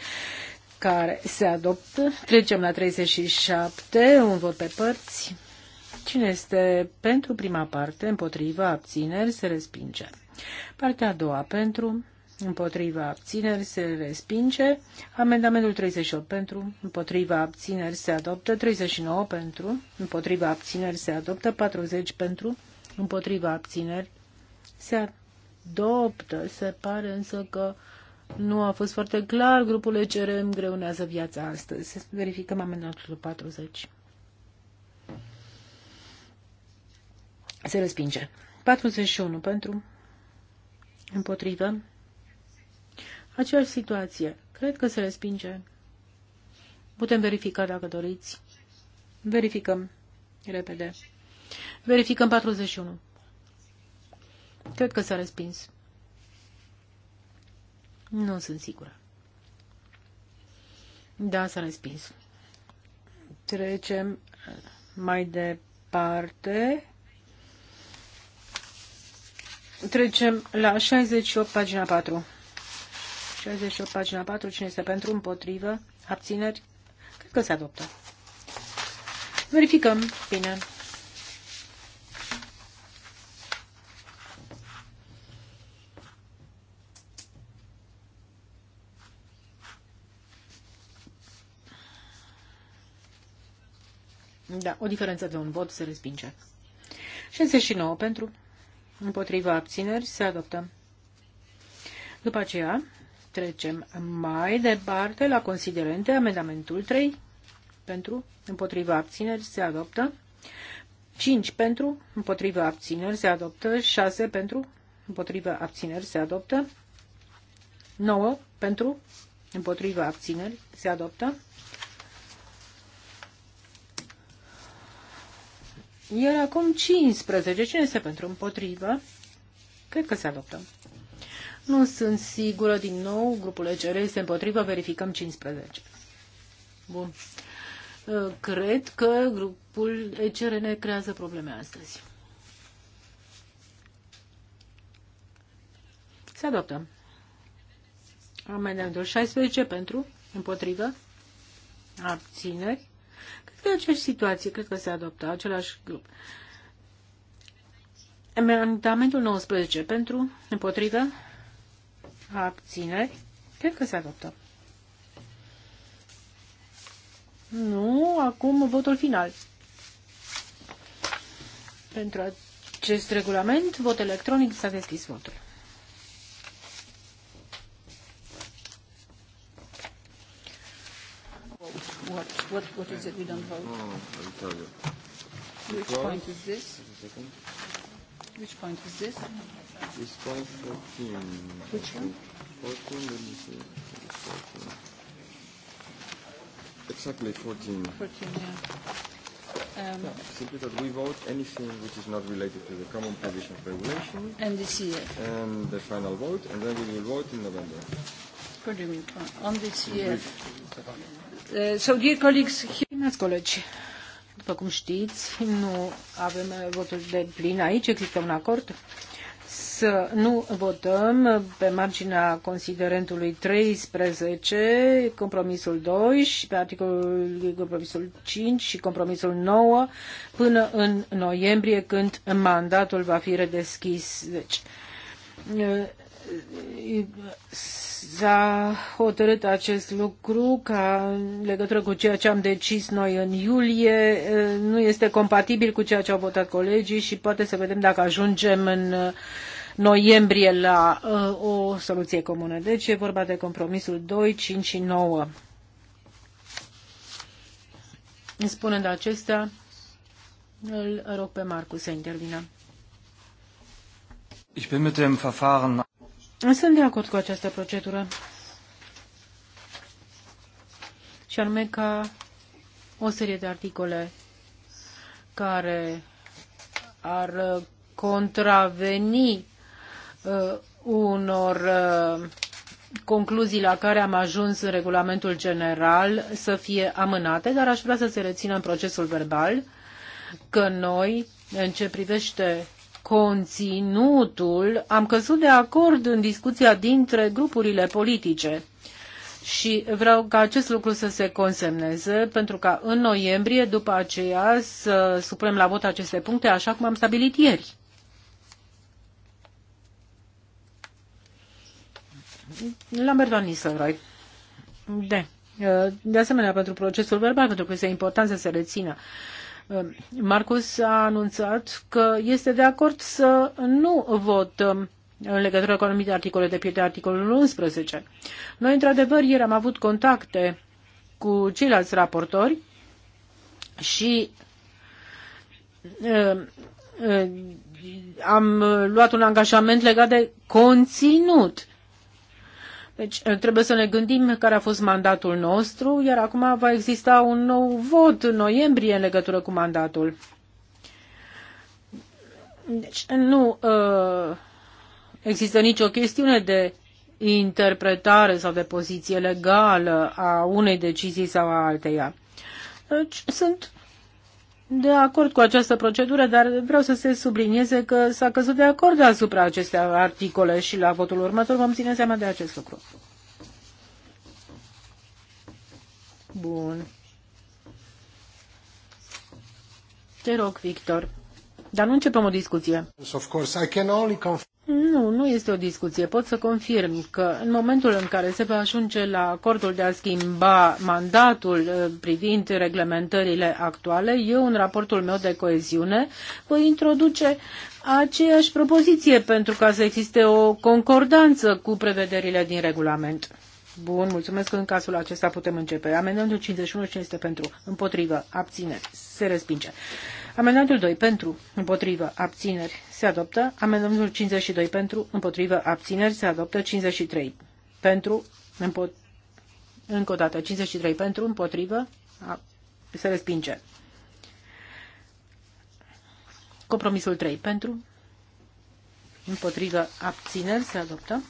care se adoptă. Trecem la 37, un vot pe părți. Cine este pentru prima parte, împotriva, abțineri, se respinge. Partea a doua, pentru, împotriva abțineri se respinge. Amendamentul 38 pentru, împotriva abțineri se adoptă, 39 pentru, împotriva abțineri se adoptă, 40 pentru, împotriva abțineri se adoptă. Se pare însă că nu a fost foarte clar, grupul ECR greunează viața astăzi. Verificăm amendamentul 40. Se respinge. 41 pentru, împotrivă, Aceeași situație. Cred că se respinge. Putem verifica dacă doriți. Verificăm. Repede. Verificăm 41. Cred că s-a respins. Nu sunt sigură. Da, s-a respins. Trecem mai departe. Trecem la 68, pagina 4. 68, pagina 4, cine este pentru, împotrivă, abțineri, cred că se adoptă. Verificăm, bine. Da, o diferență de un vot se respinge. 69 pentru, împotriva abțineri, se adoptă. După aceea, Trecem mai departe la considerente. Amendamentul 3 pentru, împotriva abțineri se adoptă. 5 pentru, împotriva abțineri se adoptă. 6 pentru, împotriva abțineri se adoptă. 9 pentru, împotriva abțineri se adoptă. Iar acum 15. Cine este pentru împotrivă? Cred că se adoptă. Nu sunt sigură din nou. Grupul ECR este împotrivă. Verificăm 15. Bun. Ă, cred că grupul ECR ne creează probleme astăzi. Se adoptă. Amendamentul 16 pentru, împotrivă, abțineri. Cred că e aceeași situație, cred că se adoptă același grup. Amendamentul 19 pentru, împotrivă, a Abțineri. Cred că se adoptă. Nu, acum votul final. Pentru acest regulament, vot electronic, s-a deschis votul. What, what, is it we don't vote? Oh, I'll tell you. Which point is this? Which point is this? This point 14. Which one? 14, let me see. Exactly 14. 14, yeah. Um, yeah, simply that we vote anything which is not related to the common provision of regulation. And this year. And the final vote, and then we will vote in November. What do you mean? On this year. Uh, so, dear colleagues, here... College. După cum știți, nu avem voturi de plin aici, există un acord să nu votăm pe marginea considerentului 13, compromisul 2 și pe articolul compromisul 5 și compromisul 9 până în noiembrie când mandatul va fi redeschis. Deci, s-a hotărât acest lucru ca în legătură cu ceea ce am decis noi în iulie nu este compatibil cu ceea ce au votat colegii și poate să vedem dacă ajungem în uh, noiembrie la uh, o soluție comună. Deci e vorba de compromisul 2, 5 și 9. Spunând acestea, îl rog pe Marcu să intervină. Ich bin mit dem Verfahren sunt de acord cu această procedură. Și anume ca o serie de articole care ar contraveni uh, unor uh, concluzii la care am ajuns în regulamentul general să fie amânate, dar aș vrea să se rețină în procesul verbal că noi, în ce privește conținutul, am căzut de acord în discuția dintre grupurile politice și vreau ca acest lucru să se consemneze pentru ca în noiembrie după aceea să supunem la vot aceste puncte așa cum am stabilit ieri. Lambert Van Nistelrooy. De. De asemenea, pentru procesul verbal, pentru că este important să se rețină Um, Marcus a anunțat că este de acord să nu votăm um, în legătură cu anumite articole de pierdere, articolul 11. Noi, într-adevăr, ieri am avut contacte cu ceilalți raportori și uh, uh, am luat un angajament legat de conținut. Deci eh, trebuie să ne gândim care a fost mandatul nostru, iar acum va exista un nou vot în noiembrie în legătură cu mandatul. Deci nu uh, există nicio chestiune de interpretare sau de poziție legală a unei decizii sau a alteia. Deci sunt de acord cu această procedură, dar vreau să se sublinieze că s-a căzut de acord asupra acestea articole și la votul următor vom ține seama de acest lucru. Bun. Te rog, Victor. Dar nu începem o discuție. Of course, I can only nu, nu este o discuție. Pot să confirm că în momentul în care se va ajunge la acordul de a schimba mandatul uh, privind reglementările actuale, eu în raportul meu de coeziune voi introduce aceeași propoziție pentru ca să existe o concordanță cu prevederile din regulament. Bun, mulțumesc că în cazul acesta putem începe. Amendamentul 51 este pentru? Împotrivă. Abține. Se respinge. Amendamentul 2 pentru, împotrivă, abțineri, se adoptă. Amendamentul 52 pentru, împotrivă, abțineri, se adoptă. 53 pentru, împotrivă, încă o dată, 53 pentru, împotrivă, a, se respinge. Compromisul 3 pentru, împotrivă, abțineri, se adoptă.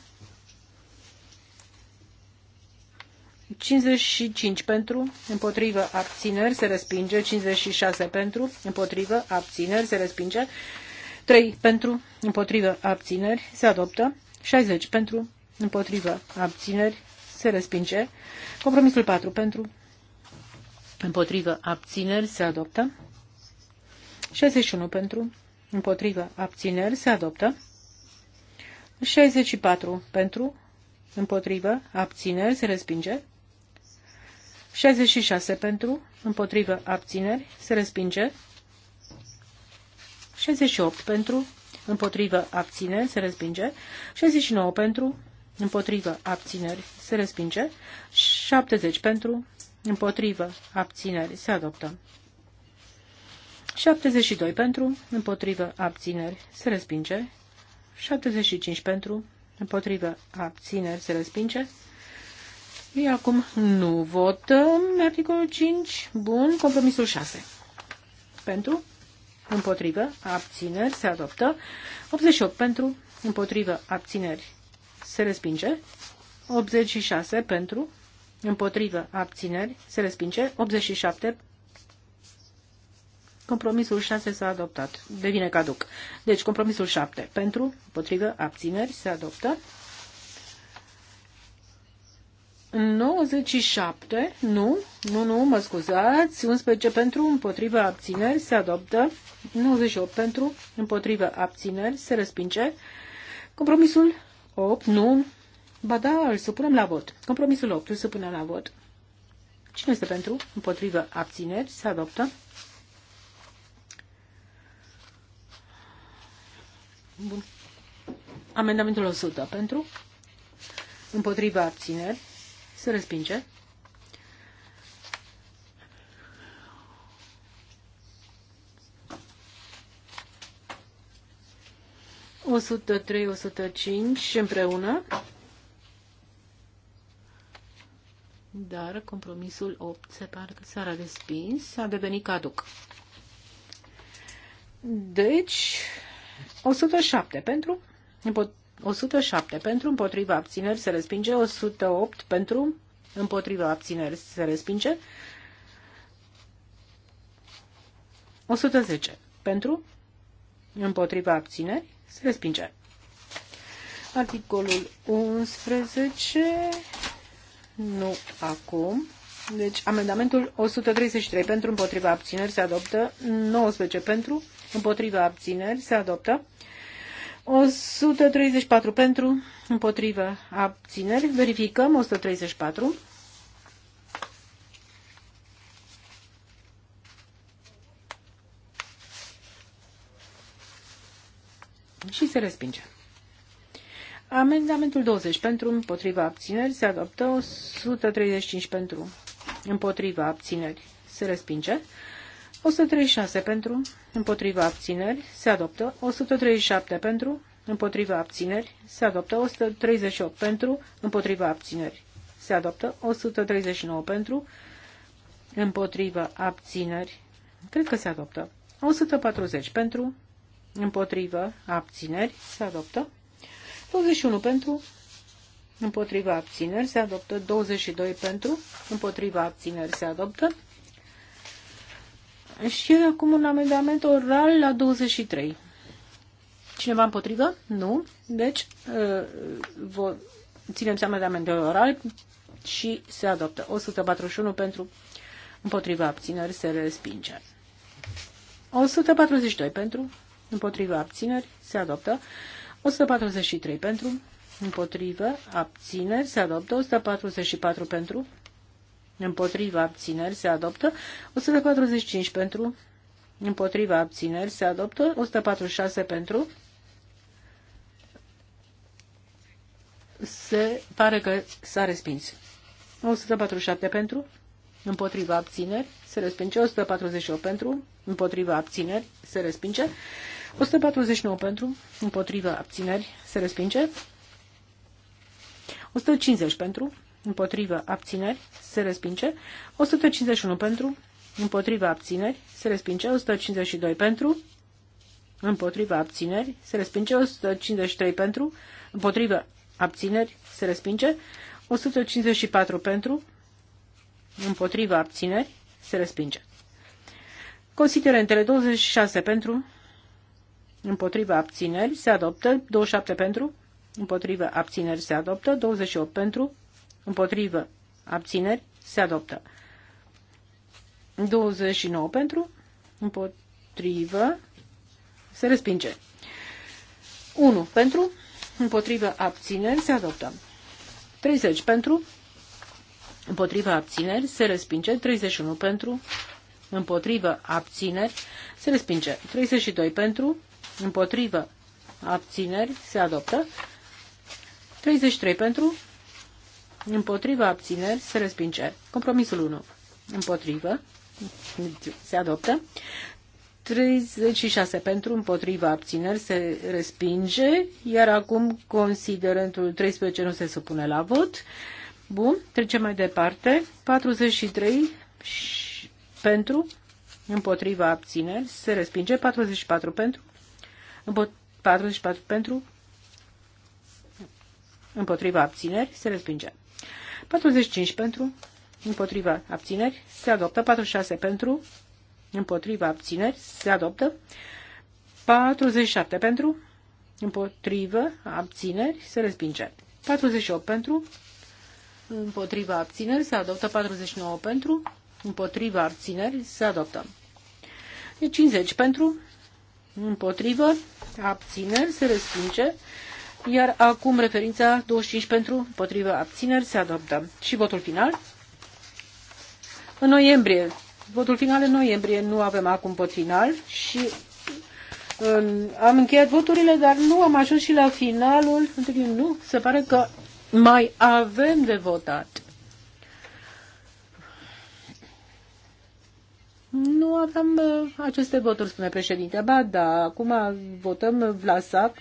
55 pentru, împotrivă abțineri se respinge, 56 pentru, împotrivă abțineri se respinge, 3 pentru, împotrivă abțineri se adoptă, 60 pentru, împotrivă abțineri se respinge, compromisul 4 pentru, împotrivă abțineri se adoptă, 61 pentru, împotrivă abțineri se adoptă, 64 pentru, împotrivă abțineri se respinge, 66 pentru, împotrivă, abțineri, se respinge. 68 pentru, împotrivă, abțineri, se respinge. 69 pentru, împotrivă, abțineri, se respinge. 70 pentru, împotrivă, abțineri, se adoptă. 72 pentru, împotrivă, abțineri, se respinge. 75 pentru, împotrivă, abțineri, se respinge. Și acum nu votăm articolul 5. Bun, compromisul 6. Pentru, împotrivă, abțineri, se adoptă. 88 pentru, împotrivă, abțineri, se respinge. 86 pentru, împotrivă, abțineri, se respinge. 87 Compromisul 6 s-a adoptat. Devine caduc. Deci, compromisul 7. Pentru, împotrivă, abțineri, se adoptă. 97, nu, nu, nu, mă scuzați, 11 pentru, împotriva abțineri, se adoptă, 98 pentru, împotriva abțineri, se respinge, compromisul 8, nu, ba da, îl supunem la vot, compromisul 8, îl supunem la vot. Cine este pentru, împotriva abțineri, se adoptă. Bun. Amendamentul 100 pentru, împotriva abțineri, se respinge. O sută trei, o sută cinci împreună. Dar compromisul 8 se pare că s-a respins, a devenit caduc. Deci, 107 pentru, 107 pentru, împotriva abțineri se respinge, 108 pentru, împotriva abțineri se respinge, 110 pentru, împotriva abțineri se respinge. Articolul 11, nu acum, deci amendamentul 133 pentru, împotriva abțineri se adoptă, 19 pentru, împotriva abțineri se adoptă, 134 pentru, împotrivă, abțineri. Verificăm 134. Și se respinge. Amendamentul 20 pentru, împotriva abțineri, se adoptă 135 pentru, împotriva abțineri, se respinge. 136 pentru, împotriva abțineri, se adoptă. 137 pentru, împotriva abțineri, se adoptă. 138 pentru, împotriva abțineri, se adoptă. 139 pentru, împotriva abțineri, cred că se adoptă. 140 pentru, împotriva abțineri, se adoptă. 21 pentru, împotriva abțineri, se adoptă. 22 pentru, împotriva abțineri, se adoptă. Și acum un amendament oral la 23. Cineva împotrivă? Nu. Deci, uh, vă ținem seama de amendament oral și se adoptă. 141 pentru împotriva abțineri se respinge. 142 pentru împotriva abțineri se adoptă. 143 pentru împotrivă abțineri se adoptă. 144 pentru împotriva abțineri se adoptă, 145 pentru, împotriva abțineri se adoptă, 146 pentru, se pare că s-a respins. 147 pentru, împotriva abțineri, se respinge. 148 pentru, împotriva abțineri, se respinge. 149 pentru, împotriva abțineri, se respinge. 150 pentru, împotrivă, abțineri, se respinge. 151 pentru, împotrivă, abțineri, se respinge. 152 pentru, împotrivă, abțineri, se respinge. 153 pentru, împotrivă, abțineri, se respinge. 154 pentru, împotrivă, abțineri, se respinge. Considerentele 26 pentru, împotriva abțineri se adoptă, 27 pentru, împotriva abțineri se adoptă, 28 pentru, Împotrivă. Abțineri. Se adoptă. 29 pentru. Împotrivă. Se respinge. 1 pentru. Împotrivă. Abțineri. Se adoptă. 30 pentru. Împotrivă. Abțineri. Se respinge. 31 pentru. Împotrivă. Abțineri. Se respinge. 32 pentru. Împotrivă. Abțineri. Se adoptă. 33 pentru Împotrivă abțineri se respinge. Compromisul 1 împotrivă se adoptă. 36 pentru, împotriva abțineri se respinge, iar acum considerentul 13 nu se supune la vot. Bun, trecem mai departe. 43 pentru, împotriva abțineri se respinge, 44 pentru, 44 pentru, împotriva abțineri se respinge. 45 pentru, împotriva abțineri, se adoptă. 46 pentru, împotriva abțineri, se adoptă. 47 pentru, împotriva abțineri, se respinge. 48 pentru, împotriva abțineri, se adoptă. 49 pentru, împotriva abțineri, se adoptă. 50 deci pentru, împotriva abțineri, se respinge. Iar acum referința 25 pentru, împotriva abțineri se adoptă. Și votul final? În noiembrie. Votul final în noiembrie. Nu avem acum vot final și în, am încheiat voturile, dar nu am ajuns și la finalul. Nu, se pare că mai avem de votat. Nu avem uh, aceste voturi, spune președinte. Ba da, acum votăm Vlasac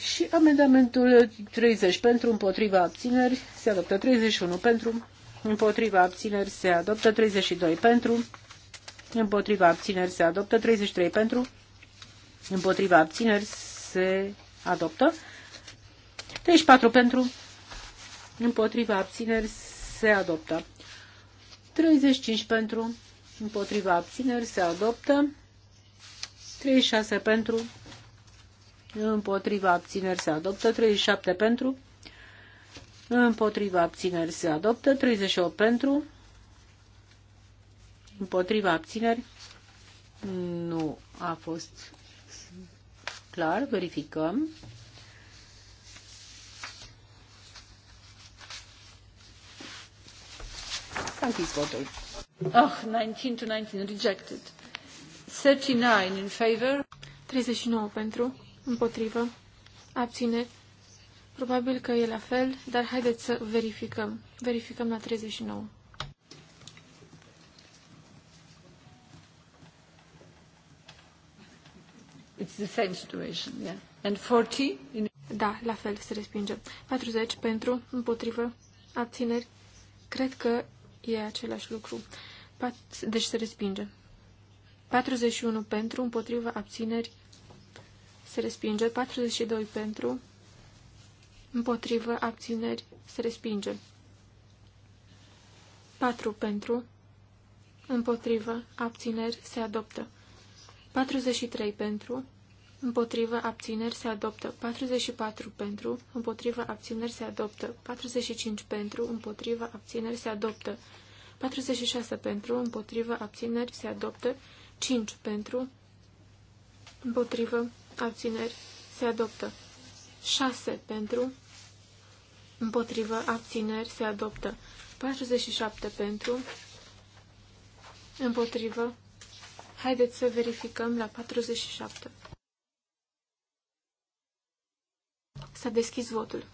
și amendamentul 30 pentru împotriva abțineri se adoptă 31 pentru împotriva abțineri se adoptă 32 pentru împotriva abțineri se adoptă 33 pentru împotriva abțineri se adoptă 34 pentru împotriva abțineri se adoptă 35 pentru împotriva abțineri se adoptă 36 pentru împotriva abțineri se adoptă, 37 pentru, împotriva abțineri se adoptă, 38 pentru, împotriva abțineri nu a fost clar, verificăm. S-a închis votul. Oh, ah, 19 to 19 rejected. 39 in favor. 39 pentru. Împotrivă. Abțineri. Probabil că e la fel, dar haideți să verificăm. Verificăm la 39. It's the same situation, yeah. And 40? In... Da, la fel se respinge. 40 pentru, împotrivă, abțineri. Cred că e același lucru. Pat... Deci se respinge. 41 pentru, împotrivă, abțineri, se respinge. 42 pentru, împotrivă, abțineri, se respinge. 4 pentru, împotrivă, abțineri, se adoptă. 43 pentru, împotrivă, abțineri, se adoptă. 44 pentru, împotrivă, abțineri, se adoptă. 45 pentru, împotrivă, abțineri, se adoptă. 46 pentru, împotrivă, abțineri, se adoptă. 5 pentru, împotrivă, abțineri, se adoptă. 6 pentru, împotrivă, abțineri, se adoptă. 47 pentru, împotrivă. Haideți să verificăm la 47. S-a deschis votul.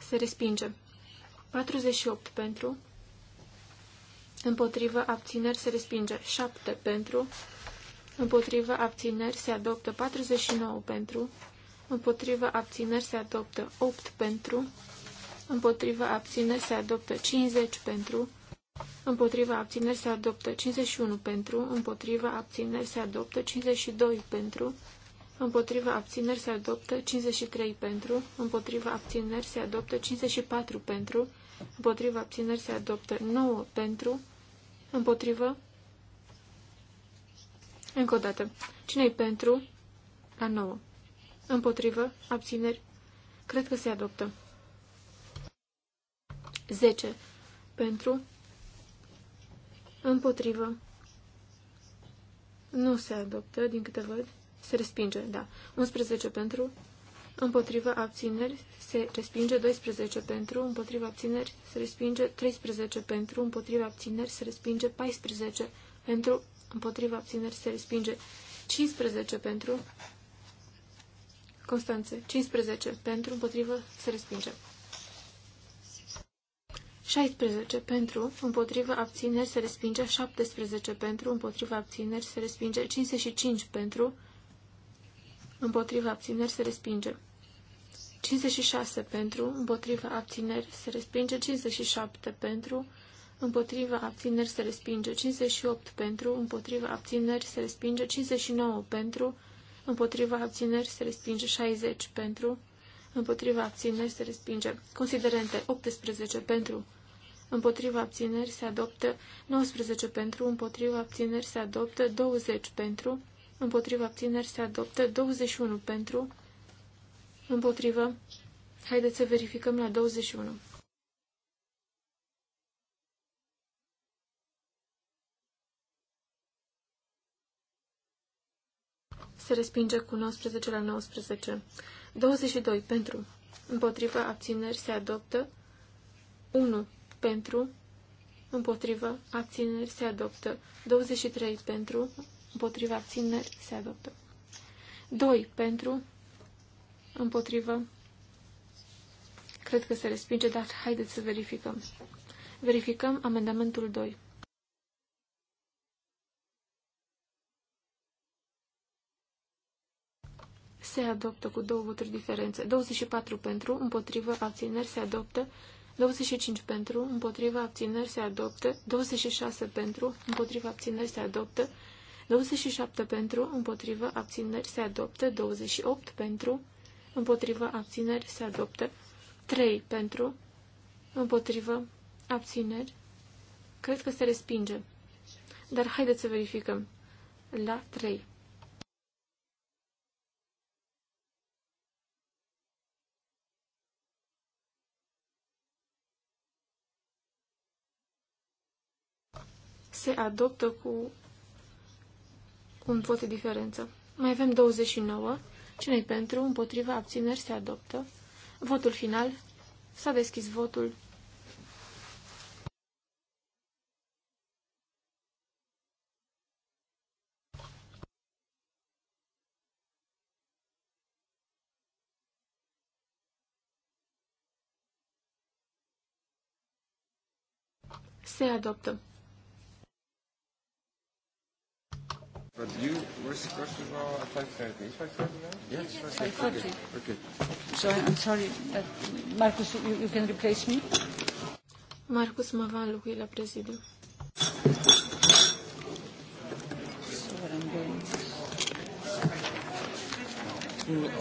Se respinge. 48 pentru, împotrivă abțineri se respinge 7 pentru, împotrivă abțineri se adoptă 49 pentru, împotrivă abțineri se adoptă 8 pentru, împotrivă abțineri se adoptă 50 pentru, împotriva abțineri se adoptă 51 pentru, împotriva abțineri se adoptă 52 pentru, împotriva abțineri se adoptă 53 pentru, împotriva abțineri se adoptă 54 pentru, împotriva abțineri se adoptă 9 pentru, Împotrivă. Încă o dată. Cine-i pentru? La nouă. Împotrivă. Abțineri. Cred că se adoptă. 10. Pentru. Împotrivă. Nu se adoptă, din câte văd. Se respinge, da. 11 pentru împotriva abțineri se respinge 12 pentru, împotriva abțineri se respinge 13 pentru, împotriva abțineri se respinge 14 pentru, împotriva abțineri se respinge 15 pentru, Constanțe, 15 pentru, împotriva se respinge. 16 pentru, împotriva abțineri se respinge, 17 pentru, împotriva abțineri se respinge, 55 pentru, împotriva abțineri se respinge. 56 pentru, împotriva abțineri se respinge. 57 pentru, împotriva abțineri se respinge. 58 pentru, împotriva abțineri se respinge. 59 pentru, împotriva abțineri se respinge. 60 pentru, împotriva abțineri se respinge. Considerente 18 pentru, împotriva abțineri se adoptă 19 pentru, împotriva abțineri se adoptă 20 pentru, împotriva abțineri se adoptă, 21 pentru, împotrivă, haideți să verificăm la 21. Se respinge cu 19 la 19. 22 pentru, împotriva, abțineri se adoptă, 1 pentru, Împotrivă, abțineri se adoptă. 23 pentru, împotriva țineri se adoptă. 2 pentru, împotrivă, cred că se respinge, dar haideți să verificăm. Verificăm amendamentul 2. Se adoptă cu două voturi diferențe. 24 pentru, împotrivă, abțineri se adoptă. 25 pentru, împotriva abțineri se adoptă, 26 pentru, împotriva abțineri se adoptă, 27 pentru, împotrivă, abțineri, se adoptă. 28 pentru, împotrivă, abțineri, se adoptă. 3 pentru, împotrivă, abțineri. Cred că se respinge. Dar haideți să verificăm. La 3. se adoptă cu un vot de diferență. Mai avem 29. cine pentru? Împotriva abțineri se adoptă. Votul final. S-a deschis votul. Se adoptă. But you were supposed to I at 5.30. Is 5.30 now? Yes, 5.30. Okay. okay. So I'm sorry, but uh, Marcus, you, you can replace me? Marcus mă va înlocui la prezidiu.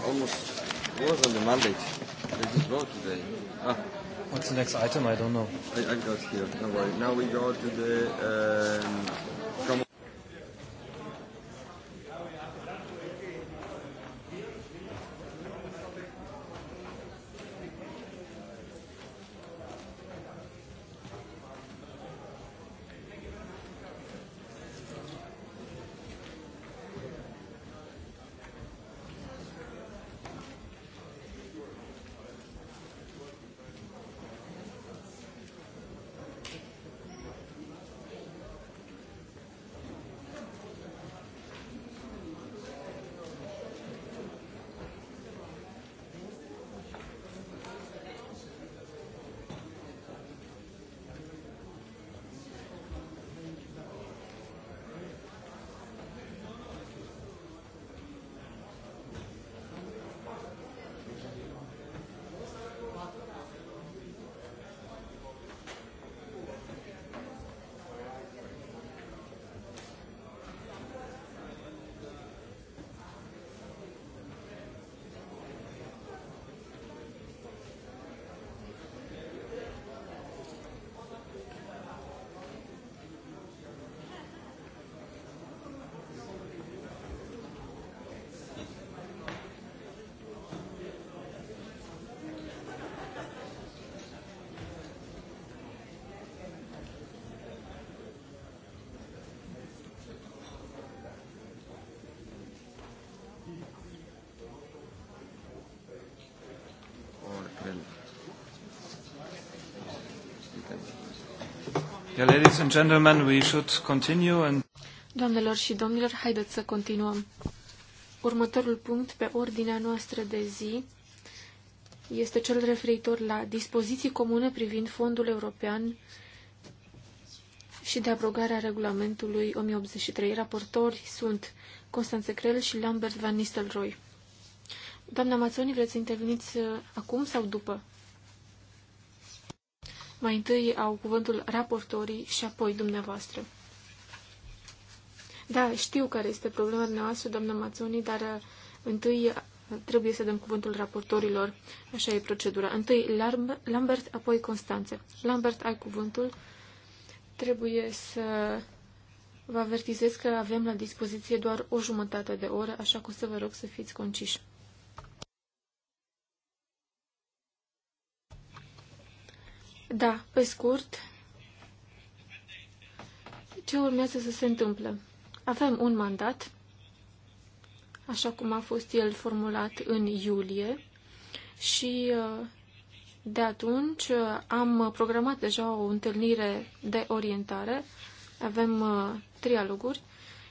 Almost was on the mandate. They just vote today. Ah. What's the next item? I don't know. I, I got here. No worry. Now we go to the um, ladies and gentlemen, we should continue and... Doamnelor și domnilor, haideți să continuăm. Următorul punct pe ordinea noastră de zi este cel referitor la dispoziții comune privind Fondul European și de abrogarea regulamentului 1083. Raportori sunt Constanțe Crel și Lambert Van Nistelrooy. Doamna Mazzoni, vreți să interveniți uh, acum sau după? Mai întâi au cuvântul raportorii și apoi dumneavoastră. Da, știu care este problema dumneavoastră, doamnă Mațoni, dar uh, întâi uh, trebuie să dăm cuvântul raportorilor. Așa e procedura. Întâi Lambert, apoi Constanțe. Lambert, ai cuvântul. Trebuie să vă avertizez că avem la dispoziție doar o jumătate de oră, așa că o să vă rog să fiți conciși. Da, pe scurt, ce urmează să se întâmple? Avem un mandat, așa cum a fost el formulat în iulie, și uh, de atunci uh, am programat deja o întâlnire de orientare, avem uh, trialoguri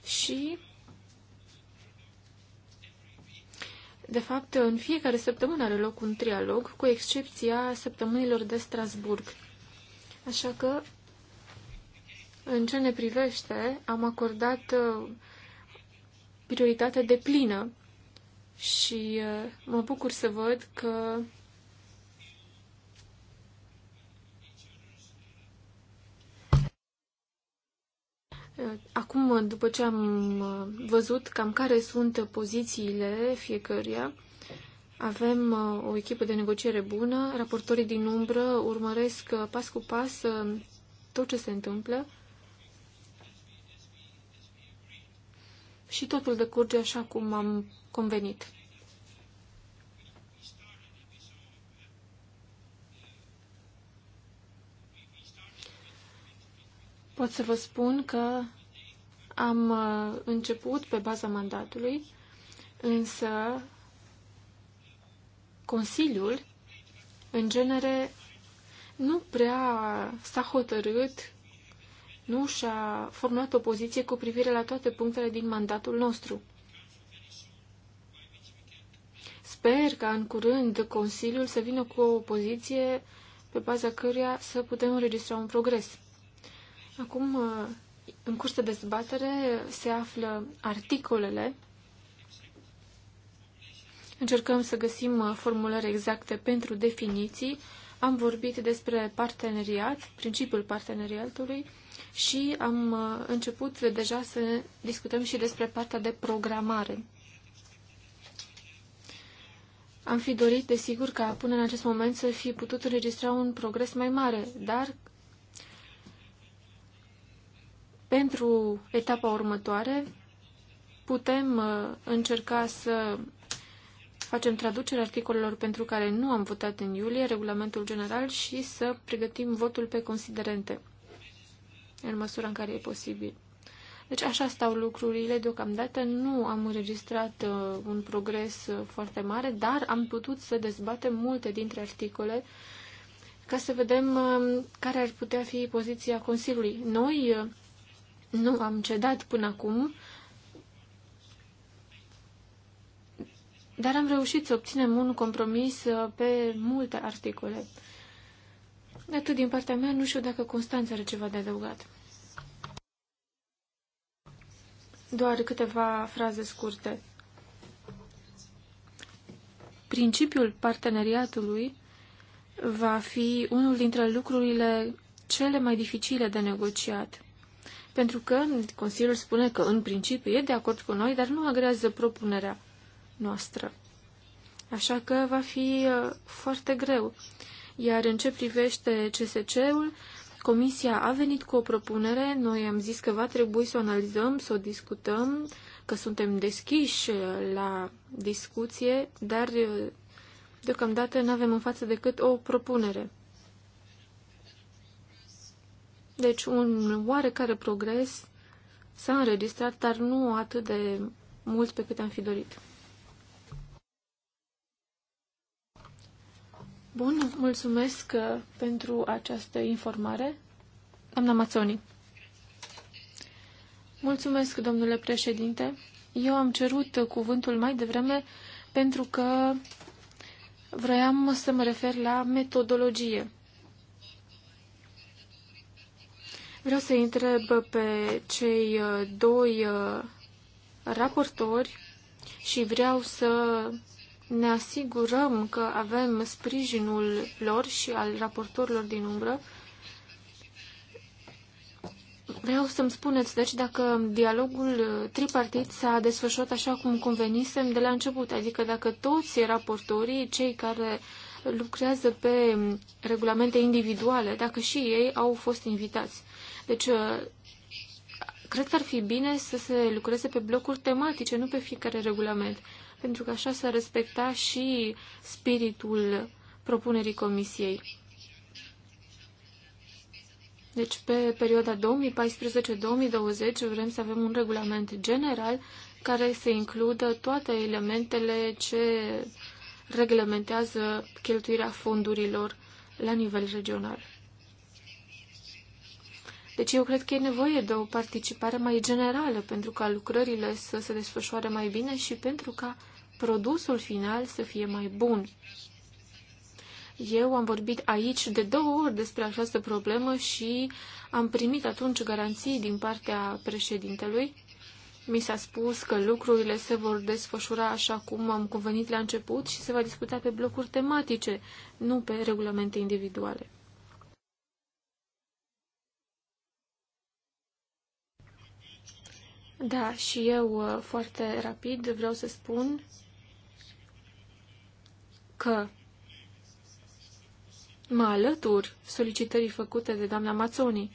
și De fapt, în fiecare săptămână are loc un trialog, cu excepția săptămânilor de Strasburg. Așa că, în ce ne privește, am acordat uh, prioritate de plină și uh, mă bucur să văd că Acum, după ce am uh, văzut cam care sunt pozițiile fiecăruia, avem uh, o echipă de negociere bună, raportorii din umbră urmăresc uh, pas cu pas tot ce se întâmplă și totul decurge așa cum am convenit. pot să vă spun că am uh, început pe baza mandatului, însă Consiliul, în genere, nu prea s-a hotărât, nu și-a format o poziție cu privire la toate punctele din mandatul nostru. Sper ca în curând Consiliul să vină cu o poziție pe baza căruia să putem înregistra un progres. Acum, uh, în curs de dezbatere, se află articolele. Încercăm să găsim uh, formulări exacte pentru definiții. Am vorbit despre parteneriat, principiul parteneriatului și am uh, început deja să discutăm și despre partea de programare. Am fi dorit, desigur, ca până în acest moment să fi putut înregistra un progres mai mare, dar pentru etapa următoare putem uh, încerca să facem traducerea articolelor pentru care nu am votat în iulie, regulamentul general și să pregătim votul pe considerente în măsura în care e posibil. Deci așa stau lucrurile deocamdată. Nu am înregistrat uh, un progres uh, foarte mare, dar am putut să dezbatem multe dintre articole ca să vedem uh, care ar putea fi poziția Consiliului. Noi, uh, nu am cedat până acum, dar am reușit să obținem un compromis uh, pe multe articole. Atât din partea mea, nu știu dacă Constanța are ceva de adăugat. Doar câteva fraze scurte. Principiul parteneriatului va fi unul dintre lucrurile cele mai dificile de negociat pentru că Consiliul spune că în principiu e de acord cu noi, dar nu agrează propunerea noastră. Așa că va fi uh, foarte greu. Iar în ce privește CSC-ul, Comisia a venit cu o propunere, noi am zis că va trebui să o analizăm, să o discutăm, că suntem deschiși uh, la discuție, dar uh, deocamdată nu avem în față decât o propunere. Deci un oarecare progres s-a înregistrat, dar nu atât de mult pe cât am fi dorit. Bun, mulțumesc uh, pentru această informare. Doamna Mazzoni. Mulțumesc, domnule președinte. Eu am cerut cuvântul mai devreme pentru că vroiam să mă refer la metodologie. Vreau să întreb pe cei uh, doi uh, raportori și vreau să ne asigurăm că avem sprijinul lor și al raportorilor din umbră. Vreau să-mi spuneți, deci, dacă dialogul uh, tripartit s-a desfășurat așa cum convenisem de la început, adică dacă toți raportorii, cei care lucrează pe mm, regulamente individuale, dacă și ei au fost invitați. Deci, uh, cred că ar fi bine să se lucreze pe blocuri tematice, nu pe fiecare regulament, pentru că așa s-ar respecta și spiritul propunerii comisiei. Deci pe perioada 2014-2020 vrem să avem un regulament general care să includă toate elementele ce reglementează cheltuirea fondurilor la nivel regional. Deci eu cred că e nevoie de o participare mai generală pentru ca lucrările să se desfășoare mai bine și pentru ca produsul final să fie mai bun. Eu am vorbit aici de două ori despre această problemă și am primit atunci garanții din partea președintelui. Mi s-a spus că lucrurile se vor desfășura așa cum am convenit la început și se va discuta pe blocuri tematice, nu pe regulamente individuale. Da, și eu uh, foarte rapid vreau să spun că mă alătur solicitării făcute de doamna Mazzoni.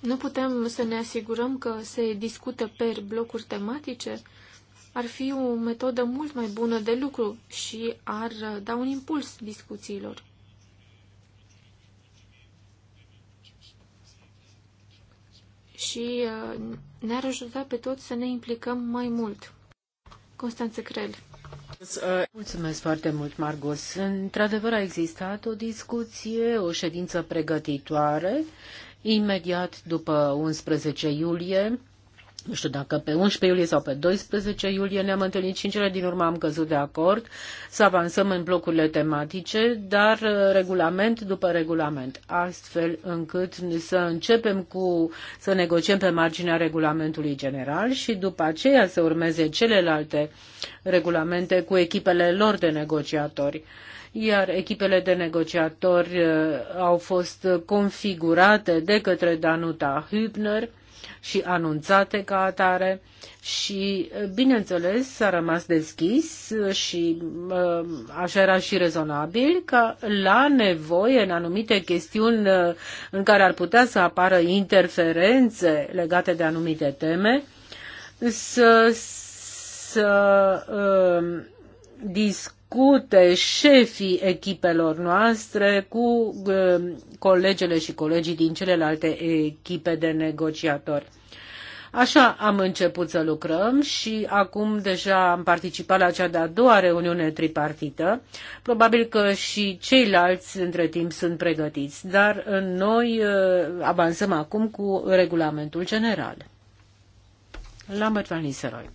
Nu putem să ne asigurăm că se discută pe blocuri tematice? Ar fi o metodă mult mai bună de lucru și ar uh, da un impuls discuțiilor. și uh, ne-ar ajuta pe toți să ne implicăm mai mult. Constanță Crel. Mulțumesc foarte mult, Margos. Într-adevăr a existat o discuție, o ședință pregătitoare, imediat după 11 iulie, nu știu dacă pe 11 iulie sau pe 12 iulie ne-am întâlnit și în cele din urmă am căzut de acord să avansăm în blocurile tematice, dar uh, regulament după regulament, astfel încât să începem cu să negociem pe marginea regulamentului general și după aceea să urmeze celelalte regulamente cu echipele lor de negociatori iar echipele de negociatori uh, au fost configurate de către Danuta Hübner și anunțate ca atare și, eh, bineînțeles, s-a rămas deschis eh, și eh, așa era și rezonabil că la nevoie în anumite chestiuni în care ar putea să apară interferențe legate de anumite teme, să, să discutăm discute șefii echipelor noastre cu um, colegele și colegii din celelalte echipe de negociatori. Așa am început să lucrăm și acum deja am participat la cea de-a doua reuniune tripartită. Probabil că și ceilalți între timp sunt pregătiți, dar noi uh, avansăm acum cu regulamentul general. Lambert Van Nistelrooy.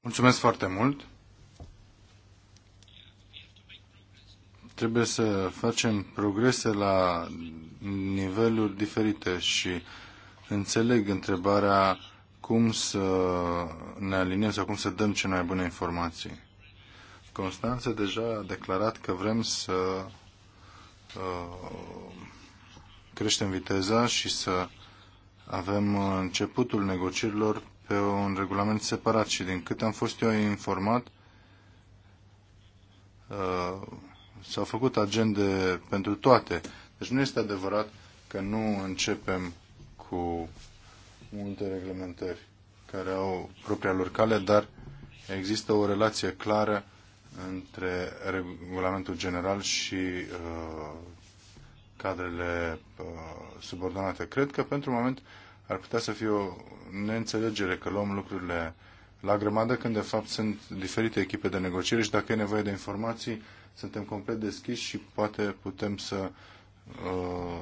Mulțumesc foarte mult. Trebuie să facem progrese la niveluri diferite și înțeleg întrebarea cum să ne aliniem sau cum să dăm cele mai bune informații. Constanță deja a declarat că vrem să uh, creștem viteza și să avem începutul negocierilor pe un regulament separat și din cât am fost eu informat, uh, S-au făcut agende pentru toate. Deci nu este adevărat că nu începem cu multe reglementări care au propria lor cale, dar există o relație clară între regulamentul general și uh, cadrele uh, subordonate. Cred că pentru moment ar putea să fie o neînțelegere că luăm lucrurile la grămadă când de fapt sunt diferite echipe de negociere și dacă e nevoie de informații, suntem complet deschiși și poate putem să uh,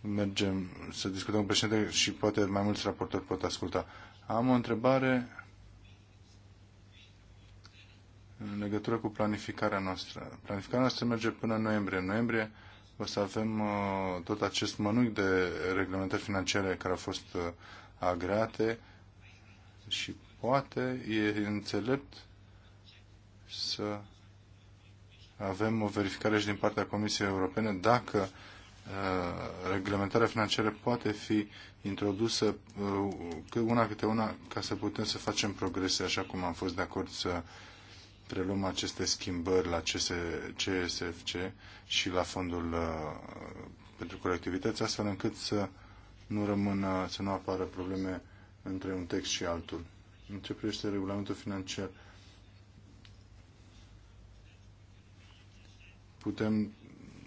mergem să discutăm cu președinte și poate mai mulți raportori pot asculta. Am o întrebare în legătură cu planificarea noastră. Planificarea noastră merge până în noiembrie. În noiembrie o să avem uh, tot acest mănuc de reglementări financiare care au fost uh, agreate și poate e înțelept să avem o verificare și din partea Comisiei Europene dacă uh, reglementarea financiară poate fi introdusă uh, una câte una ca să putem să facem progrese așa cum am fost de acord să preluăm aceste schimbări la CS, CSFC și la fondul uh, pentru colectivități, astfel încât să nu rămână, să nu apară probleme între un text și altul în ce privește regulamentul financiar. Putem,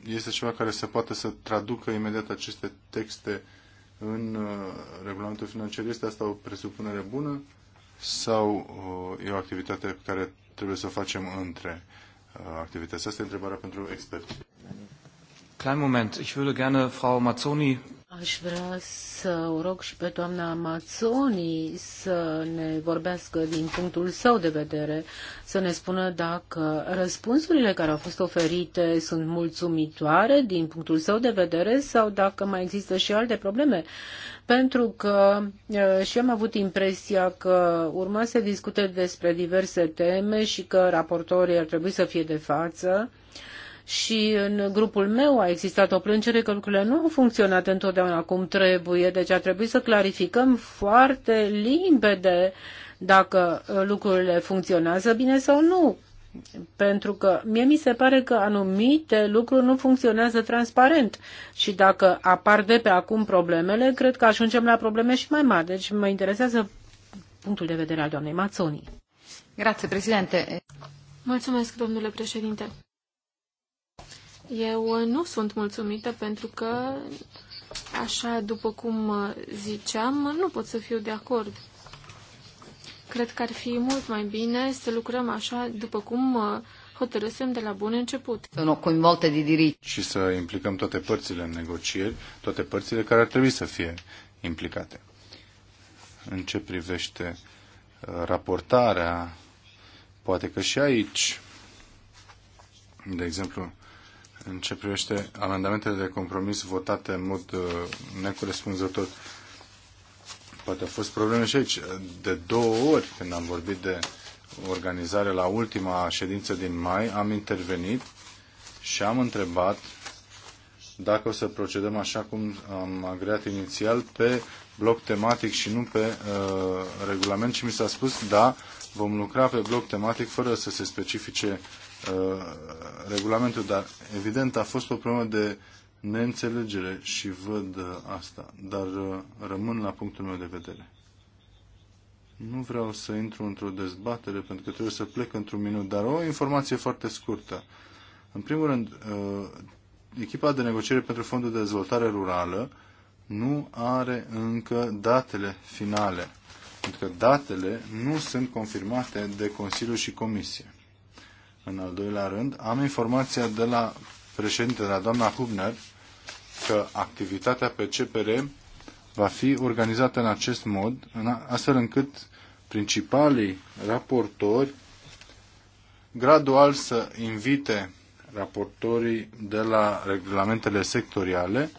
este ceva care se poate să traducă imediat aceste texte în uh, regulamentul financiar. Este asta o presupunere bună sau uh, e o activitate pe care trebuie să o facem între uh, activități? Asta e întrebarea pentru expert. Klein Moment, ich würde gerne Frau Mazzoni Aș vrea să o rog și pe doamna Mazzoni să ne vorbească din punctul său de vedere, să ne spună dacă răspunsurile care au fost oferite sunt mulțumitoare din punctul său de vedere sau dacă mai există și alte probleme. Pentru că și am avut impresia că urma să discute despre diverse teme și că raportorii ar trebui să fie de față și în grupul meu a existat o plângere că lucrurile nu au funcționat întotdeauna cum trebuie, deci a trebuit să clarificăm foarte limpede dacă uh, lucrurile funcționează bine sau nu. Pentru că mie mi se pare că anumite lucruri nu funcționează transparent și dacă apar de pe acum problemele, cred că ajungem la probleme și mai mari. Deci mă interesează punctul de vedere al doamnei Mazzoni. Grazie, președinte. Mulțumesc, domnule președinte. Eu uh, nu sunt mulțumită pentru că, așa după cum uh, ziceam, nu pot să fiu de acord. Cred că ar fi mult mai bine să lucrăm așa după cum uh, hotărâsem de la bun început. de Și să implicăm toate părțile în negocieri, toate părțile care ar trebui să fie implicate. În ce privește raportarea, poate că și aici, de exemplu, în ce privește amendamentele de compromis votate în mod uh, necorespunzător. Poate au fost probleme și aici. De două ori, când am vorbit de organizare la ultima ședință din mai, am intervenit și am întrebat dacă o să procedăm așa cum am agreat inițial pe bloc tematic și nu pe uh, regulament și mi s-a spus da, vom lucra pe bloc tematic fără să se specifice Uh, regulamentul, dar evident a fost o problemă de neînțelegere și văd uh, asta, dar uh, rămân la punctul meu de vedere. Nu vreau să intru într-o dezbatere pentru că trebuie să plec într-un minut, dar o informație foarte scurtă. În primul rând, echipa de negociere pentru Fondul de Dezvoltare Rurală nu are încă datele finale, pentru că datele nu sunt confirmate de Consiliu și Comisie. În al doilea rând, am informația de la președintele, de la doamna Hubner, că activitatea pe CPR va fi organizată în acest mod, astfel încât principalii raportori gradual să invite raportorii de la regulamentele sectoriale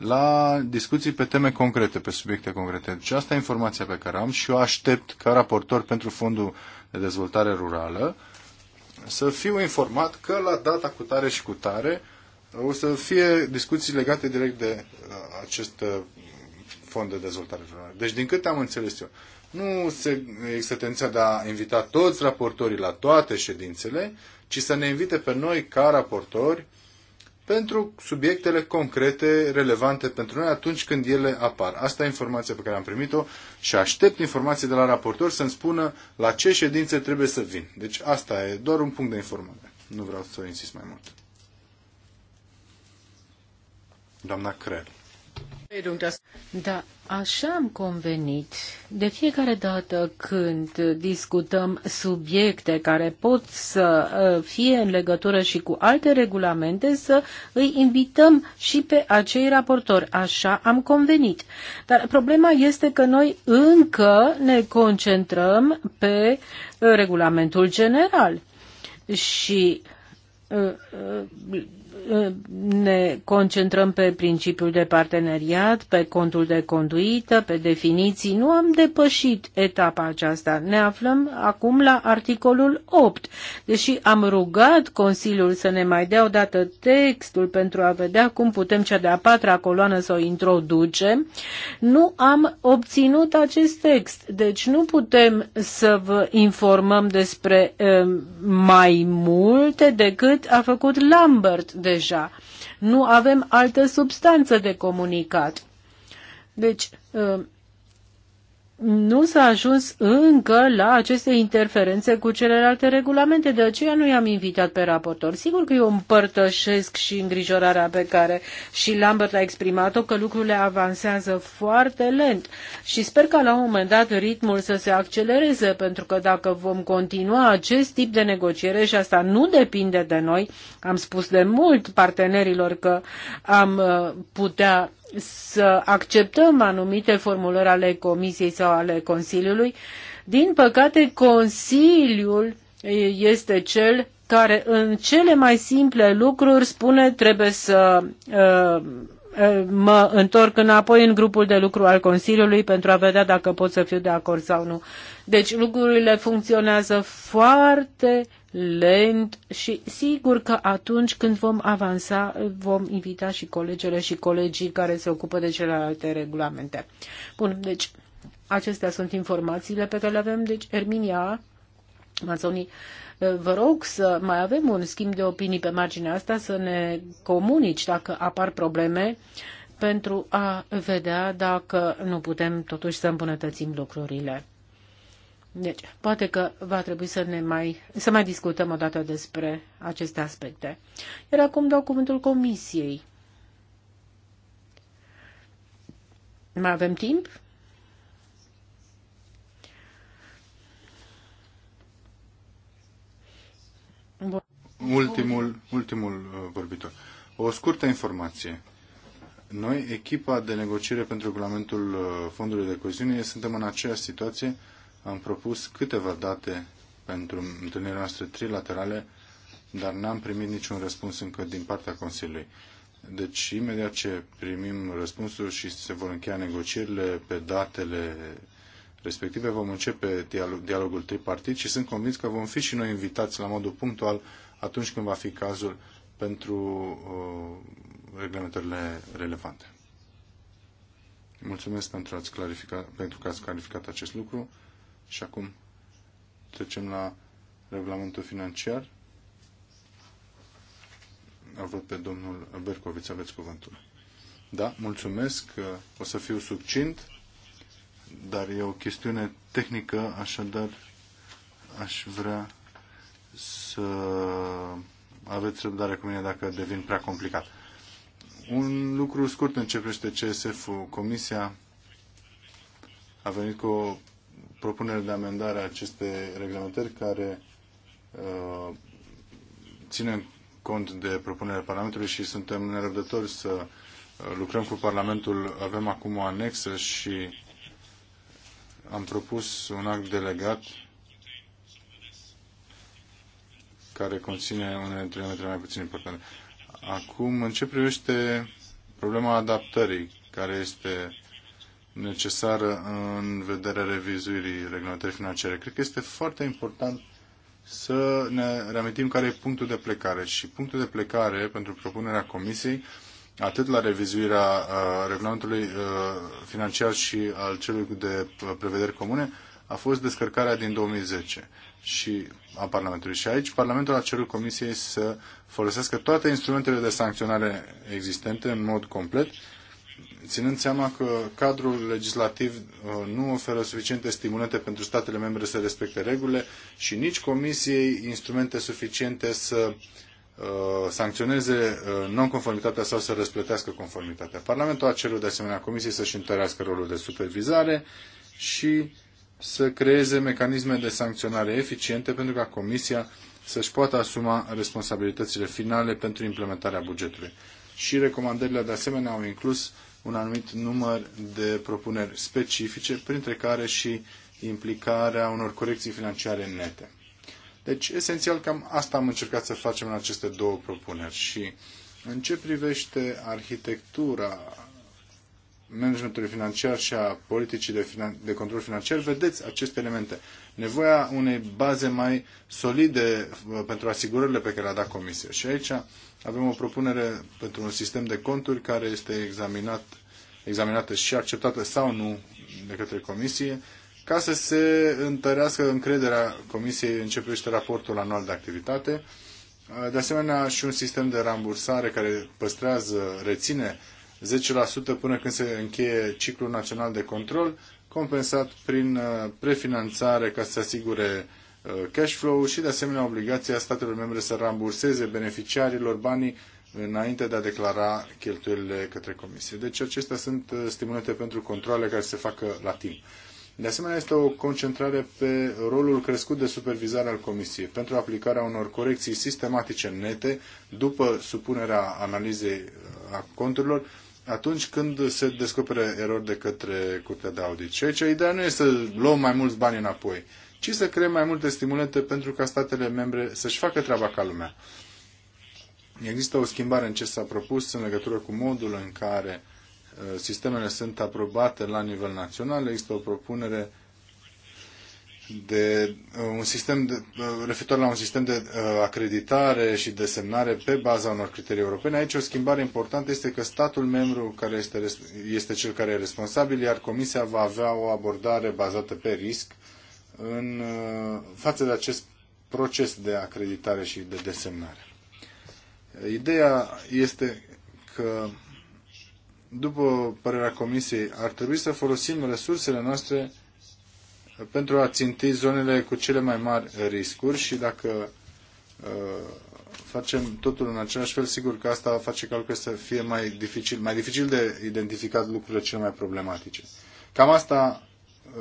la discuții pe teme concrete, pe subiecte concrete. Și asta e informația pe care am și eu aștept ca raportor pentru Fondul de Dezvoltare Rurală să fiu informat că la data cu tare și cu tare o să fie discuții legate direct de uh, acest uh, fond de dezvoltare rurală. Deci, din câte am înțeles eu, nu se există tendința de a invita toți raportorii la toate ședințele, ci să ne invite pe noi ca raportori pentru subiectele concrete, relevante pentru noi atunci când ele apar. Asta e informația pe care am primit-o și aștept informații de la raportor să-mi spună la ce ședințe trebuie să vin. Deci asta e doar un punct de informare. Nu vreau să insist mai mult. Doamna Crel. Da, așa am convenit. De fiecare dată când discutăm subiecte care pot să uh, fie în legătură și cu alte regulamente, să îi invităm și pe acei raportori. Așa am convenit. Dar problema este că noi încă ne concentrăm pe uh, regulamentul general. Și uh, ne concentrăm pe principiul de parteneriat, pe contul de conduită, pe definiții. Nu am depășit etapa aceasta. Ne aflăm acum la articolul 8. Deși am rugat Consiliul să ne mai dea odată textul pentru a vedea cum putem cea de-a patra coloană să o introducem, nu am obținut acest text. Deci nu putem să vă informăm despre eh, mai multe decât a făcut Lambert de deja. Nu avem altă substanță de comunicat. Deci, uh, nu s-a ajuns încă la aceste interferențe cu celelalte regulamente, de aceea nu i-am invitat pe raportor. Sigur că eu împărtășesc și îngrijorarea pe care și Lambert a exprimat-o, că lucrurile avansează foarte lent și sper că la un moment dat ritmul să se accelereze, pentru că dacă vom continua acest tip de negociere și asta nu depinde de noi, am spus de mult partenerilor că am uh, putea să acceptăm anumite formulări ale Comisiei sau ale Consiliului. Din păcate, Consiliul este cel care în cele mai simple lucruri spune trebuie să uh, uh, mă întorc înapoi în grupul de lucru al Consiliului pentru a vedea dacă pot să fiu de acord sau nu. Deci lucrurile funcționează foarte lent și sigur că atunci când vom avansa vom invita și colegele și colegii care se ocupă de celelalte regulamente. Bun, deci acestea sunt informațiile pe care le avem. Deci, Erminia Mazzoni, vă rog să mai avem un schimb de opinii pe marginea asta, să ne comunici dacă apar probleme pentru a vedea dacă nu putem totuși să îmbunătățim lucrurile. Deci, poate că va trebui să ne mai, să mai discutăm o dată despre aceste aspecte. Iar acum dau cuvântul comisiei. Mai avem timp? Ultimul, ultimul uh, vorbitor. O scurtă informație. Noi, echipa de negociere pentru regulamentul uh, Fondului de Coeziune, suntem în aceeași situație am propus câteva date pentru întâlnirile noastre trilaterale, dar n-am primit niciun răspuns încă din partea Consiliului. Deci, imediat ce primim răspunsul și se vor încheia negocierile pe datele respective, vom începe dialog, dialogul tripartit și sunt convins că vom fi și noi invitați la modul punctual atunci când va fi cazul pentru uh, reglementările relevante. Mulțumesc pentru, ați clarificat, pentru că ați clarificat acest lucru. Și acum trecem la regulamentul financiar. Îl văd pe domnul Bercoviț, aveți cuvântul. Da, mulțumesc, uh, o să fiu succint, dar e o chestiune tehnică, așadar aș vrea să aveți răbdare cu mine dacă devin prea complicat. Un lucru scurt în ce CSF-ul. Comisia a venit cu o propunere de amendare a acestei reglementări care uh, ținem cont de propunerea Parlamentului și suntem nerăbdători să uh, lucrăm cu Parlamentul. Avem acum o anexă și am propus un act delegat care conține unele dintre elementele mai puțin importante. Acum, în ce privește problema adaptării, care este necesară în vederea revizuirii reglementării financiare. Cred că este foarte important să ne reamintim care e punctul de plecare și punctul de plecare pentru propunerea Comisiei atât la revizuirea uh, reglementului uh, financiar și al celui de uh, prevederi comune, a fost descărcarea din 2010 și a Parlamentului. Și aici Parlamentul a cerut Comisiei să folosească toate instrumentele de sancționare existente în mod complet ținând seama că cadrul legislativ uh, nu oferă suficiente stimulente pentru statele membre să respecte regulile și nici Comisiei instrumente suficiente să uh, sancționeze uh, nonconformitatea sau să răsplătească conformitatea. Parlamentul a cerut de asemenea Comisiei să-și întărească rolul de supervizare și să creeze mecanisme de sancționare eficiente pentru ca Comisia să-și poată asuma responsabilitățile finale pentru implementarea bugetului. Și recomandările de asemenea au inclus un anumit număr de propuneri specifice, printre care și implicarea unor corecții financiare nete. Deci, esențial, cam asta am încercat să facem în aceste două propuneri. Și în ce privește arhitectura managementului financiar și a politicii de, finan- de control financiar, vedeți aceste elemente. Nevoia unei baze mai solide uh, pentru asigurările pe care le-a dat Comisia. Și aici avem o propunere pentru un sistem de conturi care este examinat, examinată și acceptată sau nu de către Comisie, ca să se întărească încrederea Comisiei în ce privește raportul anual de activitate. De asemenea, și un sistem de rambursare care păstrează, reține 10% până când se încheie ciclul național de control, compensat prin uh, prefinanțare ca să se asigure Uh, cash flow și de asemenea obligația statelor membre să ramburseze beneficiarilor banii înainte de a declara cheltuielile către comisie. Deci acestea sunt uh, stimulate pentru controle care se facă la timp. De asemenea, este o concentrare pe rolul crescut de supervizare al Comisiei pentru aplicarea unor corecții sistematice nete după supunerea analizei uh, a conturilor atunci când se descopere erori de către Curtea de Audit. Și aici ideea nu este să luăm mai mulți bani înapoi, ci să creăm mai multe stimulente pentru ca statele membre să-și facă treaba ca lumea. Există o schimbare în ce s-a propus în legătură cu modul în care uh, sistemele sunt aprobate la nivel național. Există o propunere de uh, un sistem de, uh, referitor la un sistem de acreditare și de semnare pe baza unor criterii europene. Aici o schimbare importantă este că statul membru care este, este cel care e responsabil, iar Comisia va avea o abordare bazată pe risc în uh, față de acest proces de acreditare și de desemnare. Ideea este că, după părerea Comisiei, ar trebui să folosim resursele noastre pentru a ținti zonele cu cele mai mari riscuri și dacă uh, facem totul în același fel, sigur că asta face ca lucrurile să fie mai dificil, mai dificil de identificat lucrurile cele mai problematice. Cam asta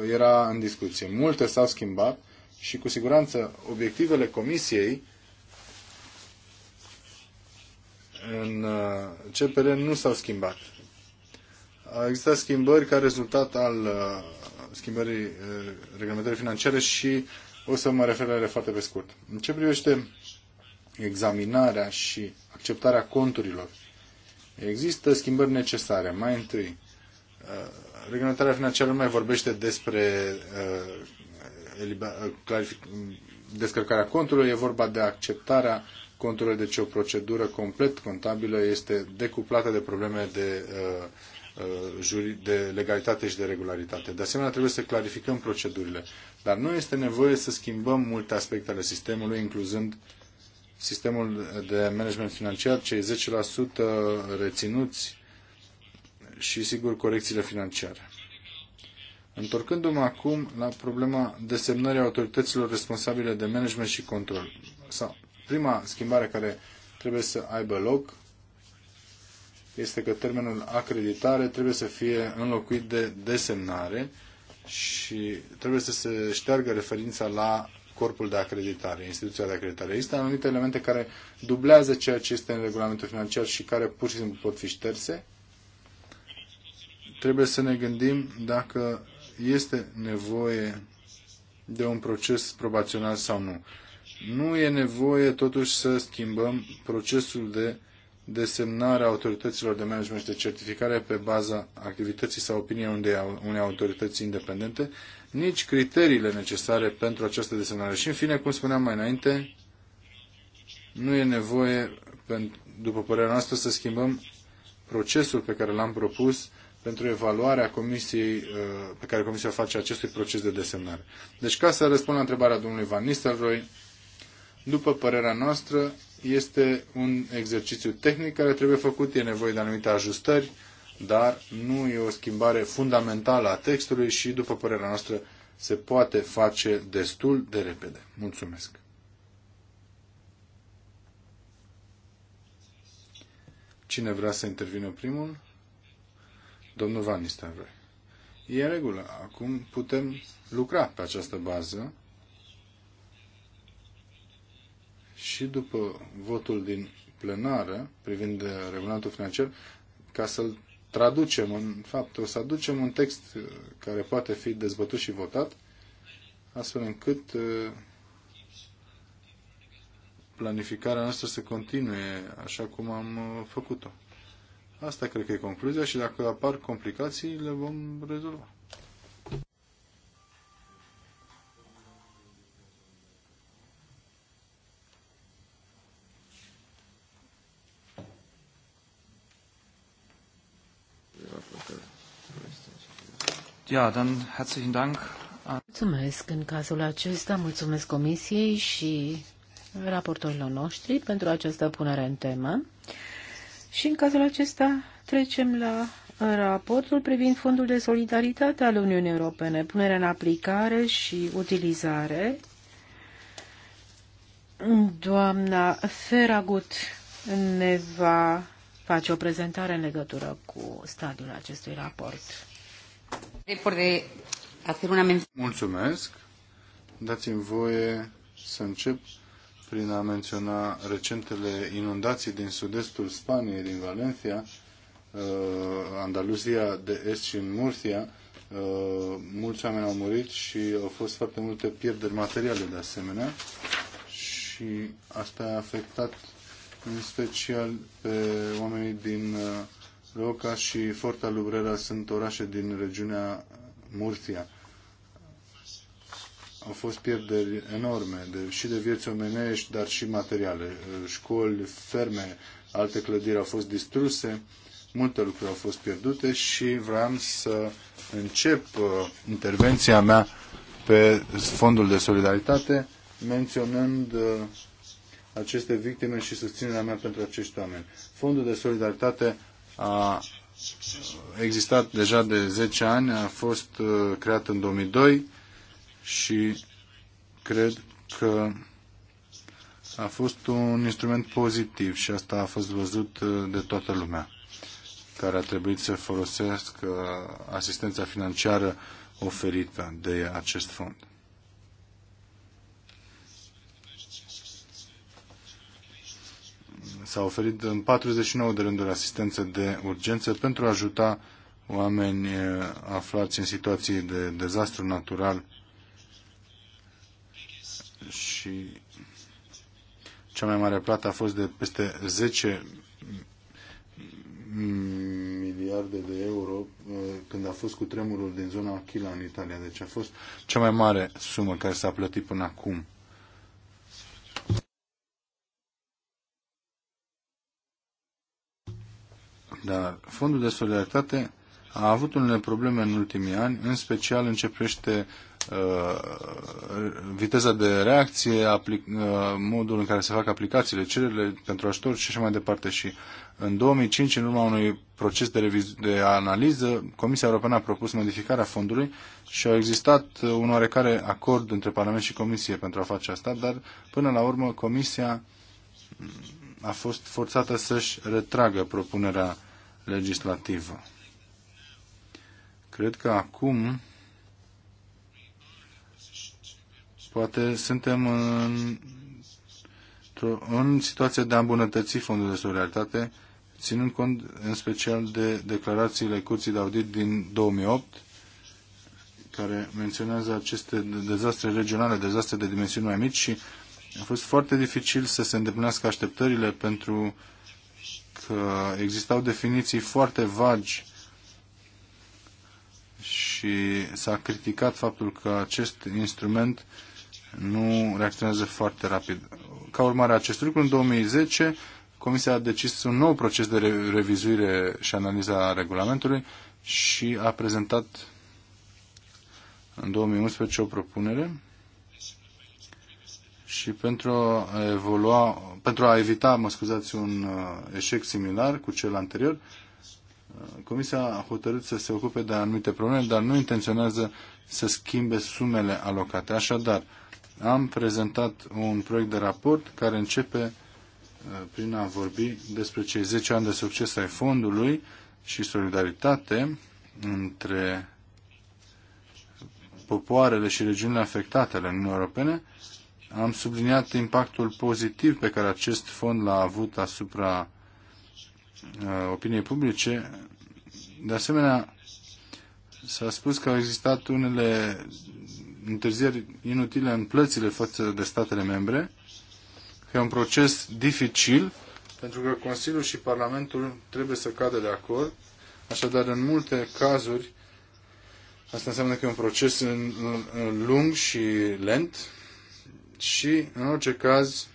era în discuție. Multe s-au schimbat și cu siguranță obiectivele comisiei în uh, CPR nu s-au schimbat. Au existat schimbări ca rezultat al uh, schimbării uh, reglementării financiare și o să mă refer la ele foarte pe scurt. În ce privește examinarea și acceptarea conturilor, există schimbări necesare. Mai întâi, Uh, reglementarea financiară nu mai vorbește despre uh, uh, descărcarea conturilor, e vorba de acceptarea conturilor, deci o procedură complet contabilă este decuplată de probleme de, de legalitate și de regularitate. De asemenea, trebuie să clarificăm procedurile. Dar nu este nevoie să schimbăm multe aspecte ale sistemului, incluzând sistemul de management financiar, cei 10% reținuți și, sigur, corecțiile financiare. Întorcându-mă acum la problema desemnării autorităților responsabile de management și control. Sau, prima schimbare care trebuie să aibă loc este că termenul acreditare trebuie să fie înlocuit de desemnare și trebuie să se șteargă referința la corpul de acreditare, instituția de acreditare. Există anumite elemente care dublează ceea ce este în regulamentul financiar și care pur și simplu pot fi șterse trebuie să ne gândim dacă este nevoie de un proces probațional sau nu. Nu e nevoie totuși să schimbăm procesul de desemnare a autorităților de management și de certificare pe baza activității sau opiniei unei autorități independente, nici criteriile necesare pentru această desemnare. Și în fine, cum spuneam mai înainte, nu e nevoie, după părerea noastră, să schimbăm procesul pe care l-am propus pentru evaluarea comisiei uh, pe care comisia o face acestui proces de desemnare. Deci, ca să răspund la întrebarea domnului Van Nistelrooy, după părerea noastră, este un exercițiu tehnic care trebuie făcut, e nevoie de anumite ajustări, dar nu e o schimbare fundamentală a textului și, după părerea noastră, se poate face destul de repede. Mulțumesc! Cine vrea să intervină primul? Domnul Van Nistelrooy. E în regulă. Acum putem lucra pe această bază și după votul din plenară privind regulamentul financiar, ca să-l traducem în fapt, o să aducem un text uh, care poate fi dezbătut și votat, astfel încât uh, planificarea noastră să continue așa cum am uh, făcut-o. Asta cred că e concluzia și dacă apar complicații, le vom rezolva. Ja, dann herzlichen Dank. Mulțumesc în cazul acesta, mulțumesc Comisiei și raportorilor noștri pentru această punere în temă. Și în cazul acesta trecem la raportul privind Fondul de Solidaritate al Uniunii Europene, punerea în aplicare și utilizare. Doamna Feragut ne va face o prezentare în legătură cu stadiul acestui raport. Mulțumesc. Dați-mi voie să încep prin a menționa recentele inundații din sud-estul Spaniei, din Valencia, uh, Andaluzia de Est și în Murcia. Uh, mulți oameni au murit și au fost foarte multe pierderi materiale de asemenea și asta a afectat în special pe oamenii din uh, Roca și Forta Lubrera sunt orașe din regiunea Murcia au fost pierderi enorme de, și de vieți omenești, dar și materiale. Școli, ferme, alte clădiri au fost distruse, multe lucruri au fost pierdute și vreau să încep uh, intervenția mea pe fondul de solidaritate menționând uh, aceste victime și susținerea mea pentru acești oameni. Fondul de solidaritate a existat deja de 10 ani, a fost uh, creat în 2002 și cred că a fost un instrument pozitiv și asta a fost văzut uh, de toată lumea care a trebuit să folosească asistența financiară oferită de acest fond. S-a oferit în 49 de rânduri asistență de urgență pentru a ajuta oameni uh, aflați în situații de dezastru natural și cea mai mare plată a fost de peste 10 miliarde de euro uh, când a fost cu tremurul din zona Achila în Italia. Deci a fost cea mai mare sumă care s-a plătit până acum. Dar fondul de solidaritate a avut unele probleme în ultimii ani, în special începește uh, viteza de reacție, aplic, uh, modul în care se fac aplicațiile, cererile pentru ajutor și așa mai departe. Și în 2005, în urma unui proces de, reviz- de analiză, Comisia Europeană a propus modificarea fondului și a existat un oarecare acord între Parlament și Comisie pentru a face asta, dar până la urmă Comisia a fost forțată să-și retragă propunerea legislativă. Cred că acum poate suntem în, în situația de a îmbunătăți fondul de solidaritate, ținând cont în special de declarațiile Curții de Audit din 2008, care menționează aceste dezastre regionale, dezastre de dimensiuni mai mici și a fost foarte dificil să se îndeplinească așteptările pentru că existau definiții foarte vagi și s-a criticat faptul că acest instrument nu reacționează foarte rapid. Ca urmare a acestui lucru, în 2010, Comisia a decis un nou proces de revizuire și analiza a regulamentului și a prezentat în 2011 o propunere și pentru a, evolua, pentru a evita, mă scuzați, un uh, eșec similar cu cel anterior, Comisia a hotărât să se ocupe de anumite probleme, dar nu intenționează să schimbe sumele alocate. Așadar, am prezentat un proiect de raport care începe uh, prin a vorbi despre cei 10 ani de succes ai fondului și solidaritate între popoarele și regiunile afectate ale Uniunii Europene, am subliniat impactul pozitiv pe care acest fond l-a avut asupra Uh, opiniei publice. De asemenea, s-a spus că au existat unele întârzieri inutile în plățile față de statele membre, că e un proces dificil, pentru că Consiliul și Parlamentul trebuie să cadă de acord. Așadar, în multe cazuri, asta înseamnă că e un proces în, în lung și lent și, în orice caz,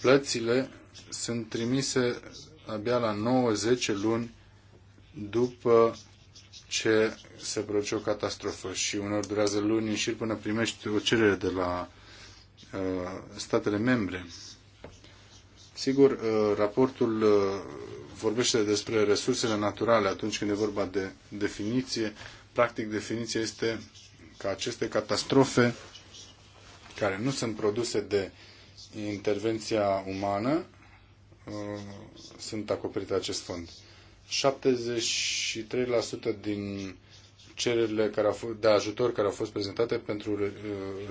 plățile sunt trimise abia la 9-10 luni după ce se produce o catastrofă și unor durează luni și până primești o cerere de la uh, statele membre. Sigur, uh, raportul uh, vorbește despre resursele naturale atunci când e vorba de definiție. Practic, definiția este că aceste catastrofe care nu sunt produse de intervenția umană Uh, sunt acoperite acest fond. 73% din cererile care au fost, de ajutor care au fost prezentate pentru, uh,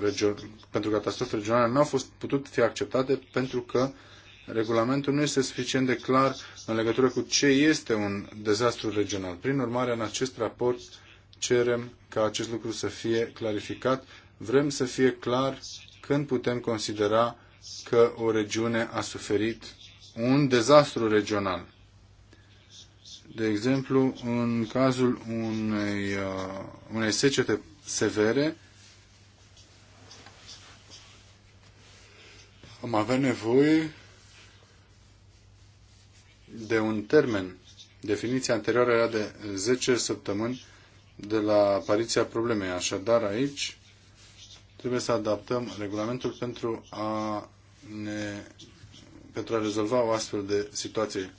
regio, pentru catastrofe regionale nu au fost putut fi acceptate pentru că regulamentul nu este suficient de clar în legătură cu ce este un dezastru regional. Prin urmare, în acest raport cerem ca acest lucru să fie clarificat. Vrem să fie clar când putem considera că o regiune a suferit un dezastru regional. De exemplu, în cazul unei, uh, unei secete severe, am avea nevoie de un termen. Definiția anterioară era de 10 săptămâni de la apariția problemei. Așadar, aici trebuie să adaptăm regulamentul pentru a ne pentru a rezolva o astfel de situație.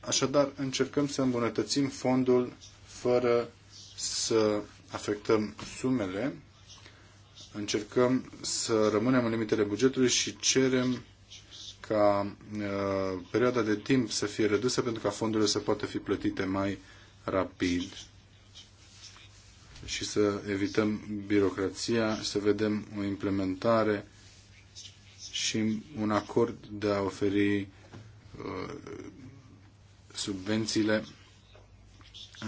Așadar, încercăm să îmbunătățim fondul fără să afectăm sumele, încercăm să rămânem în limitele bugetului și cerem ca uh, perioada de timp să fie redusă pentru ca fondurile să poată fi plătite mai rapid și să evităm birocrația să vedem o implementare și un acord de a oferi uh, subvențiile.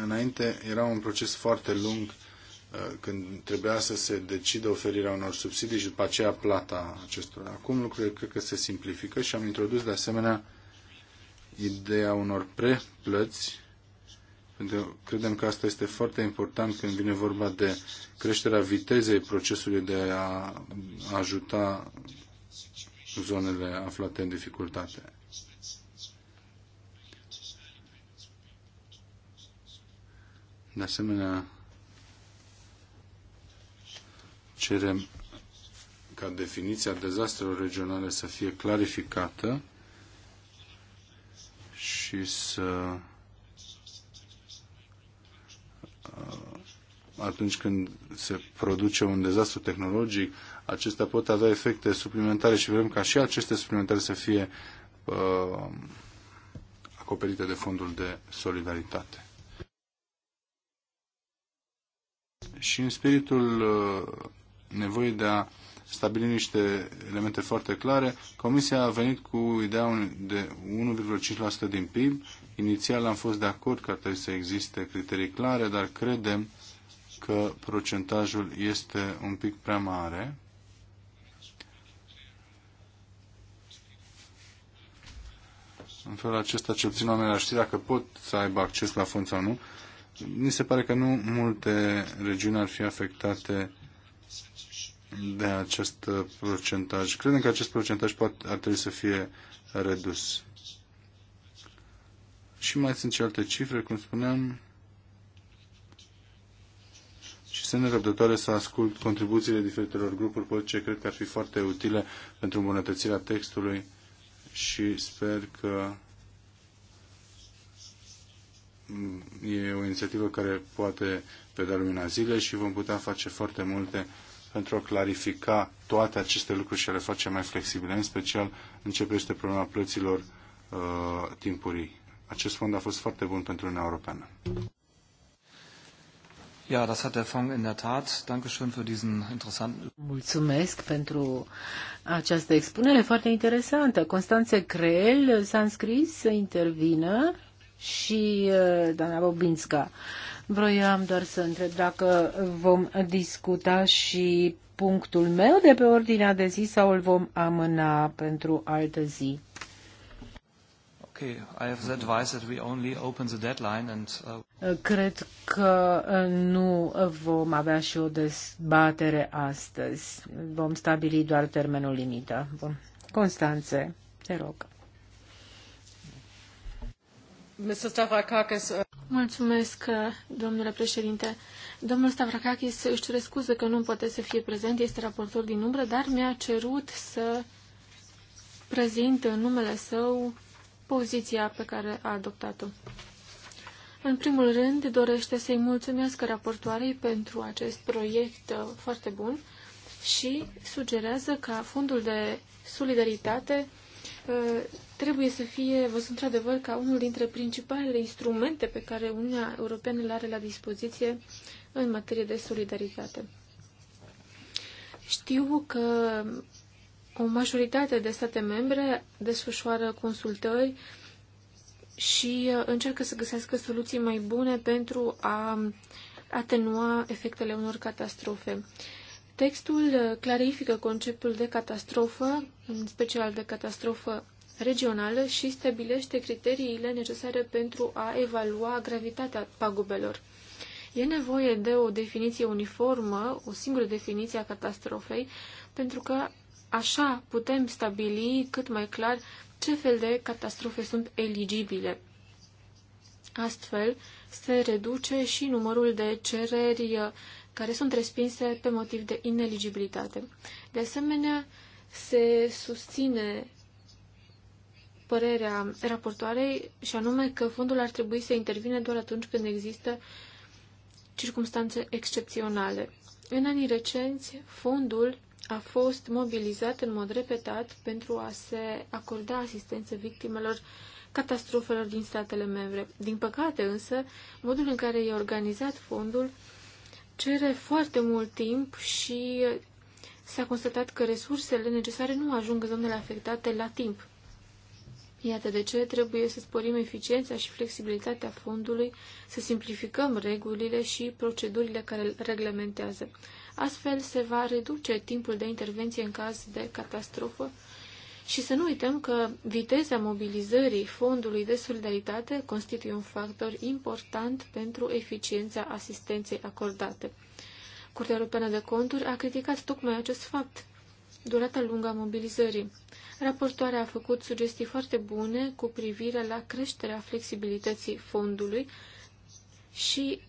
Înainte era un proces foarte lung uh, când trebuia să se decidă oferirea unor subsidii și după aceea plata acestora. Acum lucrurile cred că se simplifică și am introdus de asemenea ideea unor preplăți pentru că credem că asta este foarte important când vine vorba de creșterea vitezei procesului de a ajuta zonele aflate în dificultate. De asemenea, cerem ca definiția dezastrelor regionale să fie clarificată și să uh, atunci când se produce un dezastru tehnologic, acestea pot avea efecte suplimentare și vrem ca și aceste suplimentare să fie uh, acoperite de fondul de solidaritate. Și în spiritul uh, nevoii de a stabili niște elemente foarte clare, Comisia a venit cu ideea de 1,5% din PIB. Inițial am fost de acord că ar trebui să existe criterii clare, dar credem că procentajul este un pic prea mare În felul acesta, cel puțin oamenii ar ști dacă pot să aibă acces la fond sau nu. Mi se pare că nu multe regiuni ar fi afectate de acest procentaj. Credem că acest procentaj poate, ar trebui să fie redus. Și mai sunt și alte cifre, cum spuneam, și sunt nerăbdătoare să ascult contribuțiile diferitelor grupuri politice. Cred că ar fi foarte utile pentru îmbunătățirea textului și sper că e o inițiativă care poate pe de lumina zile și vom putea face foarte multe pentru a clarifica toate aceste lucruri și a le face mai flexibile, în special în ce privește problema plăților uh, timpurii. Acest fond a fost foarte bun pentru Uniunea Europeană. Ja, das hat der in der Tat. Dankeschön für diesen interessanten. Mulțumesc pentru această expunere foarte interesantă. Constanțe Creel s-a înscris să intervină și uh, doamna Bobinska. Vroiam doar să întreb dacă vom discuta și punctul meu de pe ordinea de zi sau îl vom amâna pentru altă zi. Okay, IFZ that we only open the deadline and... Uh... Cred că uh, nu vom avea și o dezbatere astăzi. Vom stabili doar termenul limită. Bun. Constanțe, te rog. Uh, Mulțumesc, uh, domnule președinte. Domnul Stavrakakis își cere scuze că nu poate să fie prezent, este raportor din umbră, dar mi-a cerut să prezint în numele său poziția pe care a adoptat-o. În primul rând, dorește să-i mulțumesc raportoarei pentru acest proiect uh, foarte bun și sugerează ca fondul de solidaritate uh, trebuie să fie văzut într-adevăr ca unul dintre principalele instrumente pe care Uniunea Europeană le are la dispoziție în materie de solidaritate. Știu că o majoritate de state membre desfășoară consultări și uh, încearcă să găsească soluții mai bune pentru a atenua efectele unor catastrofe. Textul uh, clarifică conceptul de catastrofă, în special de catastrofă regională, și stabilește criteriile necesare pentru a evalua gravitatea pagubelor. E nevoie de o definiție uniformă, o singură definiție a catastrofei, pentru că Așa putem stabili cât mai clar ce fel de catastrofe sunt eligibile. Astfel, se reduce și numărul de cereri care sunt respinse pe motiv de ineligibilitate. De asemenea, se susține părerea raportoarei și anume că fondul ar trebui să intervine doar atunci când există circumstanțe excepționale. În anii recenți, fondul a fost mobilizat în mod repetat pentru a se acorda asistență victimelor catastrofelor din statele membre. Din păcate însă, modul în care e organizat fondul cere foarte mult timp și s-a constatat că resursele necesare nu ajung în zonele afectate la timp. Iată de ce trebuie să sporim eficiența și flexibilitatea fondului, să simplificăm regulile și procedurile care îl reglementează. Astfel se va reduce timpul de intervenție în caz de catastrofă și să nu uităm că viteza mobilizării Fondului de Solidaritate constituie un factor important pentru eficiența asistenței acordate. Curtea Europeană de Conturi a criticat tocmai acest fapt, durata lungă a mobilizării. Raportoarea a făcut sugestii foarte bune cu privire la creșterea flexibilității fondului și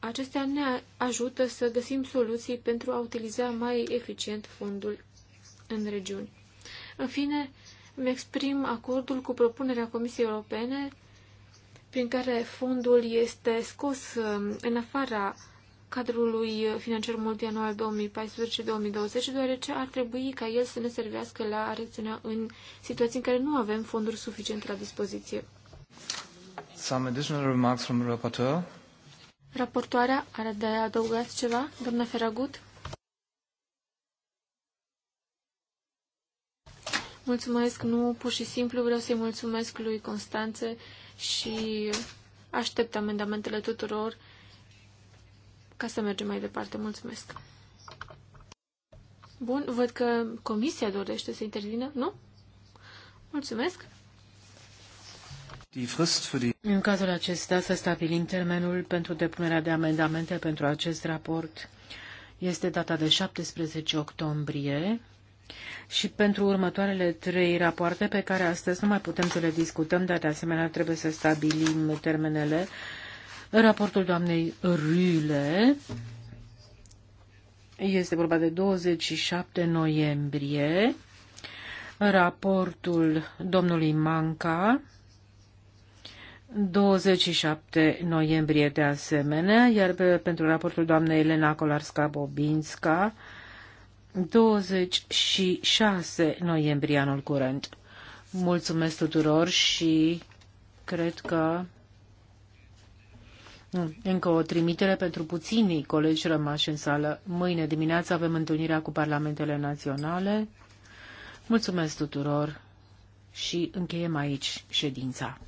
Acestea ne ajută să găsim soluții pentru a utiliza mai eficient fondul în regiuni. În fine, îmi exprim acordul cu propunerea Comisiei Europene prin care fondul este scos um, în afara cadrului financiar multianual 2014-2020, deoarece ar trebui ca el să ne servească la a reacționa în situații în care nu avem fonduri suficiente la dispoziție. Some additional remarks from the rapporteur. Raportoarea are de adăugat ceva, doamna Feragut? Mulțumesc, nu pur și simplu vreau să-i mulțumesc lui Constanțe și aștept amendamentele tuturor ca să mergem mai departe. Mulțumesc. Bun, văd că comisia dorește să intervină, nu? Mulțumesc. În cazul acesta să stabilim termenul pentru depunerea de amendamente pentru acest raport. Este data de 17 octombrie și pentru următoarele trei rapoarte pe care astăzi nu mai putem să le discutăm, dar de asemenea trebuie să stabilim termenele. Raportul doamnei Rüle este vorba de 27 noiembrie. Raportul domnului Manca 27 noiembrie de asemenea, iar pe, pentru raportul doamnei Elena Kolarska-Bobinska, 26 noiembrie anul curent. Mulțumesc tuturor și cred că încă o trimitere pentru puținii colegi rămași în sală. Mâine dimineață avem întâlnirea cu parlamentele naționale. Mulțumesc tuturor și încheiem aici ședința.